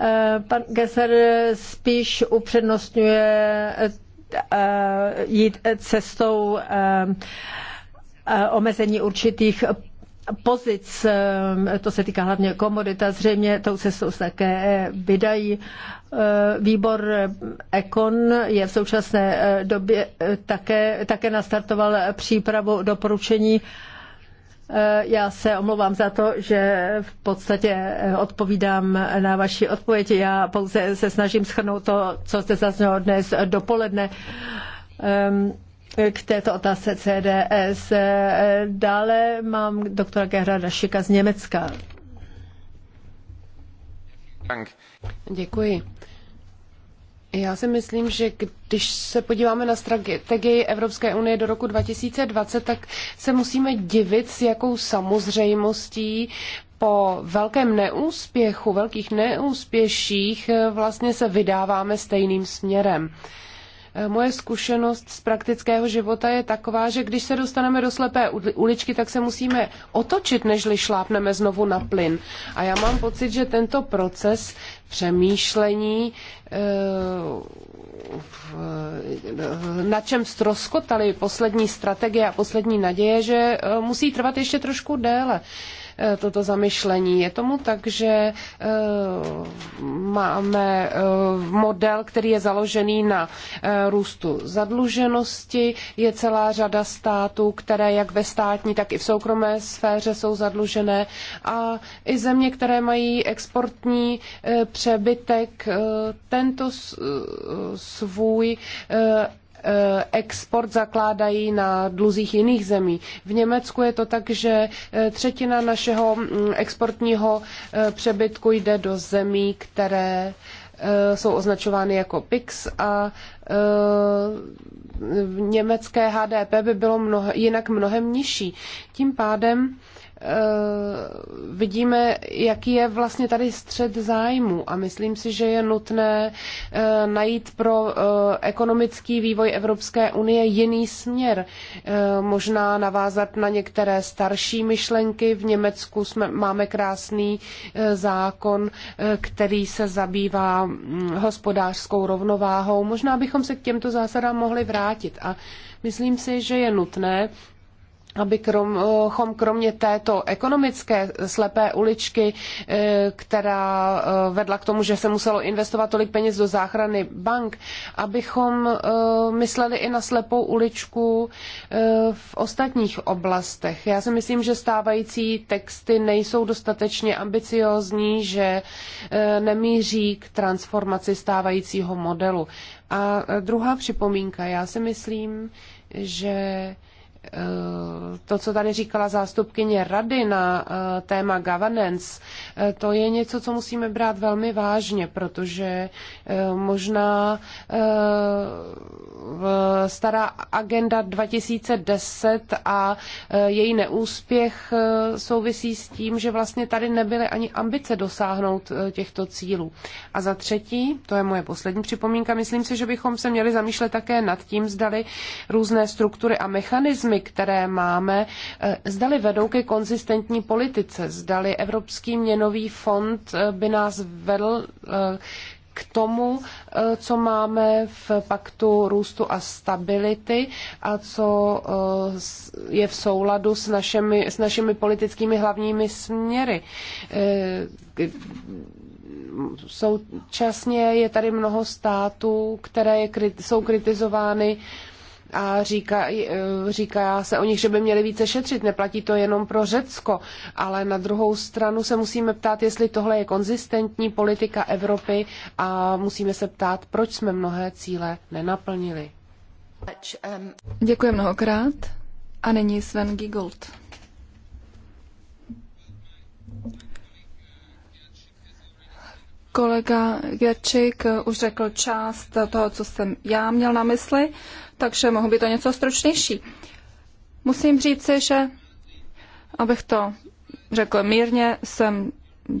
Eh, pan Gesser spíš upřednostňuje jít cestou omezení určitých pozic, ehm, to se týká hlavně komodita, zřejmě tou cestou se také eh, vydají. Eh, výbor Ekon je v současné eh, době také, také nastartoval přípravu doporučení já se omlouvám za to, že v podstatě odpovídám na vaši odpověď. Já pouze se snažím schrnout to, co jste zaznělo dnes dopoledne. Ehm, k této otázce CDS. Dále mám doktora Gerharda Šika z Německa. Děkuji. Já si myslím, že když se podíváme na strategii Evropské unie do roku 2020, tak se musíme divit, s jakou samozřejmostí po velkém neúspěchu, velkých neúspěších eh, vlastně se vydáváme stejným směrem. Uh, Moje zkušenost z praktického života je taková, že když se dostaneme do slepé uličky, tak se musíme otočit, nežli šlápneme znovu na plyn. A já mám pocit, že tento proces přemýšlení eh, na čem stroskotali poslední strategie a poslední naděje, že eh, musí trvat ještě trošku déle. Eh, toto zamyšlení. Je tomu tak, že eh, máme eh, model, který je založený na růstu zadluženosti. Je celá řada států, které jak ve státní, tak i v soukromé sféře jsou zadlužené a i země, které mají exportní přebytek, tento svůj Eh, export zakládají na dluzích jiných zemí. V Německu je to tak, že eh, třetina našeho mm, exportního eh, přebytku jde do zemí, které jsou označovány jako PIX a německé HDP by bylo jinak mnohem nižší. Tím pádem Eh, vidíme, jaký je vlastně tady střed zájmu a myslím si, že je nutné eh, najít pro eh, ekonomický vývoj Evropské unie jiný směr. Možná navázat na některé starší myšlenky. V Německu jsme, máme krásný zákon, který se zabývá mm, hospodářskou rovnováhou. Možná bychom se k těmto zásadám mohli vrátit a myslím si, že je nutné, abychom kromě této ekonomické slepé uličky, eh, která eh, vedla k tomu, že se muselo investovat tolik peněz do záchrany bank, abychom eh, mysleli i na slepou uličku v ostatních oblastech. Já si myslím, že stávající texty nejsou dostatečně ambiciózní, že nemíří k transformaci stávajícího modelu. A druhá připomínka, já si myslím, že Eh, to, co tady říkala zástupkyně rady na eh, téma governance, eh, to je něco, co musíme brát velmi vážně, protože možná stará agenda 2010 a e, její neúspěch e, souvisí s tím, že vlastně tady nebyly ani ambice dosáhnout e, těchto cílů. A za třetí, to je moje poslední připomínka, myslím si, že bychom se měli zamýšlet také nad tím, zdali různé struktury a mechanismy, které máme, zdali vedou ke konzistentní politice, zdali Evropský měnový fond by nás vedl k tomu, eh, co máme v paktu růstu a stability a co eh, je v souladu s našimi, s našimi politickými hlavními směry. Eh, současně je tady mnoho států, které jsou kritizovány a říká, e, říká se o nich, že by měli více šetřit. Neplatí to jenom pro Řecko, ale na druhou stranu se musíme ptát, jestli tohle je konzistentní politika Evropy a musíme se ptát, proč jsme mnohé cíle nenaplnili. Děkuji mnohokrát a nyní Sven Gigold. Kolega Gerčík už řekl část toho, co jsem já měl na mysli, takže mohu být to něco stručnější. Musím si, že abych to řekl mírně, jsem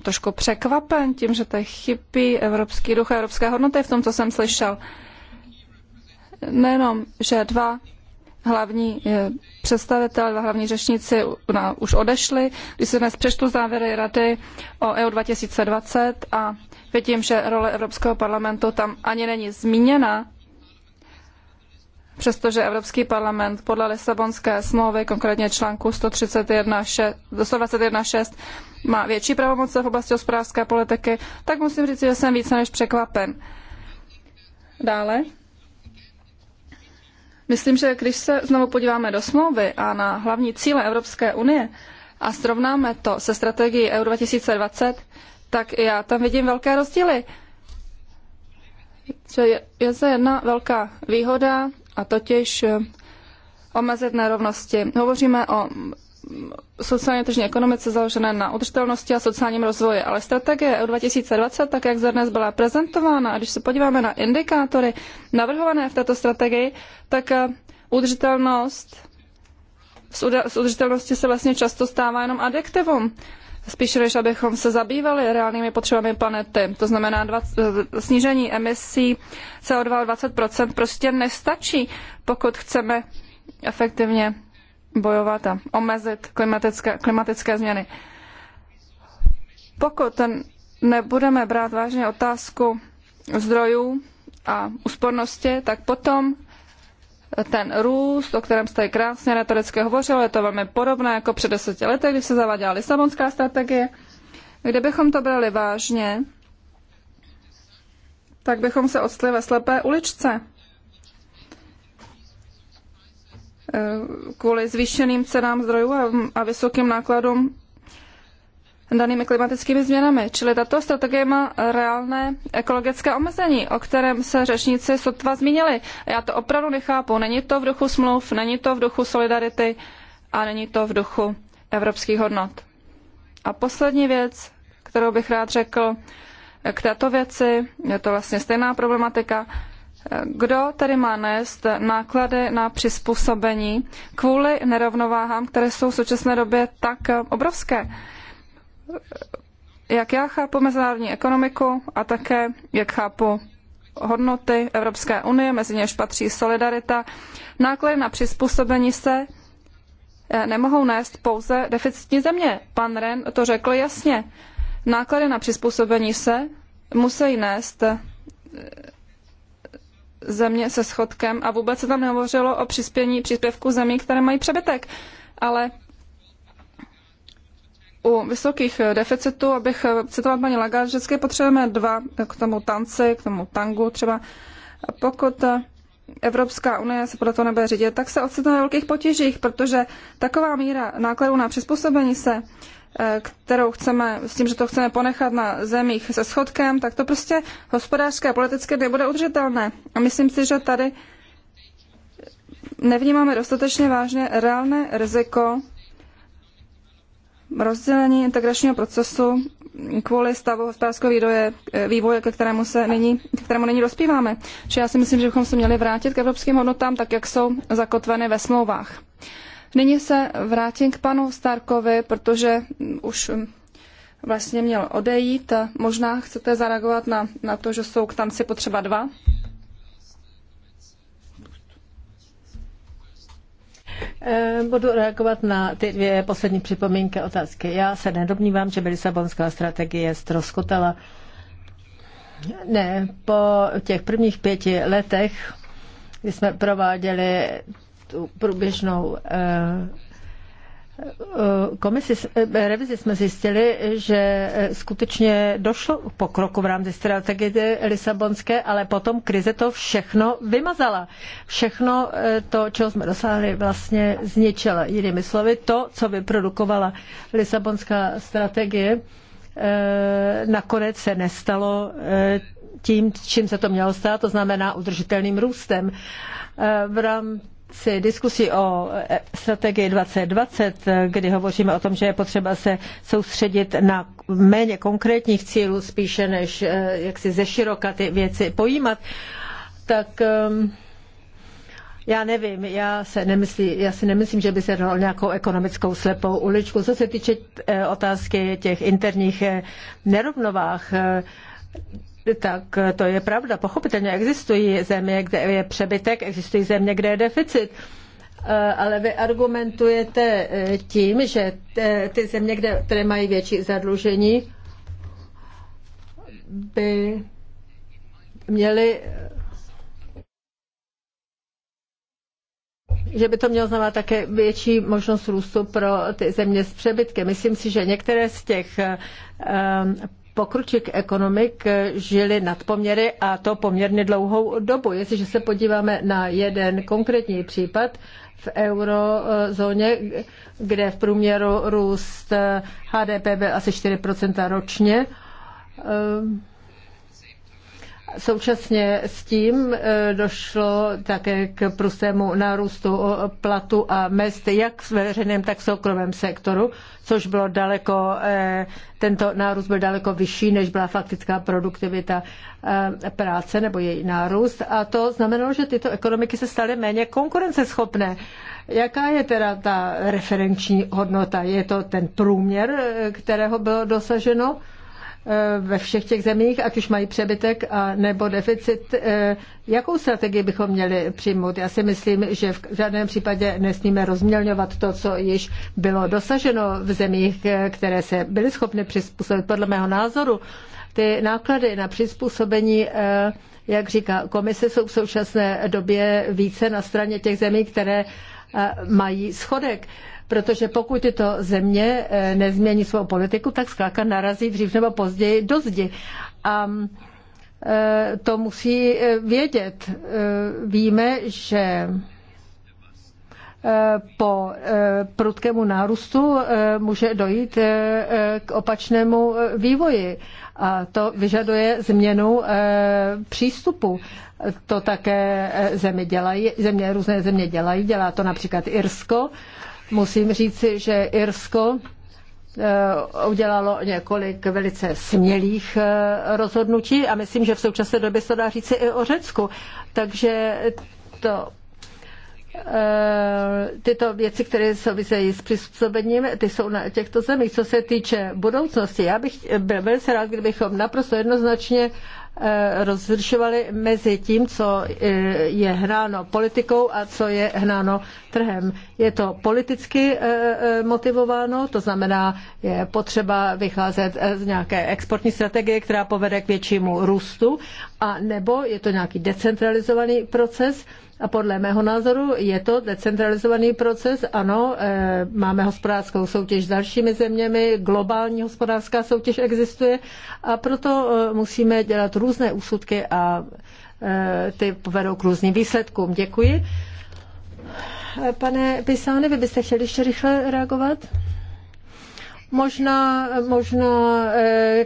trošku překvapen tím, že to chybí evropský duch a evropské hodnoty v tom, co jsem slyšel. Nejenom, že dva hlavní eh, představitel, hlavní řečníci na, už odešli. Když se dnes přečtu závěry Rady o EU 2020 a vidím, že role Evropského parlamentu tam ani není zmíněna, přestože Evropský parlament podle Lisabonské smlouvy, konkrétně článku 121.6, má větší pravomoce v oblasti hospodářské politiky, tak musím říct, že jsem více než překvapen. Dále Myslím, že když se znovu podíváme do smlouvy a na hlavní cíle Evropské unie a srovnáme to se strategií EU 2020, tak já tam vidím velké rozdíly. Že je, je zde jedna velká výhoda a totiž eh, omezit nerovnosti. Hovoříme o sociálně tržní ekonomice založené na udržitelnosti a sociálním rozvoji. Ale strategie EU 2020, tak jak dnes byla prezentována, a když se podíváme na indikátory navrhované v této strategii, tak eh, udržitelnost, z udržitelnosti se vlastně často stává jenom adjektivum spíše než abychom se zabývali reálnými potřebami planety. To znamená, 20, eh, snížení emisí CO2 o 20% prostě nestačí, pokud chceme efektivně bojovat a omezit klimatické, klimatické změny. Pokud nebudeme brát vážně otázku zdrojů a úspornosti, tak potom ten růst, o kterém jste krásně retoricky hovořil, je to velmi podobné jako před deseti lety, když se zaváděla Lisabonská strategie. Kdybychom to brali vážně, tak bychom se odstli ve slepé uličce. kvůli zvýšeným cenám zdrojů a vysokým nákladům danými klimatickými změnami. Čili tato strategie má reálné ekologické omezení, o kterém se řečníci sotva zmínili. Já to opravdu nechápu. Není to v duchu smluv, není to v duchu solidarity a není to v duchu evropských hodnot. A poslední věc, kterou bych rád řekl k této věci, je to vlastně stejná problematika, kdo tedy má nést náklady na přizpůsobení kvůli nerovnováhám, které jsou v současné době tak obrovské? Jak já chápu mezinárodní ekonomiku a také jak chápu hodnoty Evropské unie, mezi něž patří solidarita, náklady na přizpůsobení se eh, nemohou nést pouze deficitní země. Pan Ren to řekl jasně. Náklady na přizpůsobení se musí nést eh, země se schodkem a vůbec se tam nehovořilo o přispění příspěvku zemí, které mají přebytek. Ale u vysokých deficitů, abych citoval paní Lagarde, vždycky potřebujeme dva k tomu tanci, k tomu tangu třeba. A pokud Evropská unie se podle toho nebude řídit, tak se ocitne ve velkých potížích, protože taková míra nákladů na přizpůsobení se Eh, kterou chceme, s tím, že to chceme ponechat na zemích se schodkem, tak to prostě hospodářské a politické nebude udržitelné. A myslím si, že tady nevnímáme dostatečně vážně reálné riziko rozdělení integračního procesu kvůli stavu hospodářského vývoje, eh, vývoje ke, kterému se nyní, ke kterému nyní dospíváme. Čiže já si myslím, že bychom se měli vrátit k evropským hodnotám, tak jak jsou zakotveny ve smlouvách. Nyní se vrátím k panu Starkovi, protože už vlastně měl odejít. Možná chcete zareagovat na, na to, že jsou k tanci potřeba dva? Eh, budu reagovat na ty dvě poslední připomínky otázky. Já se nedobnívám, že by Lisabonská strategie ztroskotala. Ne, po těch prvních pěti letech, kdy jsme prováděli tu průběžnou eh, eh, komisi, eh, revizi jsme zjistili, že skutečně došlo k pokroku v rámci strategie Lisabonské, ale potom krize to všechno vymazala. Všechno to, čeho jsme dosáhli, vlastně zničila. Jinými slovy, to, co vyprodukovala Lisabonská strategie, nakonec se nestalo tím, čím se to mělo stát, to znamená udržitelným růstem. V rámci rámci diskusí o e, strategii 2020, kdy hovoříme o tom, že je potřeba se soustředit na méně konkrétních cílů, spíše než e, jak si zeširoka ty věci pojímat, tak ehm, já nevím, já, se nemyslí, já si nemyslím, že by se dalo nějakou ekonomickou slepou uličku. Co se týče e, otázky těch interních nerovnovách, tak to je pravda. Pochopitelně existují země, kde je přebytek, existují země, kde je deficit. Eh, ale vy argumentujete eh, tím, že ty země, kde, které mají větší zadlužení, by měly že by to mělo znamenat také větší možnost růstu pro ty země s přebytkem. Myslím si, že některé z těch eh, pokročilých ekonomik eh, žili nad poměry a to poměrně dlouhou dobu. Jestliže se podíváme na jeden konkrétní případ v eurozóně, kde v průměru růst HDP eh, byl asi 4% ročně, eh, Současně s tím eh, došlo také k prustému nárůstu eh, platu a mest jak v veřejném, tak v soukromém sektoru, což bylo daleko, eh, tento nárůst byl daleko vyšší, než byla faktická produktivita práce nebo její nárůst. A to znamenalo, že tyto ekonomiky se staly méně konkurenceschopné. Jaká je teda ta referenční hodnota? Je to ten průměr, kterého bylo dosaženo? Eh, ve všech těch zemích, ať už mají přebytek a nebo deficit. Eh, jakou strategii bychom měli přijmout? Já si myslím, že v žádném případě nesmíme rozmělňovat to, co již bylo dosaženo v zemích, eh, které se byly schopny přizpůsobit. Podle mého názoru ty náklady na přizpůsobení jak říká komise, jsou v současné době více na straně těch zemí, které mají schodek protože pokud tyto země eh, nezmění svou politiku, tak zkrátka narazí dřív nebo později do zdi. A eh, to musí eh, vědět. Víme, že po prudkému nárůstu může dojít k opačnému vývoji. A to vyžaduje změnu přístupu. To také země dělají, země, různé země dělají, dělá to například Irsko. Musím říci, že Irsko eh, udělalo několik velice smělých eh, rozhodnutí a myslím, že v současné době se to dá říci i o Řecku. Takže to eh, tyto věci, které souvisejí s přizpůsobením, ty jsou na těchto zemích. Co se týče budoucnosti, já bych byl velice rád, kdybychom naprosto jednoznačně Eh, rozlišovali mezi tím, co eh, je hnáno politikou a co je hnáno trhem. Je to politicky eh, motivováno, to znamená, je potřeba vycházet z nějaké exportní strategie, která povede k většímu růstu, a nebo je to nějaký decentralizovaný proces, a podle mého názoru je to decentralizovaný proces. Ano, eh, máme hospodářskou soutěž s dalšími zeměmi, globální hospodářská soutěž existuje a proto eh, musíme dělat různé úsudky a eh, ty povedou k různým výsledkům. Děkuji. Pane Pisány, vy byste chtěli ještě rychle reagovat? Možná, možná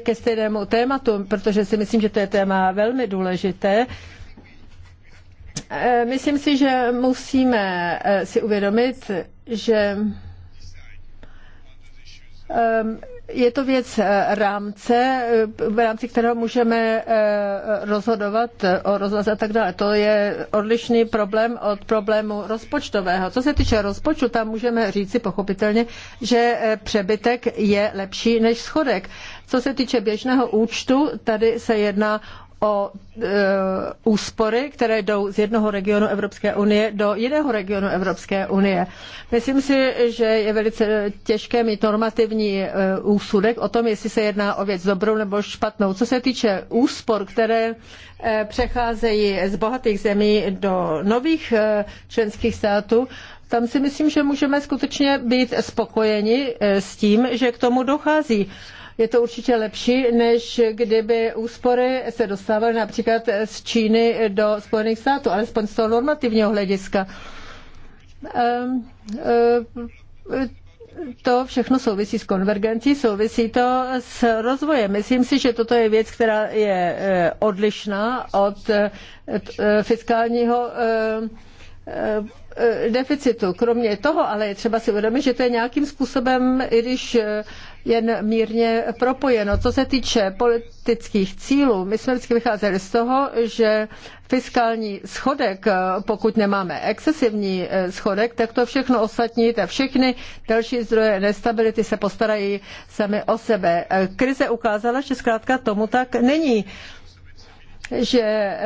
ke stejnému tématu, protože si myslím, že to je téma velmi důležité. Eh, myslím si, že musíme eh, si uvědomit, že ehm, je to věc eh, rámce, v rámci kterého můžeme rozhodovat o rozhlas a tak dále. To je odlišný problém od problému rozpočtového. Co se týče rozpočtu, tam můžeme říci pochopitelně, že přebytek je lepší než schodek. Co se týče běžného účtu, tady se jedná o e, úspory, které jdou z jednoho regionu Evropské unie do jiného regionu Evropské unie. Myslím si, že je velice těžké mít normativní e, úsudek o tom, jestli se jedná o věc dobrou nebo špatnou. Co se týče úspor, které e, přecházejí z bohatých zemí do nových e, členských států, tam si myslím, že můžeme skutečně být spokojeni e, s tím, že k tomu dochází. E, je to určitě lepší, než kdyby úspory se dostávaly například z Číny do Spojených států, alespoň z toho normativního hlediska. Ehm, ehm, to všechno souvisí s konvergencí, souvisí to s rozvojem. Myslím si, že toto je věc, která je eh, odlišná od eh, fiskálního ehm, eh, deficitu. Kromě toho ale je třeba si uvědomit, že to je nějakým způsobem, i když jen mírně propojeno. Co se týče politických cílů, my jsme vždycky vycházeli z toho, že fiskální schodek, pokud nemáme excesivní eh, schodek, tak to všechno ostatní, tak všechny další zdroje nestability se postarají sami o sebe. Eh, krize ukázala, že zkrátka tomu tak není že e,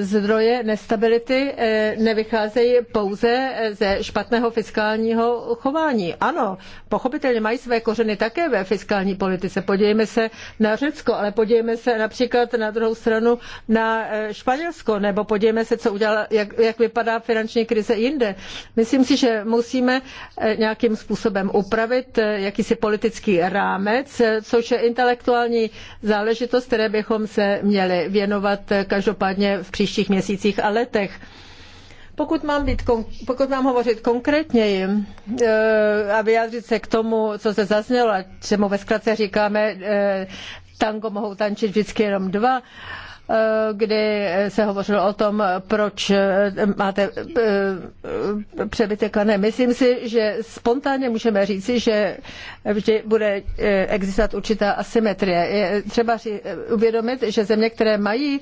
zdroje nestability e, nevycházejí pouze e, ze špatného fiskálního chování. Ano, pochopitelně mají své kořeny také ve fiskální politice. Podívejme se na Řecko, ale podívejme se například na druhou stranu na Španělsko, nebo podívejme se, co udělala, jak, jak vypadá finanční krize jinde. Myslím si, že musíme nějakým způsobem upravit jakýsi politický rámec, což je intelektuální záležitost, které bychom se měli věnovat dopad každopádně v příštích měsících a letech. Pokud mám, být, pokud mám hovořit konkrétněji eh, a vyjádřit se k tomu, co se zaznělo, čemu ve zkratce říkáme, eh, tango mohou tančit vždycky jenom dva, Eh, kdy se hovořilo o tom, proč eh, máte eh, přebytek a ne. Myslím si, že spontánně můžeme říci, že vždy bude existovat určitá asymetrie. Je třeba uvědomit, že země, které mají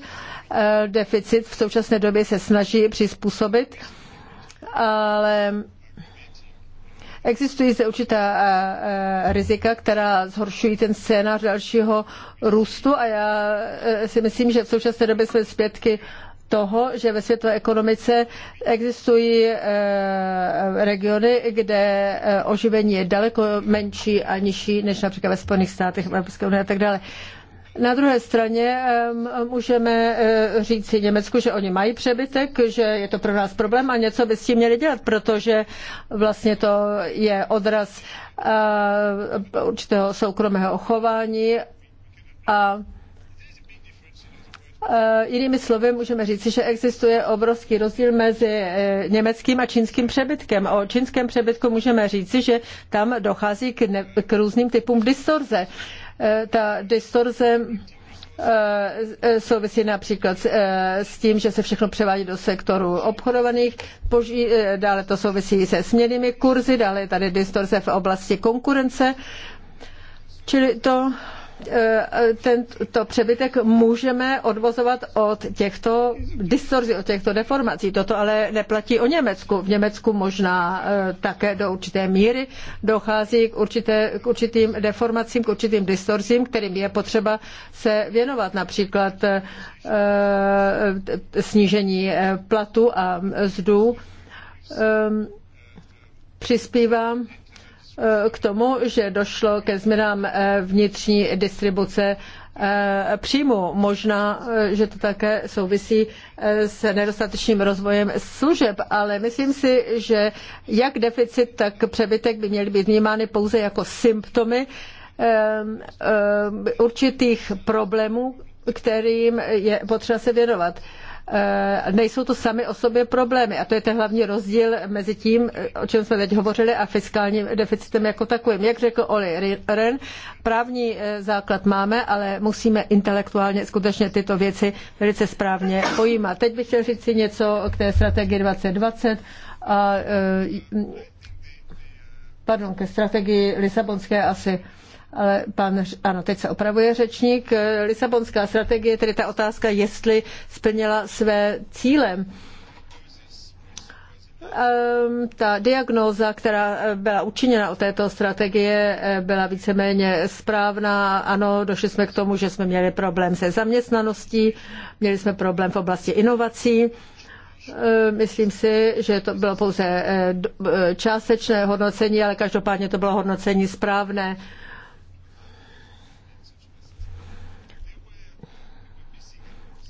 deficit, v současné době se snaží přizpůsobit, ale Existují zde určitá eh, eh, rizika, která zhoršují ten scénář dalšího růstu a já eh, si myslím, že v současné době jsme zpětky toho, že ve světové ekonomice existují regiony, kde oživení je daleko menší a nižší než například ve Spojených státech, Evropské unie a tak dále. Na druhé straně můžeme eh, říct si Německu, že oni mají přebytek, že je to pro nás problém a něco by s tím měli dělat, protože vlastně to je odraz eh, určitého soukromého chování a eh, Jinými slovy můžeme říci, že existuje obrovský rozdíl mezi německým a čínským přebytkem. O čínském přebytku můžeme říci, že tam dochází k, ne, k různým typům distorze. Uh, Eh, ta distorze eh, eh, souvisí například s tím, že se všechno převádí do sektoru obchodovaných, dále to souvisí se směnými kurzy, dále je tady distorze v oblasti konkurence, čili to tento přebytek můžeme odvozovat od těchto distorzí, od těchto deformací. Toto ale neplatí o Německu. V Německu možná eh, také do určité míry dochází k, určité, k určitým deformacím, k určitým distorzím, kterým je potřeba se věnovat. Například eh, snížení eh, platu a zdů ehm, přispívá k tomu, že došlo ke změnám eh, vnitřní distribuce eh, příjmu. Možná, eh, že to také souvisí s nedostatečným rozvojem služeb, ale myslím si, že jak deficit, tak přebytek by měly být vnímány pouze jako symptomy určitých problémů, kterým je potřeba se věnovat. Eh, nejsou to sami o sobě problémy. A to je ten hlavní rozdíl mezi tím, o čem jsme teď hovořili, a fiskálním deficitem jako takovým. Jak řekl Oli Ren, právní eh, základ máme, ale musíme intelektuálně skutečně tyto věci velice správně pojímat. Teď bych chtěl říct si něco k té strategii 2020 a eh, pardon, ke strategii Lisabonské asi ale pan, ano, teď se opravuje řečník, Lisabonská strategie, tedy ta otázka, jestli splnila své cíle. Ehm, ta diagnóza, která byla učiněna o této strategie, eh, byla víceméně správná. Ano, došli jsme k tomu, že jsme měli problém se zaměstnaností, měli jsme problém v oblasti inovací. Ehm, myslím si, že to bylo pouze eh, eh, částečné hodnocení, ale každopádně to bylo hodnocení správné.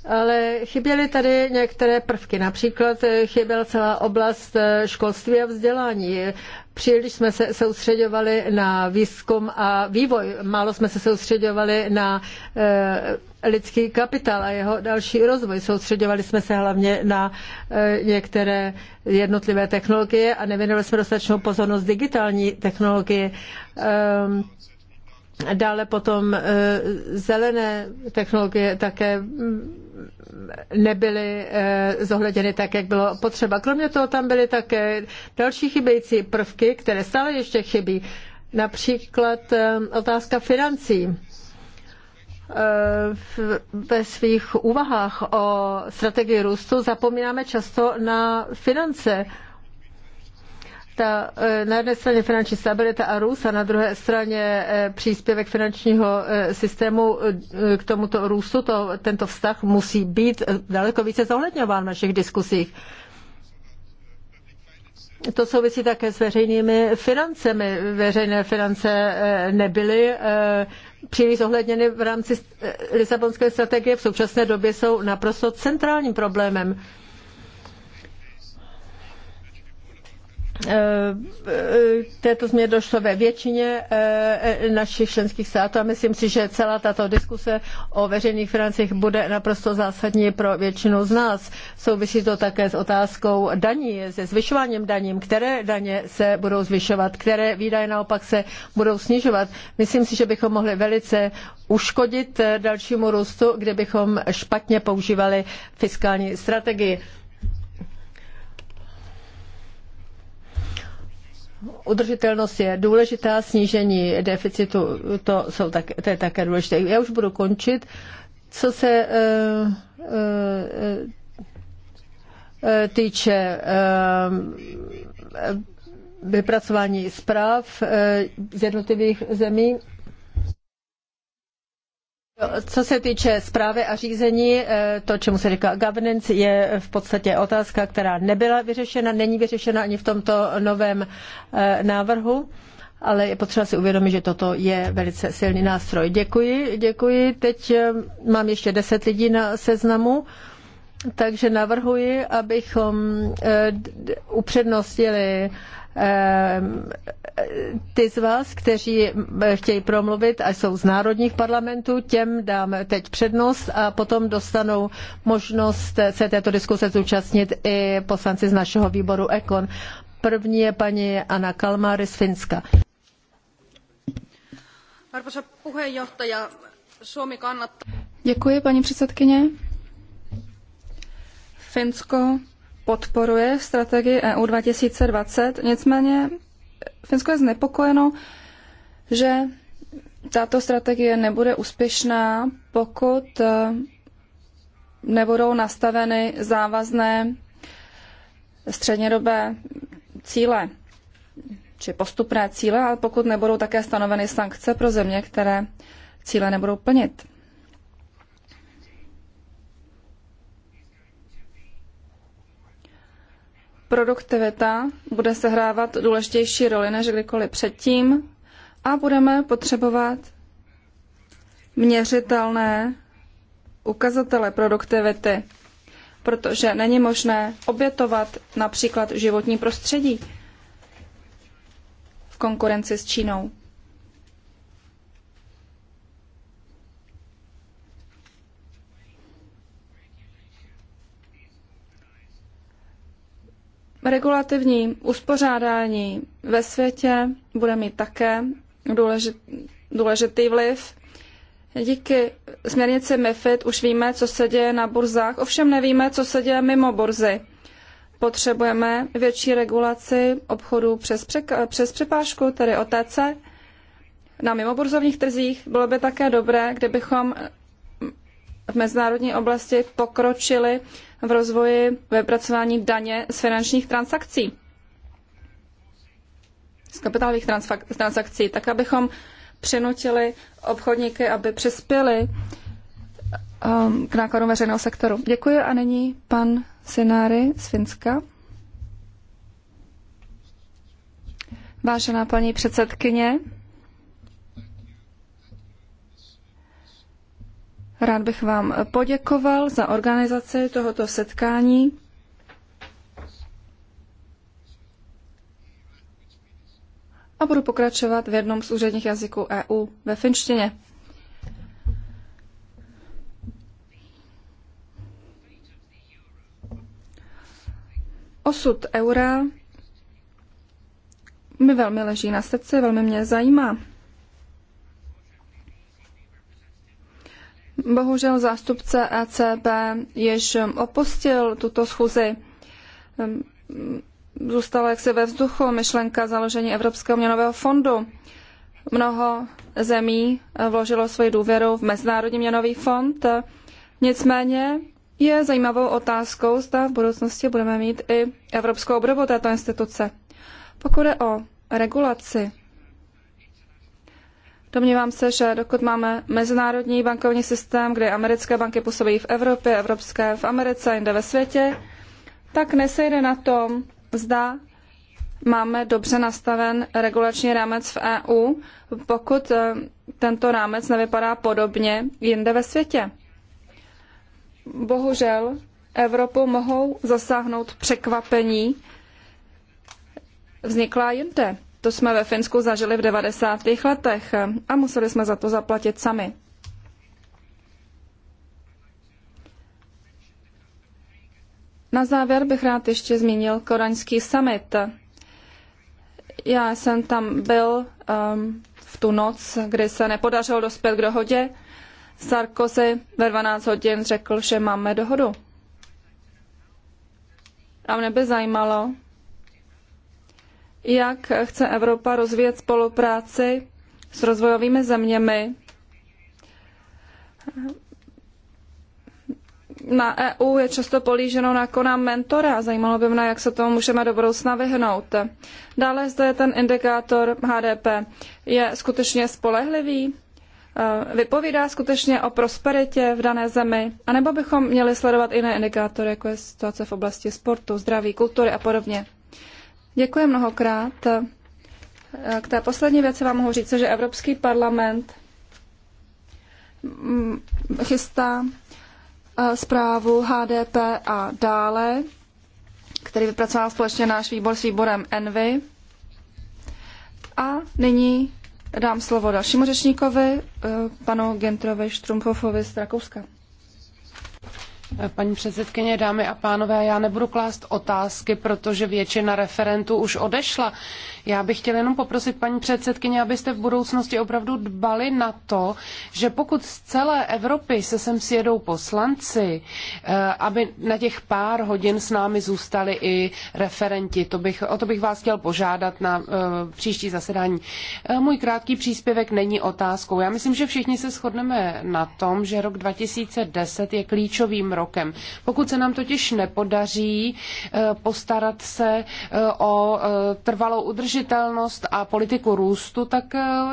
Ale chyběly tady některé prvky, například eh, chyběla celá oblast eh, školství a vzdělání. Příliš jsme se soustředovali na výzkum a vývoj, málo jsme se soustředovali na eh, lidský kapitál a jeho další rozvoj. Soustředovali jsme se hlavně na některé jednotlivé technologie a nevěnovali jsme dostatečnou pozornost digitální technologii. Ehm, dále potom zelené technologie také mm, nebyly eh, zohleděny tak, jak bylo potřeba. Kromě toho tam byly také další chybějící prvky, které stále ještě chybí. Například eh, otázka financí eh, ve svých úvahách o strategii růstu zapomínáme často na finance ta e, na jedné straně finanční stabilita a růst a na druhé straně e, příspěvek finančního e, systému k tomuto růstu, to, tento vztah musí být daleko více zohledňován v našich diskusích. To souvisí také s veřejnými financemi. Veřejné finance nebyly příliš zohledněny v rámci Lisabonské strategie. V současné době jsou naprosto centrálním problémem. Eh, eh, této změně došlo ve většině eh, našich členských států a myslím si, že celá tato diskuse o veřejných financích bude naprosto zásadní pro většinu z nás. Souvisí to také s otázkou daní, se zvyšováním daním, které daně se budou zvyšovat, které výdaje naopak se budou snižovat. Myslím si, že bychom mohli velice uškodit dalšímu růstu, kdybychom špatně používali fiskální strategii. udržitelnost je důležitá, snížení deficitu, to, jsou tak, to je také důležité. Já už budu končit. Co se eh, eh, eh, týče vypracování zpráv z jednotlivých zemí, co se týče zprávy a řízení, eh, to, čemu se říká governance, je v podstatě otázka, která nebyla vyřešena, není vyřešena ani v tomto novém eh, návrhu, ale je potřeba si uvědomit, že toto je velice silný nástroj. Děkuji, děkuji. Teď eh, mám ještě deset lidí na seznamu. Takže navrhuji, abychom upřednostili Ehm, ty z vás, kteří eh, chtějí promluvit a jsou z národních parlamentů, těm dám teď přednost a potom dostanou možnost se této diskuse zúčastnit i poslanci z našeho výboru Ekon. První je paní Anna Kalmáry z Finska. Děkuji, paní předsedkyně. Finsko podporuje strategii EU 2020, nicméně Finsko je znepokojeno, že tato strategie nebude úspěšná, pokud eh, nebudou nastaveny závazné střednědobé cíle či postupné cíle, ale pokud nebudou také stanoveny sankce pro země, které cíle nebudou plnit. produktivita bude sehrávat důležitější roli než kdykoliv předtím a budeme potřebovat měřitelné ukazatele produktivity, protože není možné obětovat například životní prostředí v konkurenci s Čínou. regulativní uspořádání ve světě bude mít také důležitý vliv. Díky směrnici MIFID už víme, co se děje na burzách, ovšem nevíme, co se děje mimo burzy. Potřebujeme větší regulaci obchodu přes, přek- přes přepážku, tedy OTC. Na mimoburzovních trzích bylo by také dobré, kdybychom v mezinárodní oblasti pokročili v rozvoji vypracování daně z finančních transakcí, z kapitálových transakcí, tak abychom přinutili obchodníky, aby přispěli um, k nákladům veřejného sektoru. Děkuji a nyní pan Sináry z Finska. Vážená paní předsedkyně, Rád bych vám poděkoval za organizaci tohoto setkání. A budu pokračovat v jednom z úředních jazyků EU ve finštině. Osud eura mi velmi leží na srdci, velmi mě zajímá. Bohužel zástupce ECB již opustil tuto schůzi. Ehm, zůstala jaksi ve vzduchu myšlenka založení Evropského měnového fondu. Mnoho zemí vložilo svoji důvěru v Mezinárodní měnový fond. Nicméně je zajímavou otázkou, zda v budoucnosti budeme mít i evropskou obrovu této instituce. Pokud je o regulaci, Domnívám se, že dokud máme mezinárodní bankovní systém, kde americké banky působí v Evropě, evropské v Americe, jinde ve světě, tak nesejde na tom, zda máme dobře nastaven regulační rámec v EU, pokud eh, tento rámec nevypadá podobně jinde ve světě. Bohužel Evropu mohou zasáhnout překvapení vzniklá jinde. To jsme ve Finsku zažili v 90. letech a museli jsme za to zaplatit sami. Na závěr bych rád ještě zmínil Koraňský summit. Já jsem tam byl um, v tu noc, kdy se nepodařilo dospět k dohodě. Sarkozy ve 12 hodin řekl, že máme dohodu. A mě by zajímalo, jak chce Evropa rozvíjet spolupráci s rozvojovými zeměmi na EU je často políženo jako na mentora. Zajímalo by mne, jak se tomu můžeme do budoucna vyhnout. Dále zde je ten indikátor HDP. Je skutečně spolehlivý? Eh, vypovídá skutečně o prosperitě v dané zemi? A nebo bychom měli sledovat jiné indikátory, jako je situace v oblasti sportu, zdraví, kultury a podobně? Děkuji mnohokrát. K té poslední věci vám mohu říct, že Evropský parlament mm, chystá eh, zprávu HDP a dále, který vypracoval společně náš výbor s výborem Envy. A nyní dám slovo dalšímu řečníkovi, eh, panu Gentrovi Štrumpofovi z Rakouska. Paní předsedkyně, dámy a pánové, já nebudu klást otázky, protože většina referentů už odešla. Já bych chtěla jenom poprosit paní předsedkyně, abyste v budoucnosti opravdu dbali na to, že pokud z celé Evropy se sem sjedou poslanci, eh, aby na těch pár hodin s námi zůstali i referenti. To bych, o to bych vás chtěl požádat na eh, příští zasedání. Eh, můj krátký příspěvek není otázkou. Já myslím, že všichni se shodneme na tom, že rok 2010 je klíčovým rokem krokem. Pokud se nám totiž nepodaří eh, postarat se eh, o eh, trvalou udržitelnost a politiku růstu, tak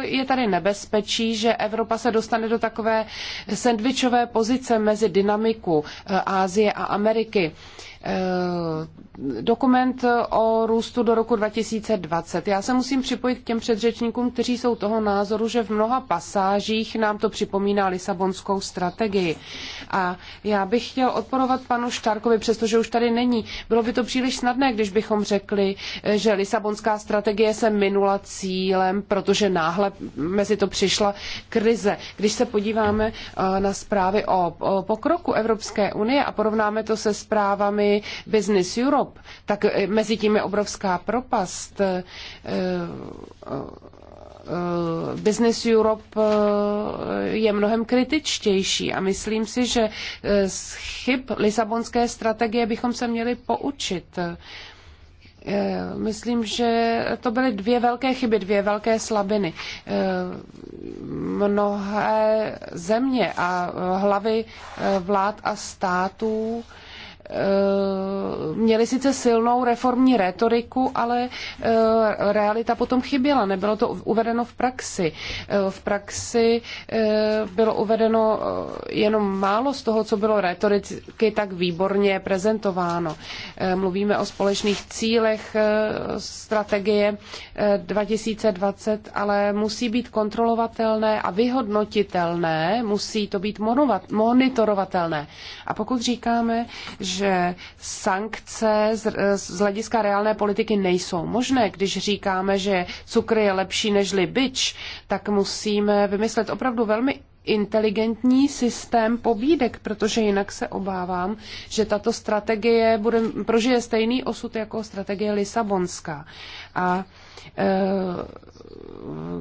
je tady nebezpečí, že Evropa se dostane do takové sendvičové pozice mezi dynamiku Asie a Ameriky. Eh, dokument o růstu do roku 2020. Já se musím připojit k těm předřečníkům, kteří jsou toho názoru, že v mnoha pasážích nám to připomíná Lisabonskou strategii. A já bych chtěl odporovat panu Štárkovi, přestože už tady není. Bylo by to příliš snadné, když bychom řekli, eh, že Lisabonská strategie se minula cílem, protože náhle mezi to přišla krize. Když se podíváme eh, na zprávy o pokroku Evropské unie a porovnáme to se zprávami Business Europe, tak eh, mezi tím je obrovská propast. Eh, eh, Business Europe je mnohem kritičtější a myslím si, že z chyb Lisabonské strategie bychom se měli poučit. Myslím, že to byly dvě velké chyby, dvě velké slabiny. Mnohé země a hlavy vlád a států Eh, měli sice silnou reformní retoriku, ale eh, realita potom chyběla. Nebylo to uvedeno v praxi. Eh, v praxi bylo uvedeno jenom málo z toho, co bylo retoricky tak výborně prezentováno. Mluvíme o společných cílech strategie 2020, ale musí být kontrolovatelné a vyhodnotitelné, musí to být monitorovatelné. A pokud říkáme, že že sankce z, hlediska reálné politiky nejsou možné. Když říkáme, že cukr je lepší než bič, tak musíme vymyslet opravdu velmi inteligentní systém pobídek, protože jinak se obávám, že tato strategie bude, prožije stejný osud jako strategie Lisabonská. A Eh,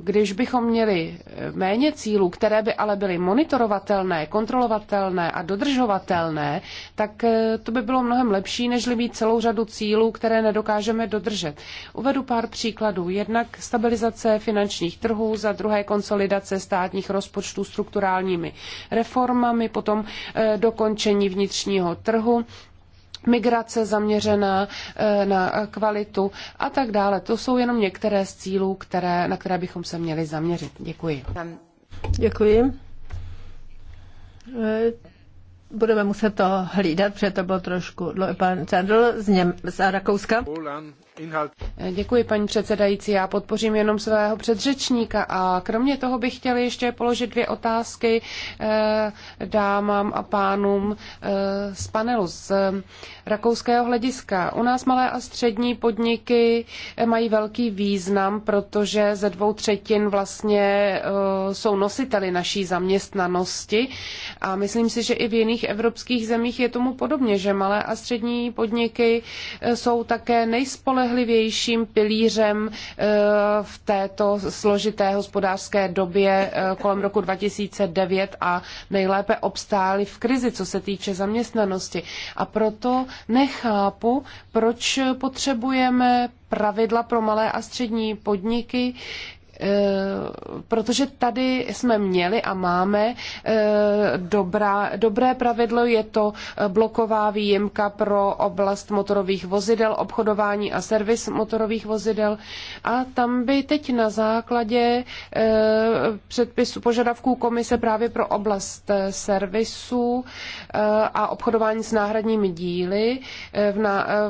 když bychom měli méně cílů, které by ale byly monitorovatelné, kontrolovatelné a dodržovatelné, tak eh, to by bylo mnohem lepší, než mít celou řadu cílů, které nedokážeme dodržet. Uvedu pár příkladů. Jednak stabilizace finančních trhů, za druhé konsolidace státních rozpočtů strukturálními reformami, potom eh, dokončení vnitřního trhu, migrace zaměřená eh, na kvalitu a tak dále. To jsou jenom některé z cílů, které, na které bychom se měli zaměřit. Děkuji. Děkuji. Eh, budeme muset to hlídat, protože to bylo trošku... Pan Candl z, Něm, z Rakouska. Polan. Děkuji, paní předsedající. Já podpořím jenom svého předřečníka a kromě toho bych chtěla ještě položit dvě otázky eh, dámám a pánům eh, z panelu z eh, rakouského hlediska. U nás malé a střední podniky mají velký význam, protože ze dvou třetin vlastně jsou nositeli naší zaměstnanosti a myslím si, že i v jiných evropských zemích je tomu podobně, že malé a střední podniky jsou také nejspolehlivější nejspolehlivějším pilířem eh, v této složité hospodářské době eh, kolem roku 2009 a nejlépe obstáli v krizi, co se týče zaměstnanosti. A proto nechápu, proč potřebujeme pravidla pro malé a střední podniky, Eh, protože tady jsme měli a máme eh, dobrá, dobré pravidlo, je to eh, bloková výjimka pro oblast motorových vozidel, obchodování a servis motorových vozidel a tam by teď na základě předpisu požadavků komise právě pro oblast servisu a obchodování s náhradními díly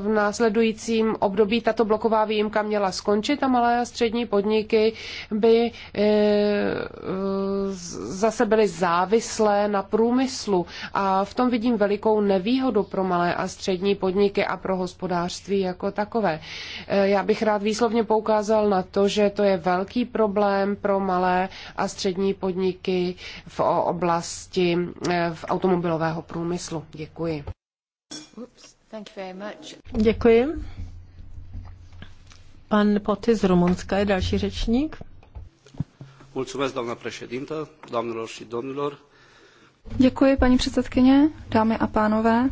v následujícím období tato bloková výjimka měla skončit a malé a střední podniky by eh, zase byly závislé na průmyslu a v tom vidím velikou nevýhodu pro malé a střední podniky a pro hospodářství jako takové. Eh, já bych rád výslovně poukázal na to, že to je velký problém pro malé a střední podniky v oblasti eh, v automobilového průmyslu. Děkuji. Děkuji. Pan Poty z Rumunska je další řečník președintă, doamnelor și domnilor. Děkuji, paní předsedkyně, dámy a pánové.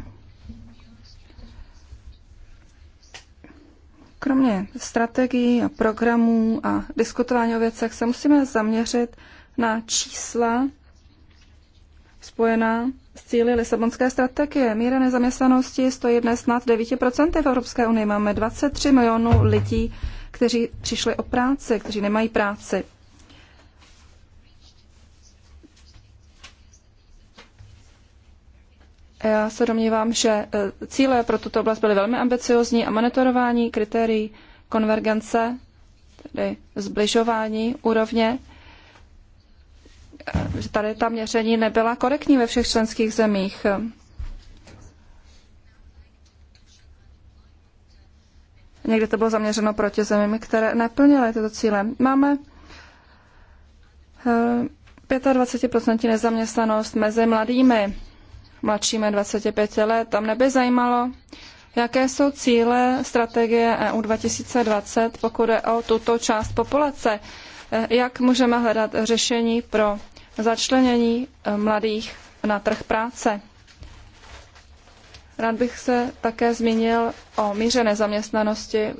Kromě strategií a programů a diskutování o věcech se musíme zaměřit na čísla spojená s cíly Lisabonské strategie. Míra nezaměstnanosti stojí dnes nad 9% v Evropské unii. Máme 23 milionů lidí, kteří přišli o práci, kteří nemají práci. Já se domnívám, že e, cíle pro tuto oblast byly velmi ambiciozní a monitorování kritérií konvergence, tedy zbližování úrovně, e, že tady ta měření nebyla korektní ve všech členských zemích. Někde to bylo zaměřeno proti zemím, které neplnily tyto cíle. Máme 25% e, nezaměstnanost mezi mladými mladšími 25 let. Tam neby zajímalo, jaké jsou cíle strategie EU 2020, pokud je o tuto část populace. Eh, jak můžeme hledat řešení pro začlenění eh, mladých na trh práce? Rád bych se také zmínil o míře nezaměstnanosti,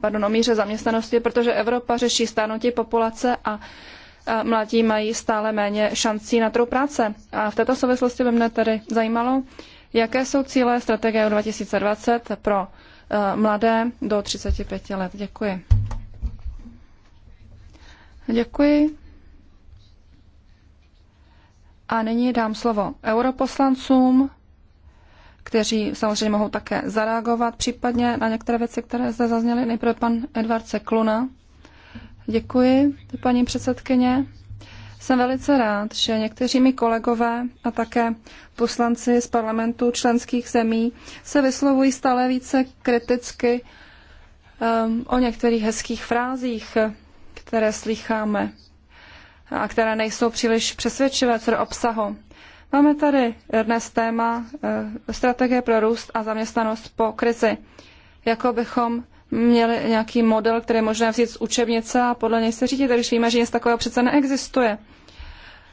pardon, o míře zaměstnanosti, protože Evropa řeší stárnutí populace a mladí mají stále méně šancí na trhu práce. A v této souvislosti by mě tedy zajímalo, jaké jsou cíle strategie 2020 pro e, mladé do 35 let. Děkuji. Děkuji. A nyní dám slovo europoslancům, kteří samozřejmě mohou také zareagovat případně na některé věci, které zde zazněly. Nejprve pan Edvard Cekluna. Děkuji, paní předsedkyně. Jsem velice rád, že někteří mi kolegové a také poslanci z parlamentu členských zemí se vyslovují stále více kriticky um, o některých hezkých frázích, které slycháme a které nejsou příliš přesvědčivé co do obsahu. Máme tady dnes téma eh, strategie pro růst a zaměstnanost po krizi. Jako bychom měl nějaký model, který je vzít z učebnice a podle něj se řídit, když víme, že nic takového přece neexistuje.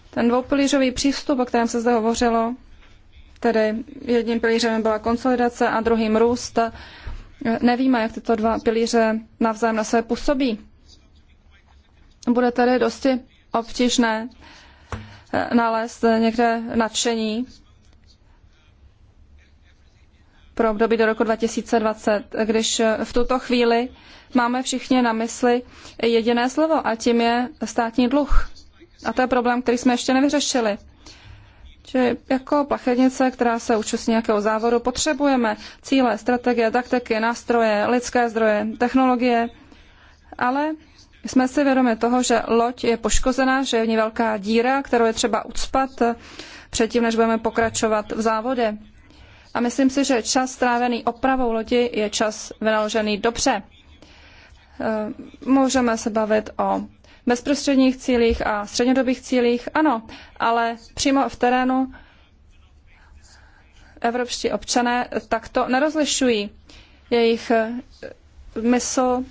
Ten dvoupilířový přístup, o kterém se zde hovořilo, tedy jedním pilířem byla konsolidace a druhým růst, nevíme, jak tyto dva pilíře navzájem na sebe působí. Bude tedy dosti obtížné nalézt někde nadšení pro období do roku 2020, když v tuto chvíli máme všichni na mysli jediné slovo a tím je státní dluh. A to je problém, který jsme ještě nevyřešili. Čili jako plachetnice, která se účastní nějakého závodu, potřebujeme cíle, strategie, taktiky, nástroje, lidské zdroje, technologie, ale jsme si vědomi toho, že loď je poškozená, že je v ní velká díra, kterou je třeba ucpat předtím, než budeme pokračovat v závodě a myslím si, že čas strávený opravou lodi je čas vynaložený dobře. E, můžeme se bavit o bezprostředních cílích a střednědobých cílích, ano, ale přímo v terénu evropští občané takto nerozlišují. Jejich e, mysl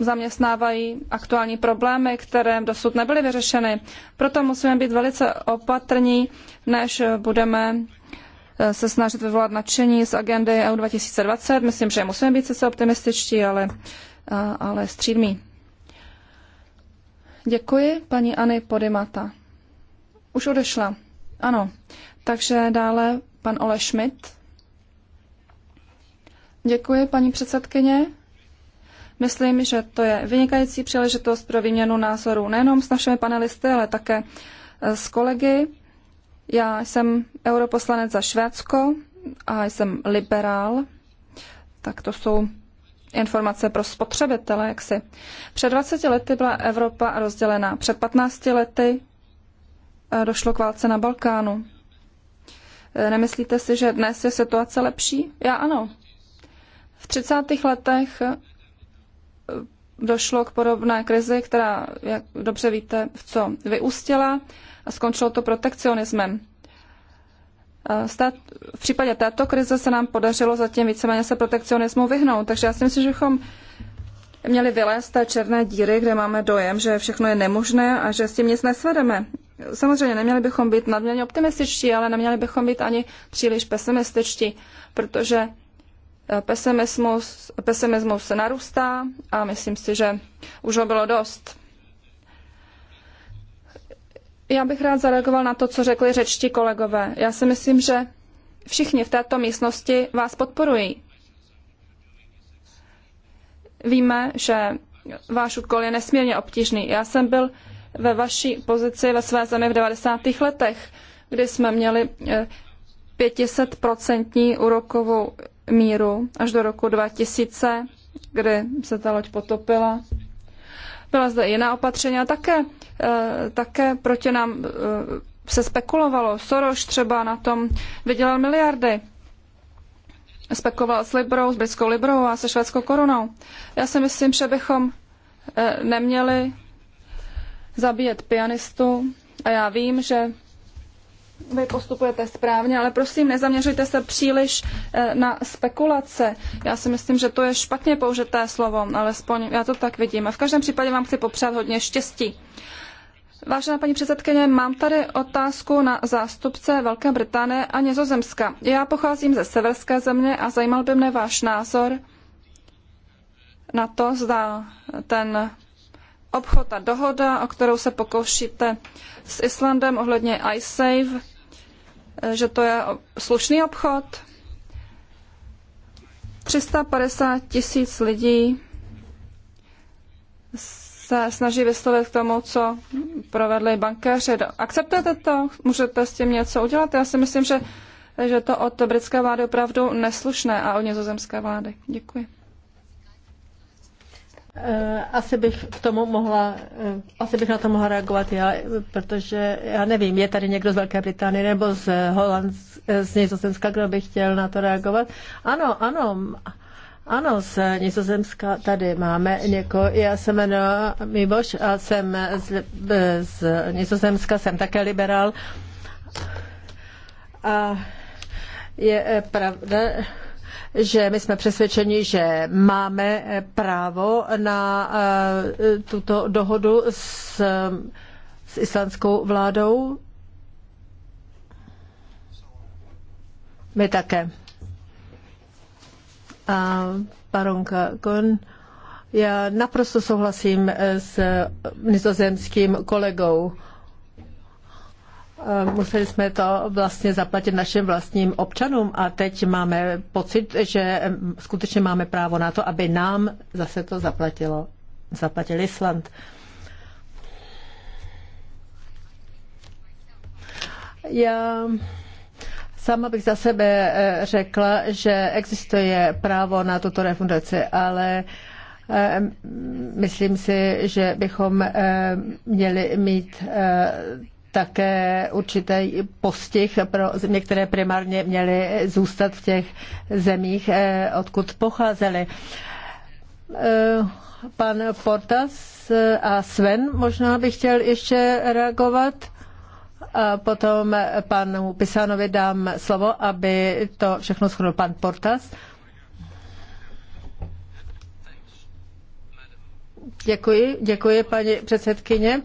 zaměstnávají aktuální problémy, které dosud nebyly vyřešeny. Proto musíme být velice opatrní, než budeme se snažit vyvolat nadšení z agendy EU 2020. Myslím, že musíme být sice optimističtí, ale, ale střídmí. Děkuji, paní Anny Podimata. Už odešla. Ano. Takže dále pan Ole Schmidt. Děkuji, paní předsedkyně. Myslím, že to je vynikající příležitost pro výměnu názorů nejenom s našimi panelisty, ale také eh, s kolegy. Já jsem europoslanec za Švédsko a jsem liberál, tak to jsou informace pro spotřebitele, jak si. Před 20 lety byla Evropa rozdělená. Před 15 lety eh, došlo k válce na Balkánu. Eh, nemyslíte si, že dnes je situace lepší? Já ano. V 30. letech eh, došlo k podobné krizi, která, jak dobře víte, v co vyústila a skončilo to protekcionismem. v případě této krize se nám podařilo zatím víceméně se protekcionismu vyhnout, takže já si myslím, že bychom měli vylézt té černé díry, kde máme dojem, že všechno je nemožné a že s tím nic nesvedeme. Samozřejmě neměli bychom být nadměrně optimističtí, ale neměli bychom být ani příliš pesimističtí, protože eh, pesimismus, pesimismus narůstá a myslím si, že už ho bylo dost. Já bych rád zareagoval na to, co řekli řečtí kolegové. Já si myslím, že všichni v této místnosti vás podporují. Víme, že váš úkol je nesmírně obtížný. Já jsem byl ve vaší pozici ve své zemi v 90. letech, kdy jsme měli 500% eh, úrokovou míru až do roku 2000, kdy se ta loď potopila. Byla zde jiná opatření a také, eh, také proti nám eh, se spekulovalo. Soros třeba na tom vydělal miliardy. Spekuloval s Librou, s britskou Librou a se švédskou korunou. Já si myslím, že bychom eh, neměli zabíjet pianistu a já vím, že vy postupujete správně, ale prosím, nezaměřujte se příliš eh, na spekulace. Já si myslím, že to je špatně použité slovo, alespoň já to tak vidím. A v každém případě vám chci popřát hodně štěstí. Vážená paní předsedkyně, mám tady otázku na zástupce Velké Británie a Nizozemska. Já pocházím ze severské země a zajímal by mne váš názor na to, zda ten obchod a dohoda, o kterou se pokoušíte s Islandem ohledně iSave, Eh, že to je slušný obchod. 350 tisíc lidí se snaží vyslovit k tomu, co provedli bankéři. Akceptujete to? Můžete s tím něco udělat? Já si myslím, že, že to od britské vlády opravdu neslušné a od nizozemské vlády. Děkuji. Eh, asi bych k tomu mohla, eh, asi bych na to mohla reagovat já, protože já nevím, je tady někdo z Velké Británie nebo z Holand, eh, z Nizozemska, kdo by chtěl na to reagovat. Ano, ano, ano, z Nizozemska tady máme někoho. Já se jmenuji Miboš a jsem z, z Nizozemska, jsem také liberál. A je pravda, že my jsme přesvědčeni, že máme právo na eh, tuto dohodu s, s islandskou vládou. My také. A baronka Kon, já naprosto souhlasím s nizozemským kolegou. Eh, museli jsme to vlastně zaplatit našim vlastním občanům a teď máme pocit, že skutečně máme právo na to, aby nám zase to zaplatilo, zaplatil Island. Já Sama bych za sebe eh, řekla, že existuje právo na tuto refundaci, ale myslím si, že bychom eh, měli mít také určitý postih pro země, které primárně měly zůstat v těch zemích, eh, odkud pocházely. Eh, pan Portas eh, a Sven možná bych chtěl ještě reagovat. A potom panu Pisanovi dám slovo, aby to všechno schodil pan Portas. Děkuji, děkuji paní předsedkyně.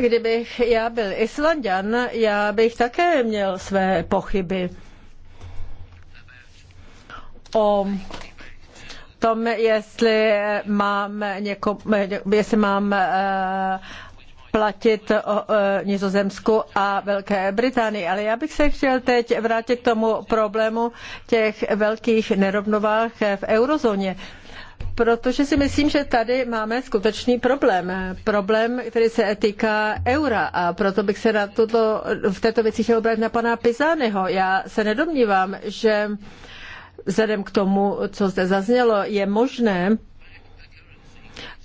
Kdybych já byl Islandian, já bych také měl své pochyby o tom, jestli mám, něko, jestli mám eh, platit eh, Nizozemsku a Velké Británii. Ale já bych se chtěl teď vrátit k tomu problému těch velkých nerovnovách v eurozóně. Uh, protože si myslím, že tady máme skutečný problém. Problém, který se týká eura a proto bych se na tuto, v této věci chtěl obrátit na pana Pizányho. Já se nedomnívám, že vzhledem k tomu, co zde zaznělo, je možné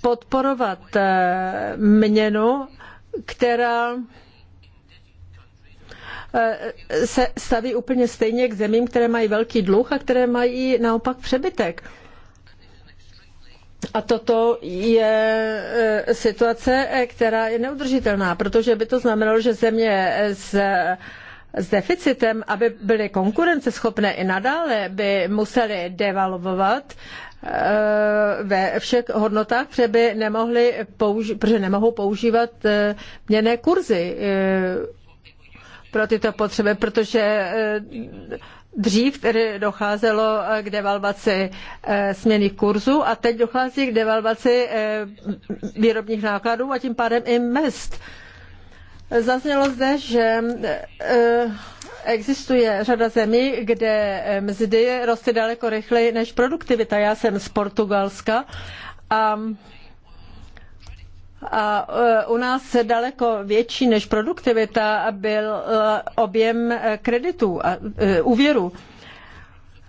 podporovat eh, měnu, která eh, se staví úplně stejně k zemím, které mají velký dluh a které mají naopak přebytek. A toto je e, situace, e, která je neudržitelná, protože by to znamenalo, že země s, s deficitem, aby byly konkurenceschopné i nadále, by musely devalvovat e, ve všech hodnotách, protože, by nemohli použi- protože nemohou používat měné kurzy pro tyto potřeby, protože Dřív tedy docházelo eh, k devalvaci eh, směných kurzů a teď dochází k devalvaci eh, výrobních nákladů a tím pádem i mest. Zaznělo zde, že existuje řada zemí, kde mzdy rostly daleko rychleji než produktivita. Já jsem z Portugalska a a e, u nás daleko větší než produktivita byl e, objem e, kreditů a úvěrů.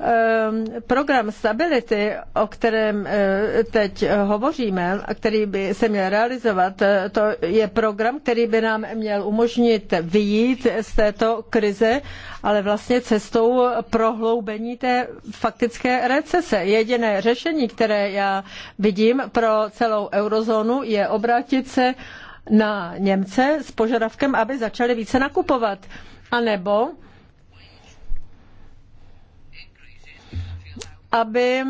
Ehm, program stability, o kterém eh, teď hovoříme a který by se měl realizovat, eh, to je program, který by nám měl umožnit vyjít z této krize, ale vlastně cestou prohloubení té faktické recese. Jediné řešení, které já vidím pro celou eurozónu, je obrátit se na Němce s požadavkem, aby začali více nakupovat. A nebo aby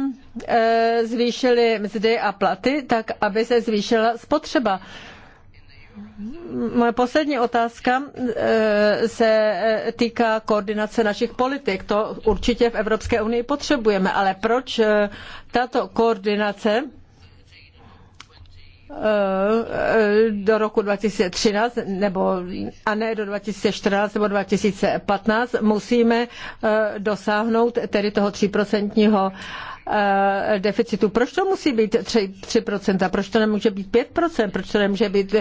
eh, zvýšili mzdy a platy, tak aby se zvýšila spotřeba. Moje poslední otázka eh, se eh, týká koordinace našich politik. To určitě v Evropské unii potřebujeme, ale proč tato koordinace Eh, eh, do roku 2013 nebo a ne do 2014 nebo 2015 musíme eh, dosáhnout tedy toho 3% deficitu. Proč to musí být 3, procenta? Proč to nemůže být 5%? Proč to nemůže být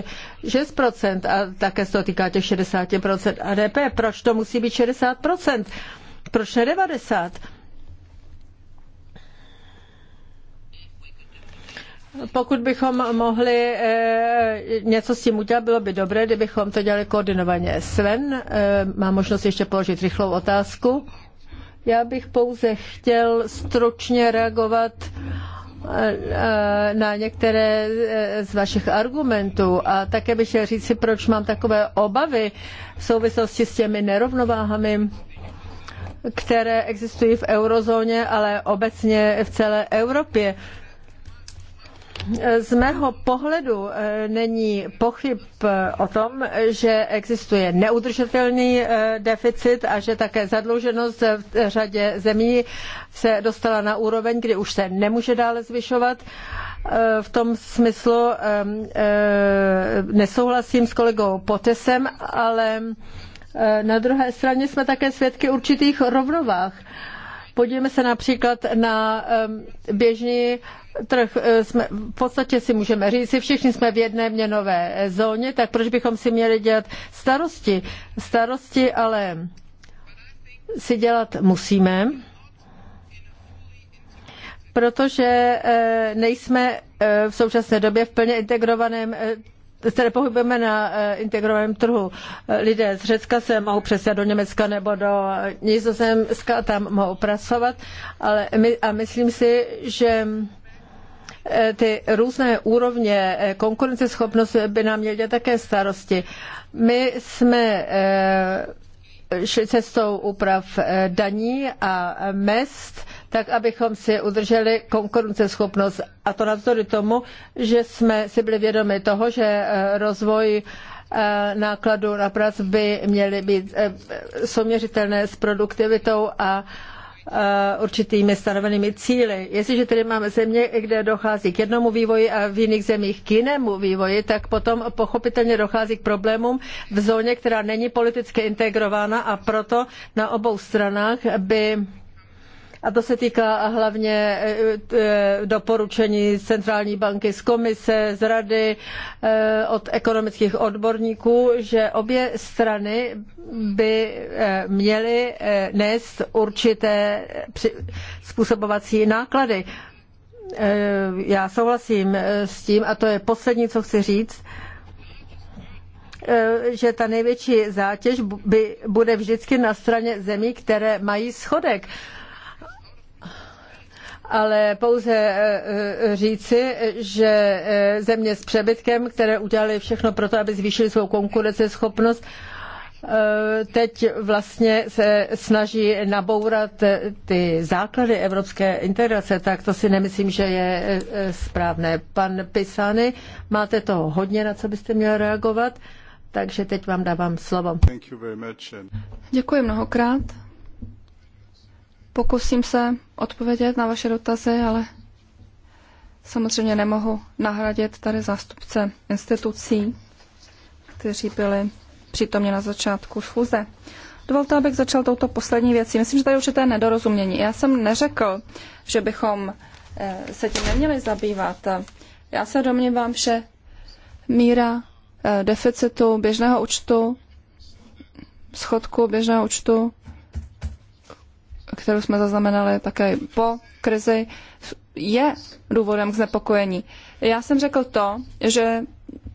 6%? A také se to týká těch 60% ADP. Proč to musí být 60%? Proč ne 90%? Pokud bychom mohli eh, něco s tím udělat, bylo by dobré, kdybychom to dělali koordinovaně. Sven eh, má možnost ještě položit rychlou otázku. Já bych pouze chtěl stručně reagovat eh, na některé z vašich argumentů a také bych chtěl si proč mám takové obavy v souvislosti s těmi nerovnováhami, které existují v eurozóně, ale obecně v celé Evropě. Z mého pohledu eh, není pochyb eh, o tom, že existuje neudržitelný eh, deficit a že také zadluženost v řadě zemí se dostala na úroveň, kdy už se nemůže dále zvyšovat. V tom smyslu ehm, nesouhlasím s kolegou Potesem, ale na druhé straně jsme také svědky určitých rovnovách. Podívejme se například na běžný trh. E, jsme, v podstatě si můžeme říct, že všichni jsme v jedné měnové e, zóně, tak proč bychom si měli dělat starosti? Starosti ale si dělat musíme, protože e, nejsme v současné době v plně integrovaném se pohybujeme na eh, integrovaném trhu. Lidé z Řecka se mohou přesat do Německa nebo do Nizozemska a tam mohou pracovat, ale my, a myslím si, že eh, ty různé úrovně eh, konkurenceschopnosti by nám měly také starosti. My jsme šli cestou úprav daní a mest, tak abychom si udrželi konkurenceschopnost. A to navzdory tomu, že jsme si byli vědomi toho, že eh, rozvoj eh, nákladů na prac by měly být eh, souměřitelné s produktivitou a určitými stanovenými cíly. Jestliže tedy máme země, kde dochází k jednomu vývoji a v jiných zemích k jinému vývoji, tak potom pochopitelně dochází k problémům v zóně, která není politicky integrována a proto na obou stranách by a to se týká hlavně e, e, doporučení centrální banky z komise, z rady, e, od ekonomických odborníků, že obě strany by měly nést určité způsobovací náklady. Já souhlasím s tím, a to je poslední, co chci říct, že ta největší zátěž by, bude vždycky na straně zemí, které mají schodek ale pouze e, e, říci, že e, země s přebytkem, které udělali všechno pro to, aby zvýšili svou konkurenceschopnost, teď vlastně se snaží nabourat ty základy evropské integrace, tak to si nemyslím, že je správné. Pan Pisany, máte toho hodně, na co byste měl reagovat, takže teď vám dávám slovo. Děkuji mnohokrát. Pokusím se odpovědět na vaše dotazy, ale samozřejmě nemohu nahradit tady zástupce institucí, kteří byli přítomně na začátku schůze. Dovolte, abych začal touto poslední věcí. Myslím, že tady je určité nedorozumění. Já jsem neřekl, že bychom eh, se tím neměli zabývat. Já se domnívám, že míra eh, deficitu běžného účtu, schodku běžného účtu kterou jsme zaznamenali také po krizi, je důvodem k znepokojení. Já jsem řekl to, že,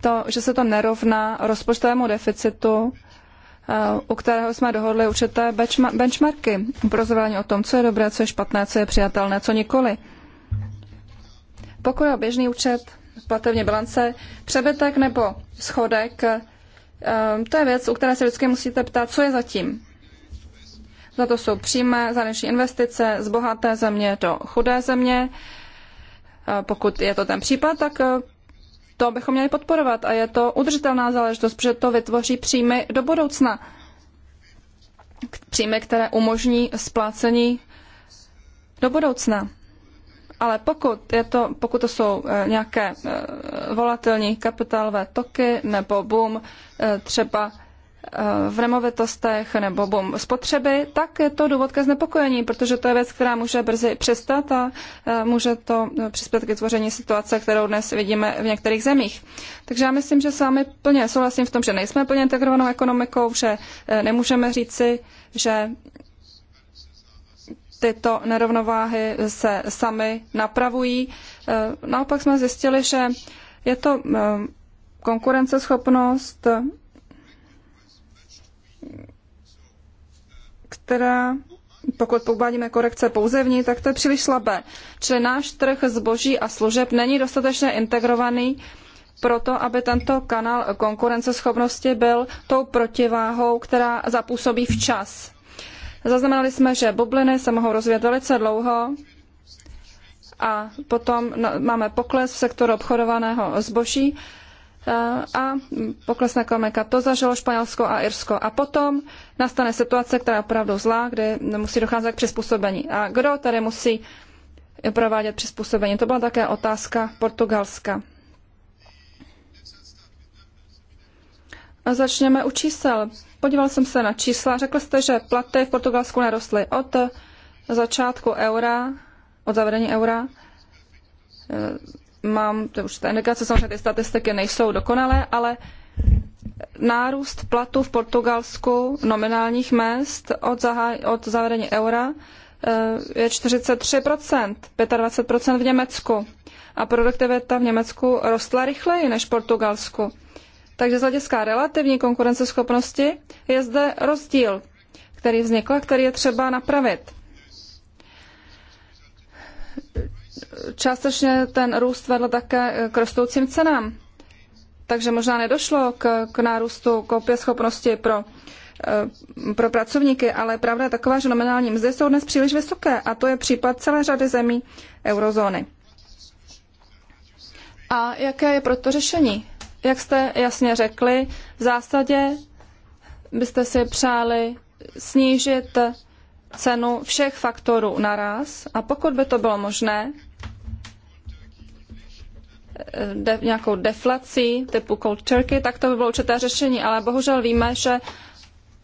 to, že se to nerovná rozpočtovému deficitu, eh, u kterého jsme dohodli určité benchmarky, upozorňování o tom, co je dobré, co je špatné, co je přijatelné, co nikoli. Pokud je běžný účet, platební bilance, přebytek nebo schodek, eh, to je věc, u které se vždycky musíte ptát, co je zatím. Za to jsou přímé zahraniční investice z bohaté země do chudé země. Pokud je to ten případ, tak e, to bychom měli podporovat a je to udržitelná záležitost, protože to vytvoří příjmy do budoucna. Příjmy, které umožní splácení do budoucna. Ale pokud, je to, pokud to jsou e, nějaké e, volatilní kapitálové toky nebo boom třeba v nemovitostech nebo bom spotřeby, tak je to důvod ke znepokojení, protože to je věc, která může brzy přestat a e, může to e, přispět k vytvoření situace, kterou dnes vidíme v některých zemích. Takže já myslím, že s vámi plně souhlasím v tom, že nejsme plně integrovanou ekonomikou, že e, nemůžeme říci, že tyto nerovnováhy se sami napravují. Naopak jsme zjistili, že je to konkurenceschopnost která, pokud povádíme korekce pouze v ní, tak to je příliš slabé. Čili náš trh zboží a služeb není dostatečně integrovaný proto, aby tento kanál konkurenceschopnosti byl tou protiváhou, která zapůsobí včas. Zaznamenali jsme, že bubliny se mohou rozvíjet velice dlouho a potom máme pokles v sektoru obchodovaného zboží eh, a pokles na ekonomika. To zažilo Španělsko a Irsko. A potom nastane situace, která je opravdu zlá, kde musí docházet k přizpůsobení. A kdo tady musí provádět přizpůsobení? To byla také otázka Portugalska. A začněme u čísel. Podíval jsem se na čísla. Řekl jste, že platy v Portugalsku narostly od začátku eura, od zavedení eura. Ehm, mám to už ta indikace, samozřejmě ty statistiky nejsou dokonalé, ale nárůst platu v Portugalsku nominálních mest od, od zavedení eura eh, je 43%, 25% v Německu. A produktivita v Německu rostla rychleji než v Portugalsku. Takže z hlediska relativní konkurenceschopnosti je zde rozdíl, který vznikl a který je třeba napravit. Částečně ten růst vedl také k rostoucím cenám takže možná nedošlo k, k nárůstu schopnosti pro, eh, pro pracovníky, ale pravda je taková, že nominální mzdy jsou dnes příliš vysoké a to je případ celé řady zemí eurozóny. A jaké je proto řešení? Jak jste jasně řekli, v zásadě byste si přáli snížit cenu všech faktorů naraz a pokud by to bylo možné, de, nějakou deflací typu cold turkey, tak to by bylo určité řešení, ale bohužel víme, že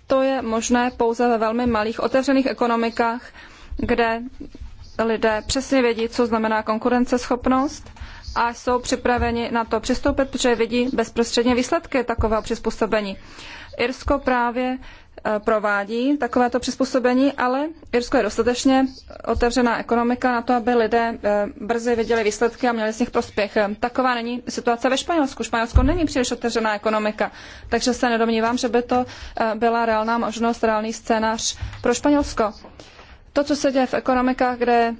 to je možné pouze ve velmi malých otevřených ekonomikách, kde lidé přesně vědí, co znamená konkurenceschopnost a jsou připraveni na to přistoupit, protože vidí bezprostředně výsledky takového přizpůsobení. Irsko právě Eh, provádí takovéto přizpůsobení, ale Irsko je dostatečně otevřená ekonomika na to, aby lidé eh, brzy viděli výsledky a měli z nich prospěch. Eh, taková není situace ve Španělsku. Španělsko není příliš otevřená ekonomika, takže se nedomnívám, že by to byla reálná možnost, reálný scénář pro Španělsko. To, co se děje v ekonomikách, kde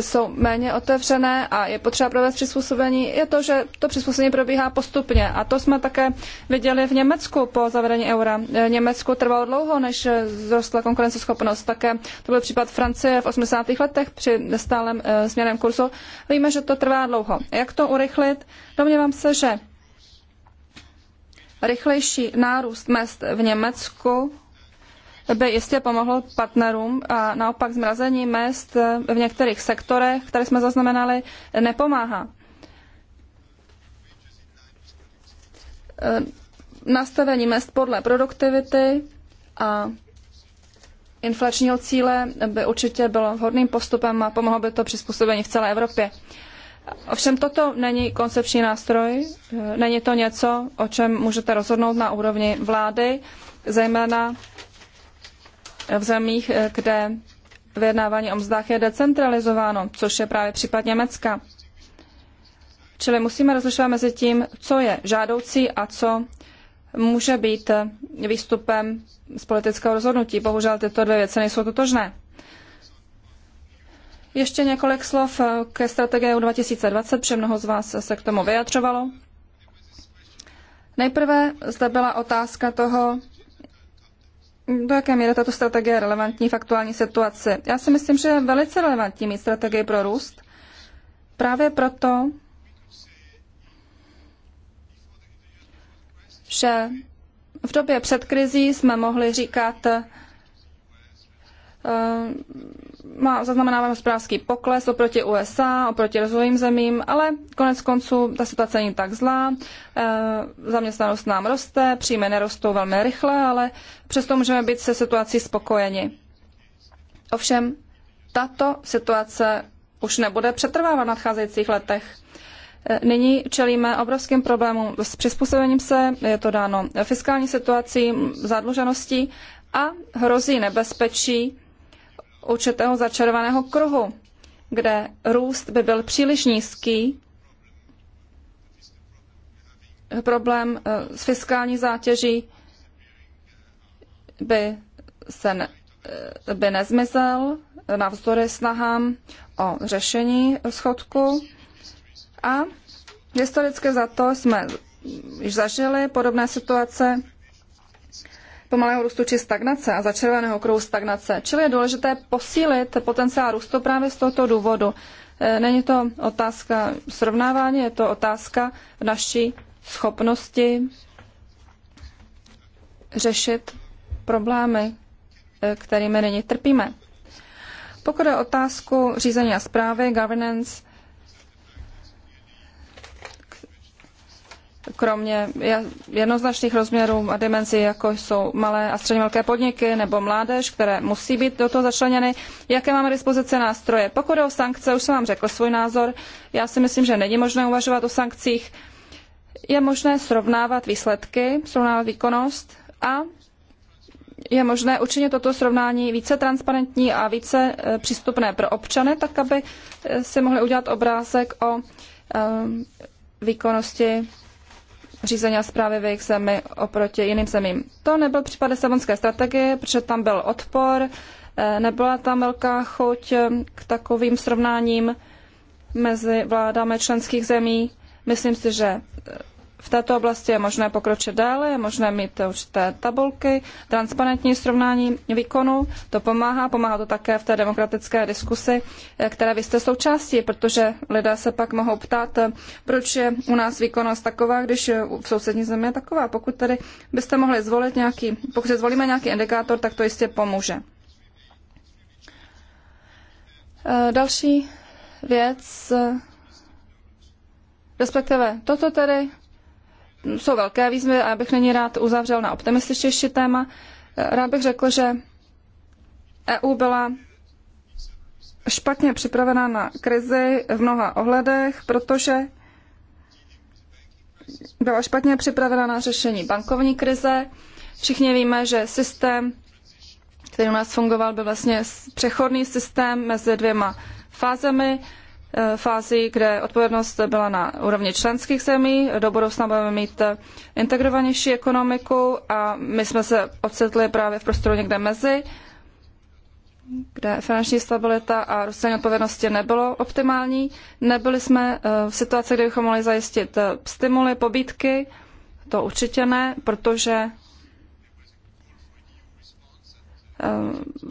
jsou méně otevřené a je potřeba provést přizpůsobení, je to, že to přizpůsobení probíhá postupně. A to jsme také viděli v Německu po zavedení eura. Eh, Německu trvalo dlouho, než zrostla konkurenceschopnost. Také to byl případ Francie v 80. letech při stálem e, směrném kurzu. Víme, že to trvá dlouho. Jak to urychlit? Domnívám se, že rychlejší nárůst mest v Německu by jistě pomohlo partnerům a naopak zmrazení mest v některých sektorech, které jsme zaznamenali, nepomáhá. E, nastavení mest podle produktivity a inflačního cíle by určitě bylo vhodným postupem a pomohlo by to přizpůsobení v celé Evropě. Ovšem toto není koncepční nástroj, e, není to něco, o čem můžete rozhodnout na úrovni vlády, zejména v zemích, eh, kde vyjednávání o mzdách je decentralizováno, což je právě případ Německa. Čili musíme rozlišovat mezi tím, co je žádoucí a co může být eh, výstupem z politického rozhodnutí. Bohužel tyto dvě věci nejsou totožné. Ještě několik slov eh, ke strategii 2020, protože mnoho z vás se k tomu vyjadřovalo. Nejprve zde byla otázka toho, do jaké míry tato strategie je relevantní v aktuální situaci? Já si myslím, že je velice relevantní mít strategii pro růst. Právě proto, že v době před krizí jsme mohli říkat, eh, má, zaznamenáváme hospodářský pokles oproti USA, oproti rozvojovým zemím, ale konec konců ta situace není tak zlá. E, zaměstnanost nám roste, příjmy nerostou velmi rychle, ale přesto můžeme být se situací spokojeni. Ovšem, tato situace už nebude přetrvávat v nadcházejících letech. Eh, nyní čelíme obrovským problémům s přizpůsobením se, je to dáno fiskální situací, zadlužeností a hrozí nebezpečí určitého začarovaného kruhu, kde růst by byl příliš nízký, problém eh, s fiskální zátěží by se ne, eh, by nezmizel navzdory snahám o řešení schodku. A historicky za to jsme již zažili podobné situace pomalého růstu či stagnace a začerveného kruhu stagnace. Čili je důležité posílit potenciál růstu právě z tohoto důvodu. E, není to otázka srovnávání, je to otázka naší schopnosti řešit problémy, e, kterými nyní trpíme. Pokud je otázku řízení a zprávy, governance, kromě jednoznačných rozměrů a dimenzí, jako jsou malé a středně velké podniky nebo mládež, které musí být do toho začleněny, jaké máme dispozice nástroje. Pokud o sankce, už jsem vám řekl svůj názor, já si myslím, že není možné uvažovat o sankcích. Je možné srovnávat výsledky, srovnávat výkonnost a je možné učinit toto srovnání více transparentní a více e, přístupné pro občany, tak aby e, si mohli udělat obrázek o e, výkonnosti řízení a zprávy v jejich zemi oproti jiným zemím. To nebyl případ Lisabonské strategie, protože tam byl odpor, eh, nebyla tam velká chuť eh, k takovým srovnáním mezi vládami členských zemí. Myslím si, že eh, v této oblasti je možné pokročit dále, je možné mít určité tabulky, transparentní srovnání výkonu, to pomáhá, pomáhá to také v té demokratické diskusi, eh, které vy jste součástí, protože lidé se pak mohou ptát, eh, proč je u nás výkonnost taková, když v sousední zemi je taková. Pokud tedy byste mohli zvolit nějaký, pokud zvolíme nějaký indikátor, tak to jistě pomůže. Eh, další věc, respektive toto tedy jsou velké výzvy a já bych není rád uzavřel na optimističtější téma. Rád bych řekl, že EU byla špatně připravená na krizi v mnoha ohledech, protože byla špatně připravena na řešení bankovní krize. Všichni víme, že systém, který u nás fungoval, byl vlastně přechodný systém mezi dvěma fázemi. Eh, fázi, kde odpovědnost byla na úrovni členských zemí. Do budoucna budeme mít eh, integrovanější ekonomiku a my jsme se ocitli právě v prostoru někde mezi, kde finanční stabilita a rozdělení odpovědnosti nebylo optimální. Nebyli jsme eh, v situaci, kde bychom mohli zajistit stimuly, pobídky, to určitě ne, protože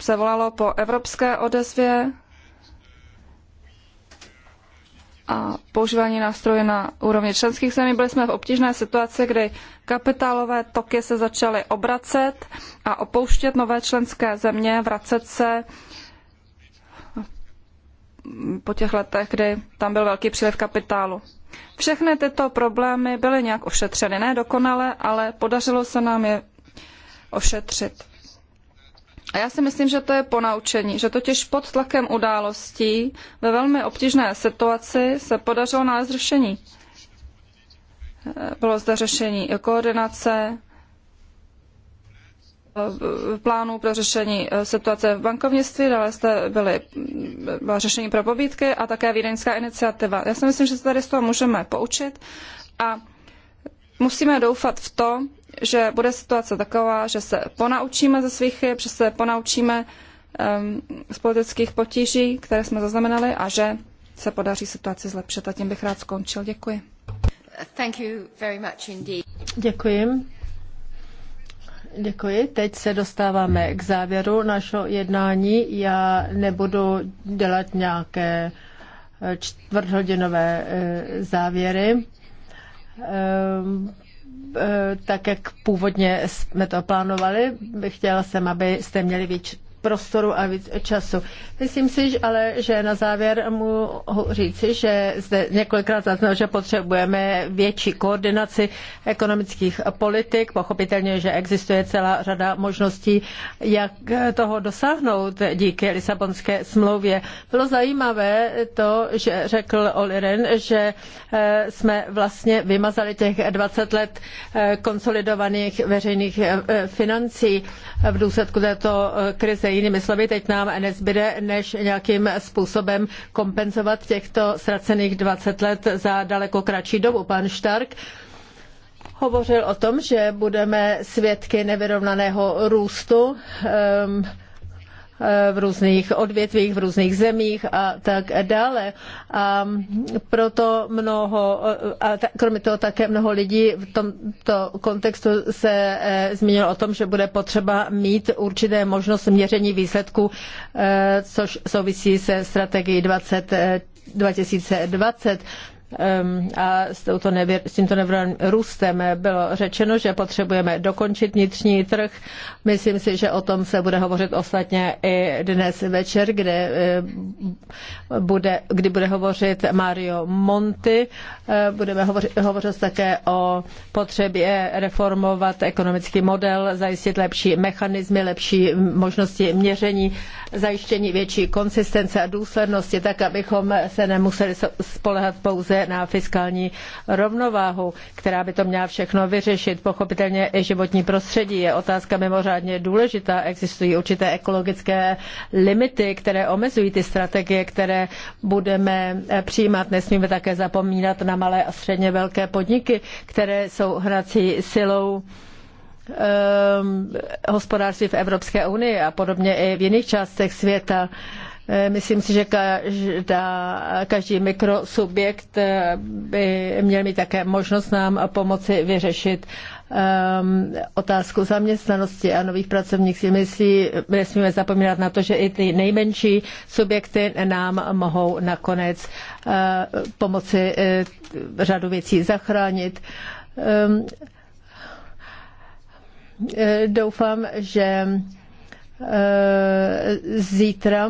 se volalo po evropské odezvě a používání nástroje na úrovni členských zemí. Byli jsme v obtížné situaci, kdy kapitálové toky se začaly obracet a opouštět nové členské země, vracet se po těch letech, kdy tam byl velký příliv kapitálu. Všechny tyto problémy byly nějak ošetřeny, ne dokonale, ale podařilo se nám je ošetřit. A já si myslím, že to je ponaučení, že totiž pod tlakem událostí ve velmi obtížné situaci se podařilo nalézt řešení. Eh, bylo zde řešení koordinace, eh, plánů pro řešení eh, situace v bankovnictví, dále jste byly, mm, byla řešení pro pobídky a také vídeňská iniciativa. Já si myslím, že se tady z toho můžeme poučit a musíme doufat v to, že bude situace taková, že se ponaučíme ze svých chyb, že se ponaučíme um, z politických potíží, které jsme zaznamenali a že se podaří situaci zlepšit. A tím bych rád skončil. Děkuji. Thank you very much Děkuji. Děkuji. Teď se dostáváme k závěru našeho jednání. Já nebudu dělat nějaké eh, čtvrthodinové eh, závěry Eh, tak jak původně jsme to plánovali. Chtěla jsem, abyste měli větší prostoru a víc času. Myslím si že ale, že na závěr mu říci, že zde několikrát zaznělo, že potřebujeme větší koordinaci ekonomických politik. Pochopitelně, že existuje celá řada možností, jak toho dosáhnout díky Lisabonské smlouvě. Bylo zajímavé to, že řekl Oliren, že eh, jsme vlastně vymazali těch 20 let eh, konsolidovaných veřejných eh, financí v důsledku této krize jinými slovy, teď nám nezbyde, než nějakým způsobem kompenzovat těchto ztracených 20 let za daleko kratší dobu. Pan Štark hovořil o tom, že budeme svědky nevyrovnaného růstu. Um, v různých odvětvích, v různých zemích a tak dále. A proto mnoho, a kromě toho také mnoho lidí v tomto kontextu se eh, zmínilo o tom, že bude potřeba mít určité možnost měření výsledků, eh, což souvisí se strategií 20, 2020. Eh, a s, touto nevěr, s tímto nevěrným růstem bylo řečeno, že potřebujeme dokončit vnitřní trh. Myslím si, že o tom se bude hovořit ostatně i dnes večer, kde eh, bude, kdy bude hovořit Mario Monti. Eh, budeme hovořit, hovořit také o potřebě reformovat ekonomický model, zajistit lepší mechanismy, lepší možnosti měření, zajištění větší konsistence a důslednosti, tak abychom se nemuseli spolehat pouze na fiskální rovnováhu, která by to měla všechno vyřešit. Pochopitelně i životní prostředí je otázka mimořádně důležitá. Existují určité ekologické limity, které omezují ty strategie, které budeme eh, přijímat. Nesmíme také zapomínat na malé a středně velké podniky, které jsou hrací silou ehm, hospodářství v Evropské unii a podobně i v jiných částech světa. Eh, myslím si, že každá, každý mikrosubjekt eh, by měl mít také možnost nám pomoci vyřešit ehm, otázku zaměstnanosti a nových pracovních si Myslí, nesmíme zapomínat na to, že i ty nejmenší subjekty nám mohou nakonec eh, pomoci řadu věcí zachránit. Ehm, doufám, že zítra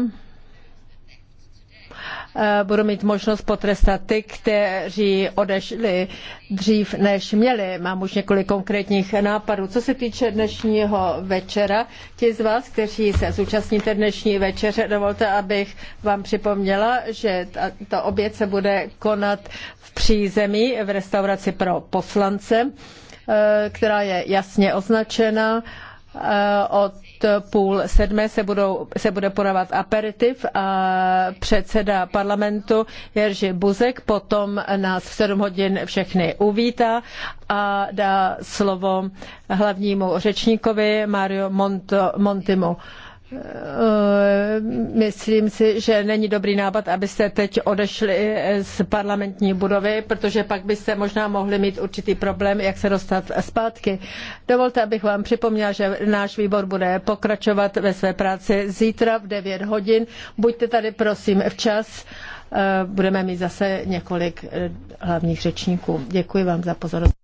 Eh, budu mít možnost potrestat ty, kteří odešli dřív, než měli. Mám už několik konkrétních nápadů. Co se týče dnešního večera, ti z vás, kteří se zúčastníte dnešní večeře, dovolte, abych vám připomněla, že ta oběd se bude konat v přízemí v restauraci pro poslance, eh, která je jasně označena eh, od Eh, půl sedmé se, budou, se bude podávat aperitiv a předseda parlamentu Jerzy Buzek potom nás v sedm hodin všechny uvítá a dá slovo hlavnímu řečníkovi Mario Monto, Montimu. Eh, myslím si, že není dobrý nápad, abyste teď odešli z parlamentní budovy, protože pak byste možná mohli mít určitý problém, jak se dostat zpátky. Dovolte, abych vám připomněla, že náš výbor bude pokračovat ve své práci zítra v 9 hodin. Buďte tady, prosím, včas. Eh, budeme mít zase několik eh, hlavních řečníků. Děkuji vám za pozornost.